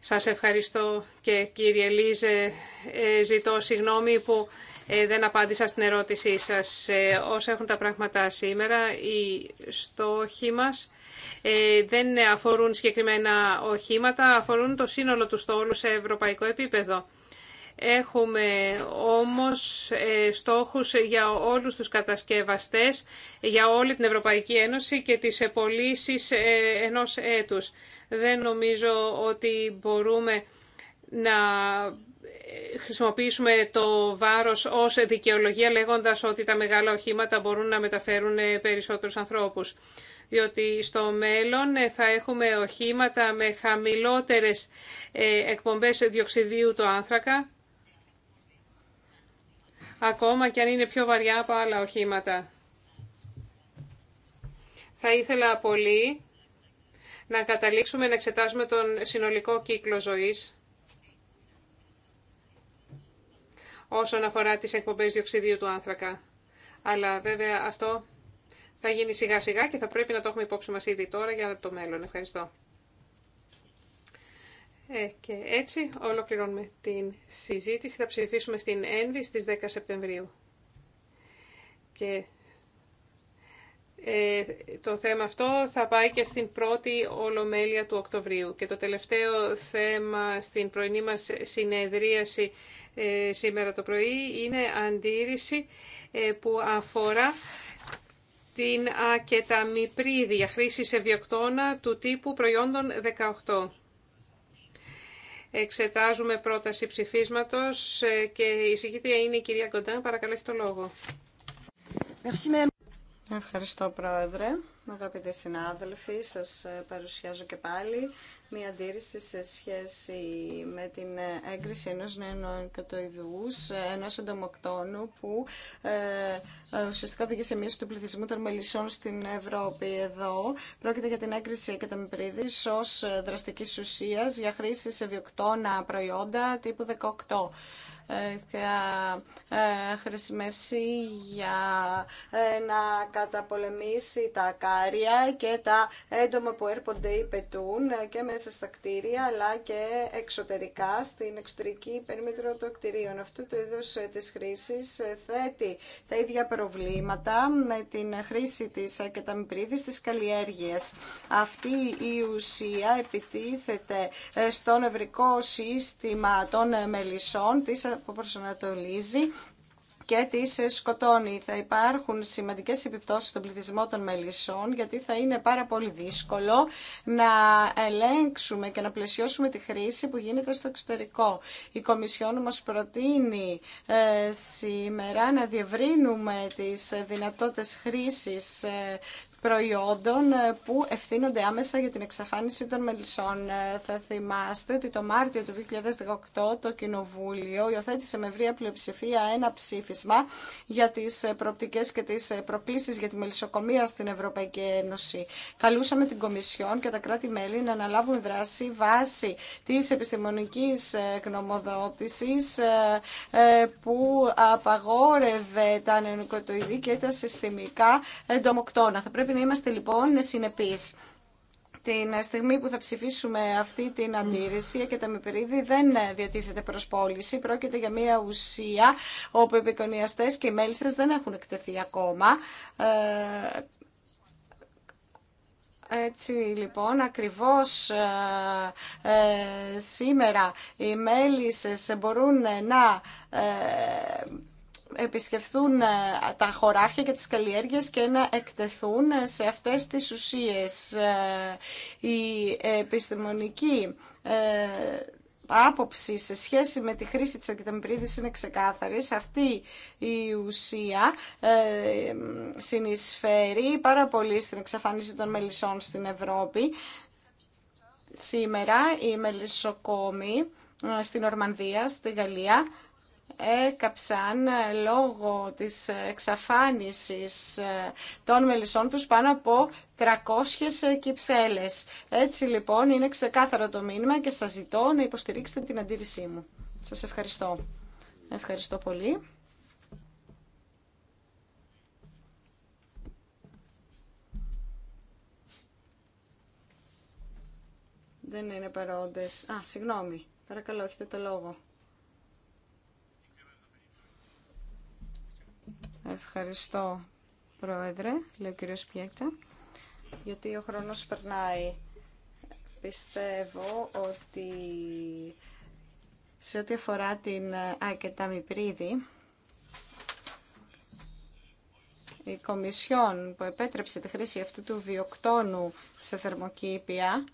Σας ευχαριστώ και κύριε Λίζε. Ε, ζητώ συγγνώμη που ε, δεν απάντησα στην ερώτησή σας. Όσα έχουν τα πράγματα σήμερα, οι στόχοι μας δεν αφορούν συγκεκριμένα οχήματα, αφορούν το σύνολο του στόλου σε ευρωπαϊκό επίπεδο. Έχουμε όμως ε, στόχους για όλους τους κατασκευαστές, για όλη την Ευρωπαϊκή Ένωση και τις πωλήσει ε, ενός έτους. Δεν νομίζω ότι μπορούμε να ε, χρησιμοποιήσουμε το βάρος ως δικαιολογία λέγοντας ότι τα μεγάλα οχήματα μπορούν να μεταφέρουν περισσότερους ανθρώπους. Διότι στο μέλλον θα έχουμε οχήματα με χαμηλότερες εκπομπές διοξιδίου του άνθρακα ακόμα και αν είναι πιο βαριά από άλλα οχήματα. Θα ήθελα πολύ να καταλήξουμε να εξετάσουμε τον συνολικό κύκλο ζωής όσον αφορά τις εκπομπές διοξιδίου του άνθρακα. Αλλά βέβαια αυτό θα γίνει σιγά σιγά και θα πρέπει να το έχουμε υπόψη μας ήδη τώρα για το μέλλον. Ευχαριστώ. Ε, και έτσι ολοκληρώνουμε την συζήτηση. Θα ψηφίσουμε στην ΕΝΒΗ στις 10 Σεπτεμβρίου. Και ε, το θέμα αυτό θα πάει και στην πρώτη Ολομέλεια του Οκτωβρίου. Και το τελευταίο θέμα στην πρωινή μας συνεδρίαση ε, σήμερα το πρωί είναι αντίρρηση ε, που αφορά την ακεταμιπρίδια χρήση σε βιοκτώνα του τύπου προϊόντων 18. Εξετάζουμε πρόταση ψηφίσματος ε, και η συγκήτρια είναι η κυρία Κοντάν. Παρακαλώ, έχει το λόγο. Ευχαριστώ, Πρόεδρε. Αγαπητοί συνάδελφοι, σας ε, παρουσιάζω και πάλι μία αντίρρηση σε σχέση με την έγκριση ενός νεανοκατοειδούς, ενός εντομοκτώνου που ε, ουσιαστικά οδηγεί σε μείωση του πληθυσμού των μελισσών στην Ευρώπη. Εδώ πρόκειται για την έγκριση καταμυπρίδης ως δραστικής ουσίας για χρήση σε βιοκτώνα προϊόντα τύπου 18 θα ε, χρησιμεύσει για ε, να καταπολεμήσει τα κάρια και τα έντομα που έρχονται ή πετούν και μέσα στα κτίρια αλλά και εξωτερικά στην εξωτερική περίμετρο των κτιρίων. Αυτό το είδος ε, της χρήσης θέτει τα ίδια προβλήματα με την χρήση της ακεταμυπρίδης της καλλιέργειας. Αυτή η ουσία επιτίθεται στο νευρικό σύστημα των μελισσών της που προσανατολίζει και τι σκοτώνει. Θα υπάρχουν σημαντικές επιπτώσεις στον πληθυσμό των μελισσών, γιατί θα είναι πάρα πολύ δύσκολο να ελέγξουμε και να πλαισιώσουμε τη χρήση που γίνεται στο εξωτερικό. Η Κομισιόν μας προτείνει ε, σήμερα να διευρύνουμε τις δυνατότητες χρήσης ε, προϊόντων ε, που ευθύνονται άμεσα για την εξαφάνιση των μελισσών. Ε, θα θυμάστε ότι το Μάρτιο του 2018 το Κοινοβούλιο υιοθέτησε με βρία πλειοψηφία ένα ψήφισμα για τις ε, προοπτικές και τις προκλήσεις για τη μελισσοκομεία στην Ευρωπαϊκή Ένωση. Καλούσαμε την Κομισιόν και τα κράτη-μέλη να αναλάβουν δράση βάσει της επιστημονικής γνωμοδότησης που απαγόρευε τα ανενοικοτοειδή και τα συστημικά εντομοκτώνα να είμαστε λοιπόν συνεπείς. Την στιγμή που θα ψηφίσουμε αυτή την αντίρρηση, η μυπηρίδη δεν διατίθεται προς πώληση. Πρόκειται για μια ουσία όπου οι επικονιαστές και οι μέλισσε δεν έχουν εκτεθεί ακόμα. Ε, έτσι λοιπόν, ακριβώς ε, ε, σήμερα οι μέλισσες μπορούν να επισκεφθούν ε, τα χωράφια και τις καλλιέργειες και να εκτεθούν ε, σε αυτές τις ουσίες. Ε, η επιστημονική άποψη σε σχέση με τη χρήση της ακτινοπυρίδης είναι ξεκάθαρη. Σε αυτή η ουσία ε, συνεισφέρει πάρα πολύ στην εξαφάνιση των μελισσών στην Ευρώπη. Σήμερα οι μελισσοκόμοι στην Ορμανδία, στη Γαλλία, έκαψαν λόγω της εξαφάνισης ε, των μελισσών τους πάνω από 300 ε, κυψέλες. Έτσι λοιπόν είναι ξεκάθαρο το μήνυμα και σας ζητώ να υποστηρίξετε την αντίρρησή μου. Σας ευχαριστώ. Ευχαριστώ πολύ. Δεν είναι παρόντες. Α, συγγνώμη. Παρακαλώ, έχετε το λόγο. Ευχαριστώ, Πρόεδρε, λέει ο κύριος Πιέκτα, γιατί ο χρόνος περνάει. Πιστεύω ότι σε ό,τι αφορά την ε, Ακετά Μυπρίδη, η Κομισιόν που επέτρεψε τη χρήση αυτού του βιοκτόνου σε θερμοκήπια,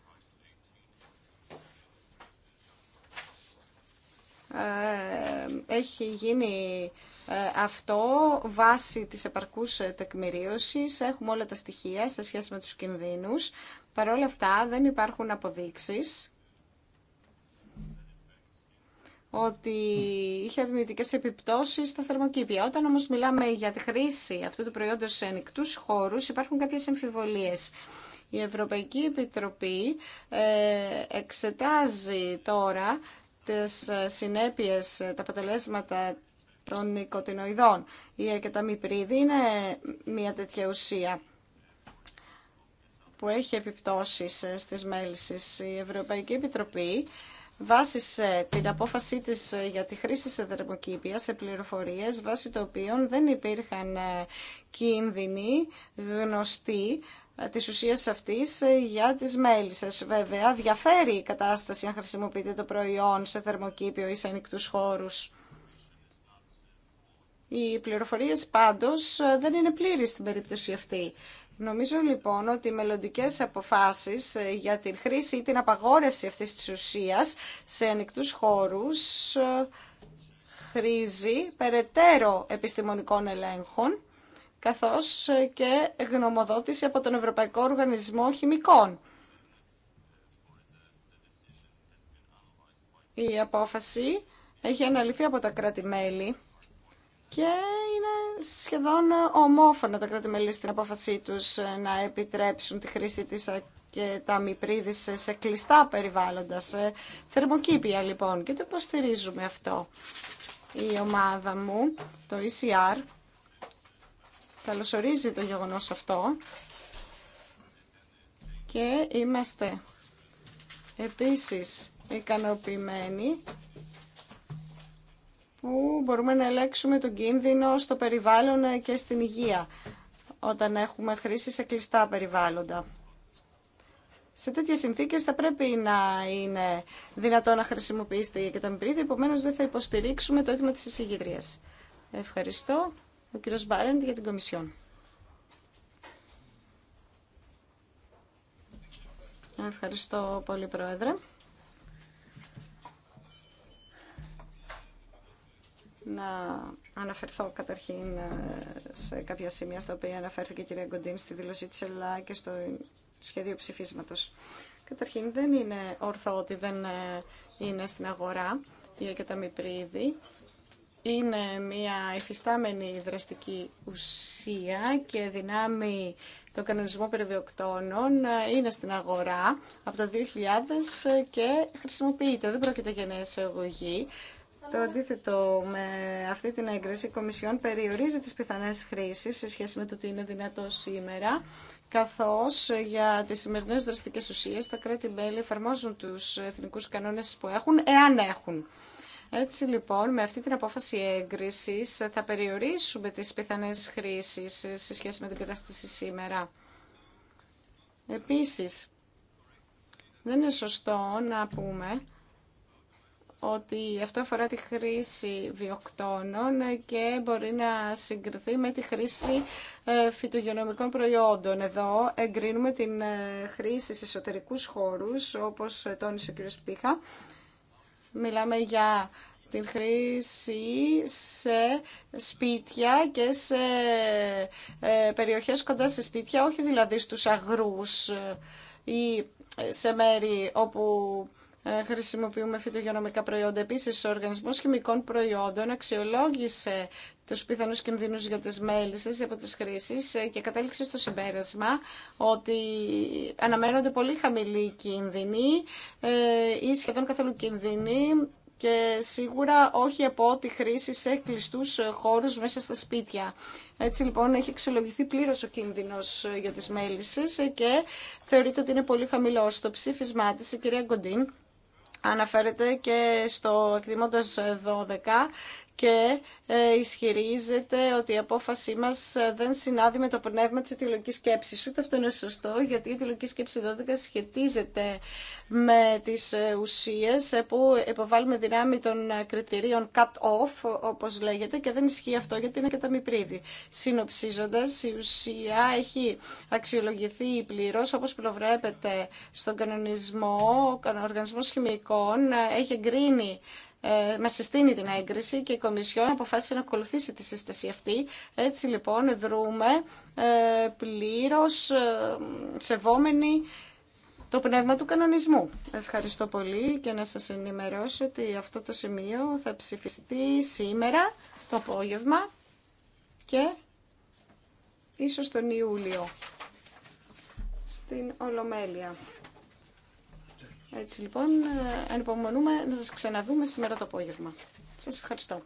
ε, έχει γίνει ε, αυτό βάσει της επαρκούς ε, τεκμηρίωσης έχουμε όλα τα στοιχεία σε σχέση με τους κινδύνους. Παρ' όλα αυτά δεν υπάρχουν αποδείξεις ότι είχε αρνητικέ επιπτώσει στα θερμοκήπια. Όταν όμω μιλάμε για τη χρήση αυτού του προϊόντος σε ανοιχτού χώρου, υπάρχουν κάποιε εμφιβολίες. Η Ευρωπαϊκή Επιτροπή ε, εξετάζει τώρα τις συνέπειες, τα αποτελέσματα των νοικοτινοειδών. Η εκεταμιπρίδη είναι μια τέτοια ουσία που έχει επιπτώσεις στις μέλησεις. Η Ευρωπαϊκή Επιτροπή βάσισε την απόφασή της για τη χρήση σε θερμοκήπια σε πληροφορίες βάσει των οποίων δεν υπήρχαν κίνδυνοι γνωστοί της ουσίας αυτής για τις μέλισσες. Βέβαια, διαφέρει η κατάσταση αν χρησιμοποιείται το προϊόν σε θερμοκήπιο ή σε ανοιχτούς χώρους. Οι πληροφορίες πάντως ε, δεν είναι πλήρης στην περίπτωση αυτή. Νομίζω λοιπόν ότι οι μελλοντικέ αποφάσεις ε, για την χρήση ή την απαγόρευση αυτή τη ουσία σε ανοιχτού χώρου ε, χρήζει περαιτέρω επιστημονικών ελέγχων καθώς και γνωμοδότηση από τον Ευρωπαϊκό Οργανισμό Χημικών. Η την απαγορευση αυτης της ουσιας σε ανοιχτου χωρους χρηζει περαιτερω επιστημονικων ελεγχων καθως αναλυθεί από τα κράτη-μέλη και είναι σχεδόν ομόφωνα τα κράτη-μέλη στην απόφασή τους ε, να επιτρέψουν τη χρήση της ε, και τα μυπρίδης ε, σε κλειστά περιβάλλοντα, σε θερμοκήπια λοιπόν και το υποστηρίζουμε αυτό. Η ομάδα μου, το ECR, καλωσορίζει το γεγονός αυτό και είμαστε επίσης ικανοποιημένοι που μπορούμε να ελέγξουμε τον κίνδυνο στο περιβάλλον ε, και στην υγεία όταν έχουμε χρήση σε κλειστά περιβάλλοντα. Σε τέτοιε συνθήκε θα πρέπει να είναι δυνατό να χρησιμοποιήσετε και τα μπρίδια, επομένω δεν θα υποστηρίξουμε το αίτημα τη εισηγήτρια. Ευχαριστώ. Ο κ. Μπάρεντ για την Κομισιόν. Ευχαριστώ πολύ, Πρόεδρε. να αναφερθώ καταρχήν ε, σε κάποια σημεία στα οποία αναφέρθηκε η κυρία Γκοντίν στη δήλωσή της ΕΛΑ και στο σχέδιο ψηφίσματος. Καταρχήν δεν είναι ορθό ότι δεν ε, είναι στην αγορά η Εκεταμιπρίδη. Είναι μια υφιστάμενη δραστική ουσία και δυνάμει το κανονισμό περιβιοκτώνων ε, είναι στην αγορά από το 2000 και χρησιμοποιείται. Δεν πρόκειται για νέα εισαγωγή. Το αντίθετο με αυτή την έγκριση, η Κομισιόν περιορίζει τις πιθανές χρήσεις σε σχέση με το τι είναι δυνατό σήμερα, καθώς για τις σημερινές δραστικές ουσίες τα κράτη-μέλη εφαρμόζουν τους εθνικούς κανόνες που έχουν, εάν έχουν. Έτσι λοιπόν, με αυτή την απόφαση έγκριση θα περιορίσουμε τις πιθανές χρήσεις σε σχέση με την κατάσταση σήμερα. Επίσης, δεν είναι σωστό να πούμε ότι αυτό αφορά τη χρήση βιοκτώνων και μπορεί να συγκριθεί με τη χρήση ε, φυτογενομικών προϊόντων. Εδώ εγκρίνουμε την ε, χρήση σε εσωτερικούς χώρους, όπως ε, τόνισε ο κ. Πίχα. Μιλάμε για την χρήση σε σπίτια και σε περιοχές κοντά σε σπίτια, όχι δηλαδή στους αγρούς ή σε μέρη όπου ε, χρησιμοποιούμε φυτογενομικά προϊόντα. Επίσης, ο Οργανισμός Χημικών Προϊόντων αξιολόγησε τους πιθανούς κινδύνους για τις μέλισσες από τις χρήσεις ε, και κατέληξε στο συμπέρασμα ότι αναμένονται πολύ χαμηλοί κίνδυνοι ε, ή σχεδόν καθόλου κίνδυνοι και σίγουρα όχι από τη χρήση σε κλειστού χώρους μέσα στα σπίτια. Έτσι λοιπόν έχει εξολογηθεί πλήρω ο κίνδυνο για τι μέλισσε και θεωρείται ότι είναι πολύ χαμηλό. Στο ψήφισμά τη η κυρία Γκοντίν αναφέρεται και στο εκτιμώντας 12 και ε, ισχυρίζεται ότι η απόφασή μα ε, δεν συνάδει με το πνεύμα τη αιτιολογικής σκέψης. Ούτε αυτό είναι σωστό, γιατί η αιτιολογική σκέψη 12 σχετίζεται με τις ε, ουσίε που υποβάλλουμε δυνάμει των κριτηρίων cut-off, όπω λέγεται, και δεν ισχύει αυτό γιατί είναι κατά μυπρίδη. Συνοψίζοντα η ουσία έχει αξιολογηθεί πλήρω όπω προβλέπεται στον κανονισμό, ο οργανισμό Χημικών έχει εγκρίνει ε, συστήνει την έγκριση και η Κομισιόν αποφάσισε να ακολουθήσει τη σύσταση αυτή. Έτσι λοιπόν δρούμε ε, πλήρως ε, σεβόμενοι το πνεύμα του κανονισμού. Ευχαριστώ πολύ και να σας ενημερώσω ότι αυτό το σημείο θα ψηφιστεί σήμερα το απόγευμα και ίσως τον Ιούλιο στην Ολομέλεια. Έτσι λοιπόν, ε, ανυπομονούμε να σας ξαναδούμε σήμερα το απόγευμα. Σας ευχαριστώ.